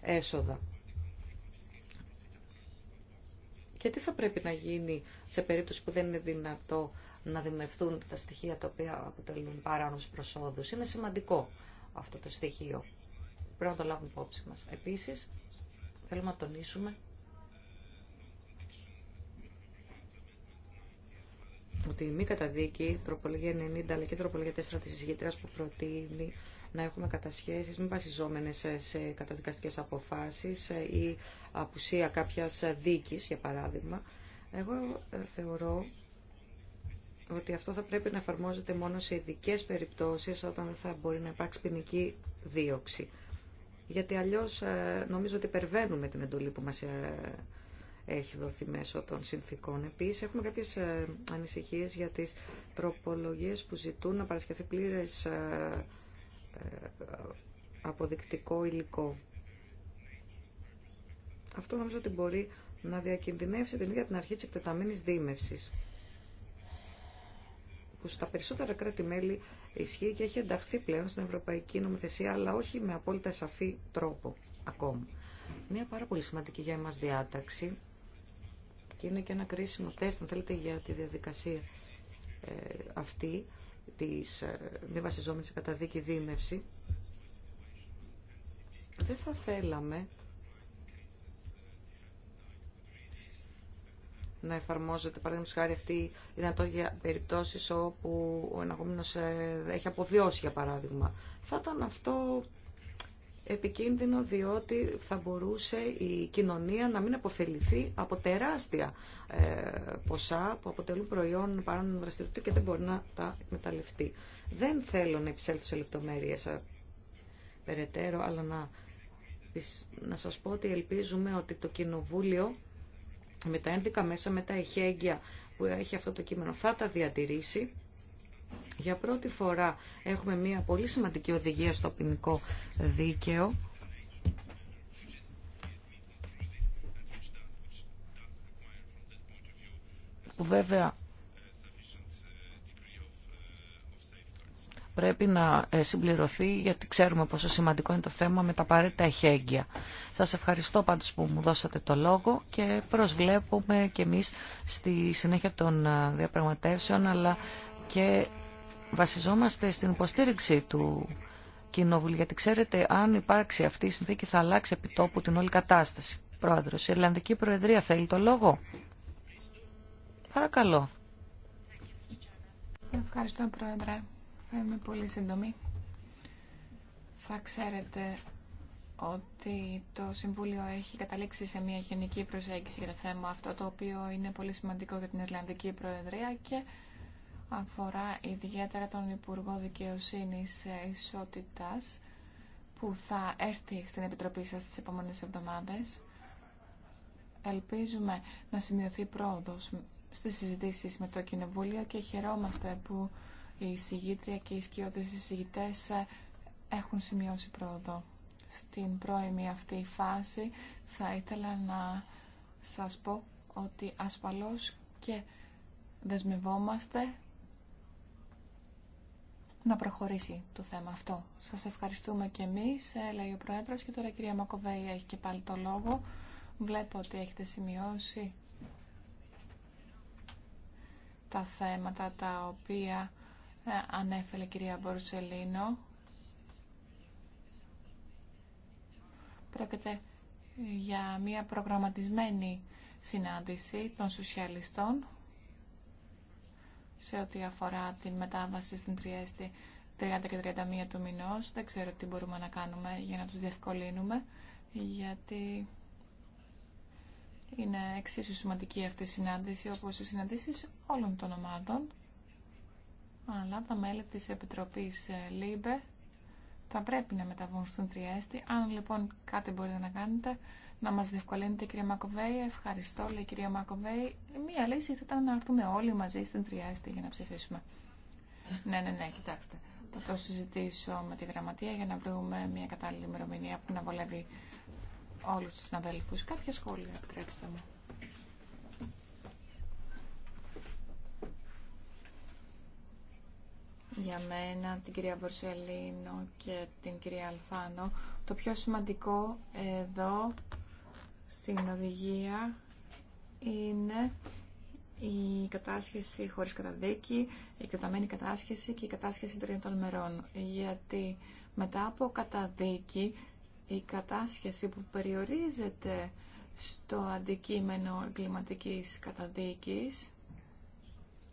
ε, έσοδα. Και τι θα πρέπει να γίνει σε περίπτωση που δεν είναι δυνατό να δημευθούν τα στοιχεία τα οποία αποτελούν παράνομους προσόδους. Είναι σημαντικό αυτό το στοιχείο. Πρέπει να το λάβουμε υπόψη μας. Επίσης, θέλουμε να τονίσουμε ότι η μη καταδίκη, η τροπολογία 90 αλλά και η τροπολογία 4 της ηγετρίας που προτείνει να έχουμε κατασχέσεις μη βασιζόμενες σε καταδικαστικές αποφάσεις ή απουσία κάποιας δίκης, για παράδειγμα. Εγώ ε, θεωρώ ότι αυτό θα πρέπει να εφαρμόζεται μόνο σε ειδικέ περιπτώσεις όταν δεν θα μπορεί να υπάρξει ποινική δίωξη. Γιατί αλλιώς ε, νομίζω ότι υπερβαίνουμε την εντολή που μας ε, έχει δοθεί μέσω των συνθήκων. Επίση έχουμε κάποιε ανησυχίε για τις τροπολογίες που ζητούν να παρασκευθεί πλήρε ε, αποδεικτικό υλικό. Αυτό νομίζω ότι μπορεί να διακινδυνεύσει την ίδια την αρχή της εκτεταμένη δίμευσης που στα περισσότερα κράτη-μέλη ισχύει και έχει ενταχθεί πλέον στην ευρωπαϊκή νομοθεσία, αλλά όχι με απόλυτα σαφή τρόπο ακόμη. Μια πάρα πολύ σημαντική για εμάς διάταξη και είναι και ένα κρίσιμο τεστ, αν θέλετε, για τη διαδικασία ε, αυτή της ε, μη βασιζόμενης δίκη δίμευση. Δεν θα θέλαμε να εφαρμόζεται, παραδείγματος χάρη αυτή η δυνατότητα για περιπτώσεις όπου ο εναγόμενος ε, έχει αποβιώσει, για παράδειγμα. Θα ήταν αυτό επικίνδυνο διότι θα μπορούσε η κοινωνία να μην αποφεληθεί από τεράστια ε, ποσά που αποτελούν προϊόν παράνομη δραστηριότητα και δεν μπορεί να τα εκμεταλλευτεί. Δεν θέλω να επισέλθω σε λεπτομέρειες ε, περαιτέρω, αλλά να, να σας πω ότι ελπίζουμε ότι το Κοινοβούλιο με τα ένδικα μέσα, με τα εχέγγυα που έχει αυτό το κείμενο, θα τα διατηρήσει. Για πρώτη φορά έχουμε μια πολύ σημαντική οδηγία στο ποινικό δίκαιο. Που βέβαια πρέπει να ε, συμπληρωθεί γιατί ξέρουμε πόσο σημαντικό είναι το θέμα με τα απαραίτητα εχέγγυα. Σας ευχαριστώ πάντως που μου δώσατε το λόγο και προσβλέπουμε και εμείς στη συνέχεια των ε, διαπραγματεύσεων αλλά και βασιζόμαστε στην υποστήριξη του Κοινοβουλίου γιατί ξέρετε αν υπάρξει αυτή η συνθήκη θα αλλάξει επιτόπου την όλη κατάσταση. Πρόεδρος, η Ιρλανδική Προεδρία θέλει το λόγο. Παρακαλώ. Ευχαριστώ, Πρόεδρε. Θα είμαι πολύ σύντομη. Θα ξέρετε ότι το Συμβούλιο έχει καταλήξει σε μια γενική προσέγγιση για το θέμα αυτό, το οποίο είναι πολύ σημαντικό για την Ιρλανδική Προεδρία και αφορά ιδιαίτερα τον Υπουργό Δικαιοσύνης ε, Ισότητας που θα έρθει στην Επιτροπή σας τις επόμενες εβδομάδες. Ελπίζουμε να σημειωθεί πρόοδος στις συζητήσεις με το Κοινοβούλιο και χαιρόμαστε που η συγγήτρια και οι σκιώδες εισηγητές ε, έχουν σημειώσει πρόοδο. Στην πρώιμη αυτή φάση θα ήθελα να σας πω ότι ασφαλώς και δεσμευόμαστε να προχωρήσει το θέμα αυτό. Σας ευχαριστούμε και εμείς, ε, λέει ο Πρόεδρος και τώρα η κυρία Μακοβέη έχει και πάλι το λόγο. Βλέπω ότι έχετε σημειώσει τα θέματα τα οποία ε, ανέφερε κυρία Μπορσελίνο. Πρόκειται για μια προγραμματισμένη συνάντηση των σοσιαλιστών σε ό,τι αφορά την μετάβαση στην Τριέστη 30 και 31 του μηνός. Δεν ξέρω τι μπορούμε να κάνουμε για να τους διευκολύνουμε, γιατί είναι εξίσου σημαντική αυτή η συνάντηση, όπως οι συναντήσεις όλων των ομάδων αλλά τα μέλη της Επιτροπής ε, ΛΥΜΠΕ θα πρέπει να μεταβούν στον Τριέστη. Αν λοιπόν κάτι μπορείτε να κάνετε, να μας διευκολύνετε κυρία Μακοβέη, ευχαριστώ λέει κυρία Μακοβέη. Μία λύση θα ήταν να έρθουμε όλοι μαζί στην Τριέστη για να ψηφίσουμε. Ναι, ναι, ναι, κοιτάξτε. Θα το συζητήσω με τη γραμματεία για να βρούμε μια κατάλληλη ημερομηνία που να βολεύει όλους τους συναδέλφους. Κάποια σχόλια, επιτρέψτε μου. για μένα, την κυρία Μπορσελίνο και την κυρία Αλφάνο. Το πιο σημαντικό εδώ στην οδηγία είναι η κατάσχεση χωρίς καταδίκη, η εκτεταμένη κατάσχεση και η κατάσχεση τριών μερών. Γιατί μετά από καταδίκη η κατάσχεση που περιορίζεται στο αντικείμενο εγκληματικής καταδίκης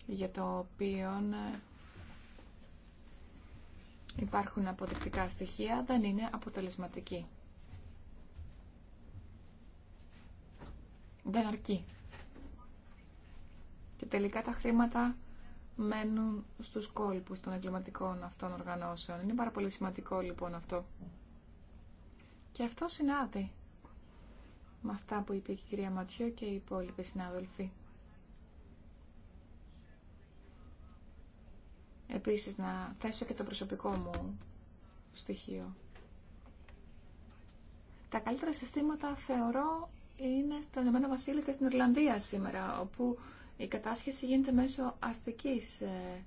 για το οποίο υπάρχουν αποδεικτικά στοιχεία δεν είναι αποτελεσματικοί. Δεν αρκεί. Και τελικά τα χρήματα μένουν στους κόλπους των εγκληματικών αυτών οργανώσεων. Είναι πάρα πολύ σημαντικό λοιπόν αυτό. Και αυτό συνάδει με αυτά που είπε και η κυρία Ματιό και οι υπόλοιποι συνάδελφοι. Επίσης, να θέσω και το προσωπικό μου στοιχείο. Τα καλύτερα συστήματα θεωρώ είναι στον Ηνωμένο Βασίλειο και στην Ιρλανδία σήμερα, όπου η κατάσχεση γίνεται μέσω αστικής ε,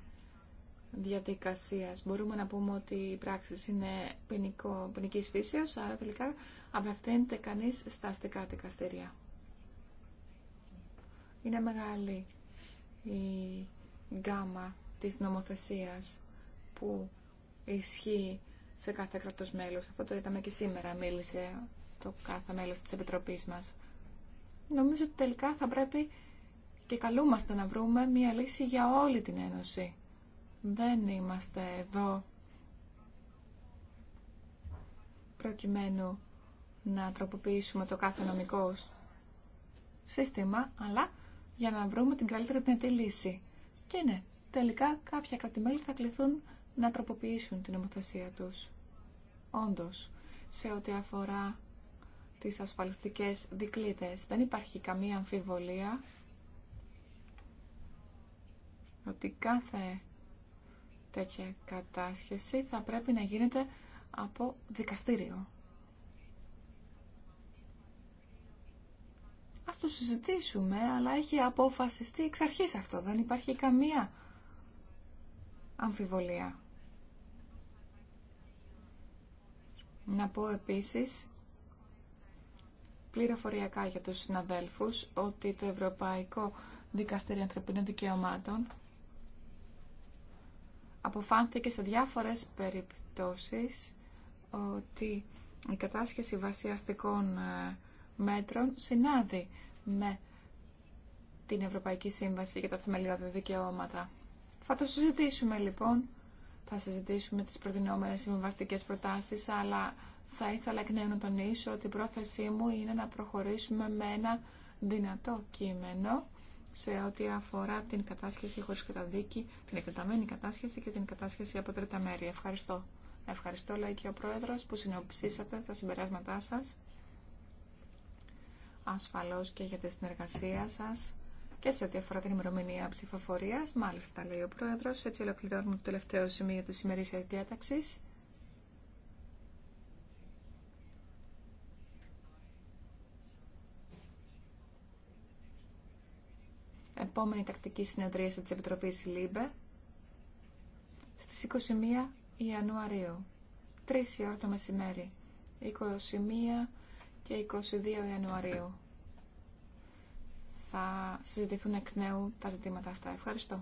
διαδικασίας. Μπορούμε να πούμε ότι η πράξη είναι ποινικό, ποινικής φύσεως, άρα τελικά απευθύνεται κανείς στα αστικά δικαστήρια. Είναι μεγάλη η γκάμα της νομοθεσίας που ισχύει σε κάθε κρατός μέλος. Αυτό το είδαμε και σήμερα, μίλησε το κάθε μέλος της Επιτροπής μας. Νομίζω ότι τελικά θα πρέπει και καλούμαστε να βρούμε μία λύση για όλη την Ένωση. Δεν είμαστε εδώ προκειμένου να τροποποιήσουμε το κάθε νομικό σύστημα, αλλά για να βρούμε την καλύτερη δυνατή λύση. Και ναι, τελικά κάποια κρατημέλη θα κληθούν να τροποποιήσουν την νομοθεσία τους. Όντως, σε ό,τι αφορά τις ασφαλιστικές δικλείδες, δεν υπάρχει καμία αμφιβολία ότι κάθε τέτοια κατάσχεση θα πρέπει να γίνεται από δικαστήριο. Ας το συζητήσουμε, αλλά έχει αποφασιστεί εξ αρχής αυτό. Δεν υπάρχει καμία αμφιβολία. Να πω επίσης πληροφοριακά για τους συναδέλφους ότι το Ευρωπαϊκό Δικαστήριο Ανθρωπίνων Δικαιωμάτων αποφάνθηκε σε διάφορες περιπτώσεις ότι η κατάσχεση βασιαστικών ε, μέτρων συνάδει με την Ευρωπαϊκή Σύμβαση για τα Θεμελιώδη Δικαιώματα. Θα το συζητήσουμε λοιπόν. Θα συζητήσουμε τις προτινόμενες συμβαστικέ προτάσεις, αλλά θα ήθελα εκ νέου να τονίσω ότι η πρόθεσή μου είναι να προχωρήσουμε με ένα δυνατό κείμενο σε ό,τι αφορά την κατάσχεση χωρίς καταδίκη, την εκτεταμένη κατάσχεση και την κατάσχεση από τρίτα μέρη. Ευχαριστώ. Ευχαριστώ, λέει και ο Πρόεδρος, που συνοψίσατε τα συμπεράσματά σας. Ασφαλώς και για τη συνεργασία σας και σε ό,τι αφορά την ημερομηνία ψηφοφορία. Μάλιστα, λέει ο Πρόεδρο. Έτσι ολοκληρώνουμε το τελευταίο σημείο τη ημερήσια διάταξη. Επόμενη τακτική συνεδρίαση της Επιτροπής ΛΥΜΠΕ στις 21 Ιανουαρίου, 3 η ώρα το μεσημέρι, 21 και 22 Ιανουαρίου θα συζητηθούν εκ νέου τα ζητήματα αυτά. Ευχαριστώ.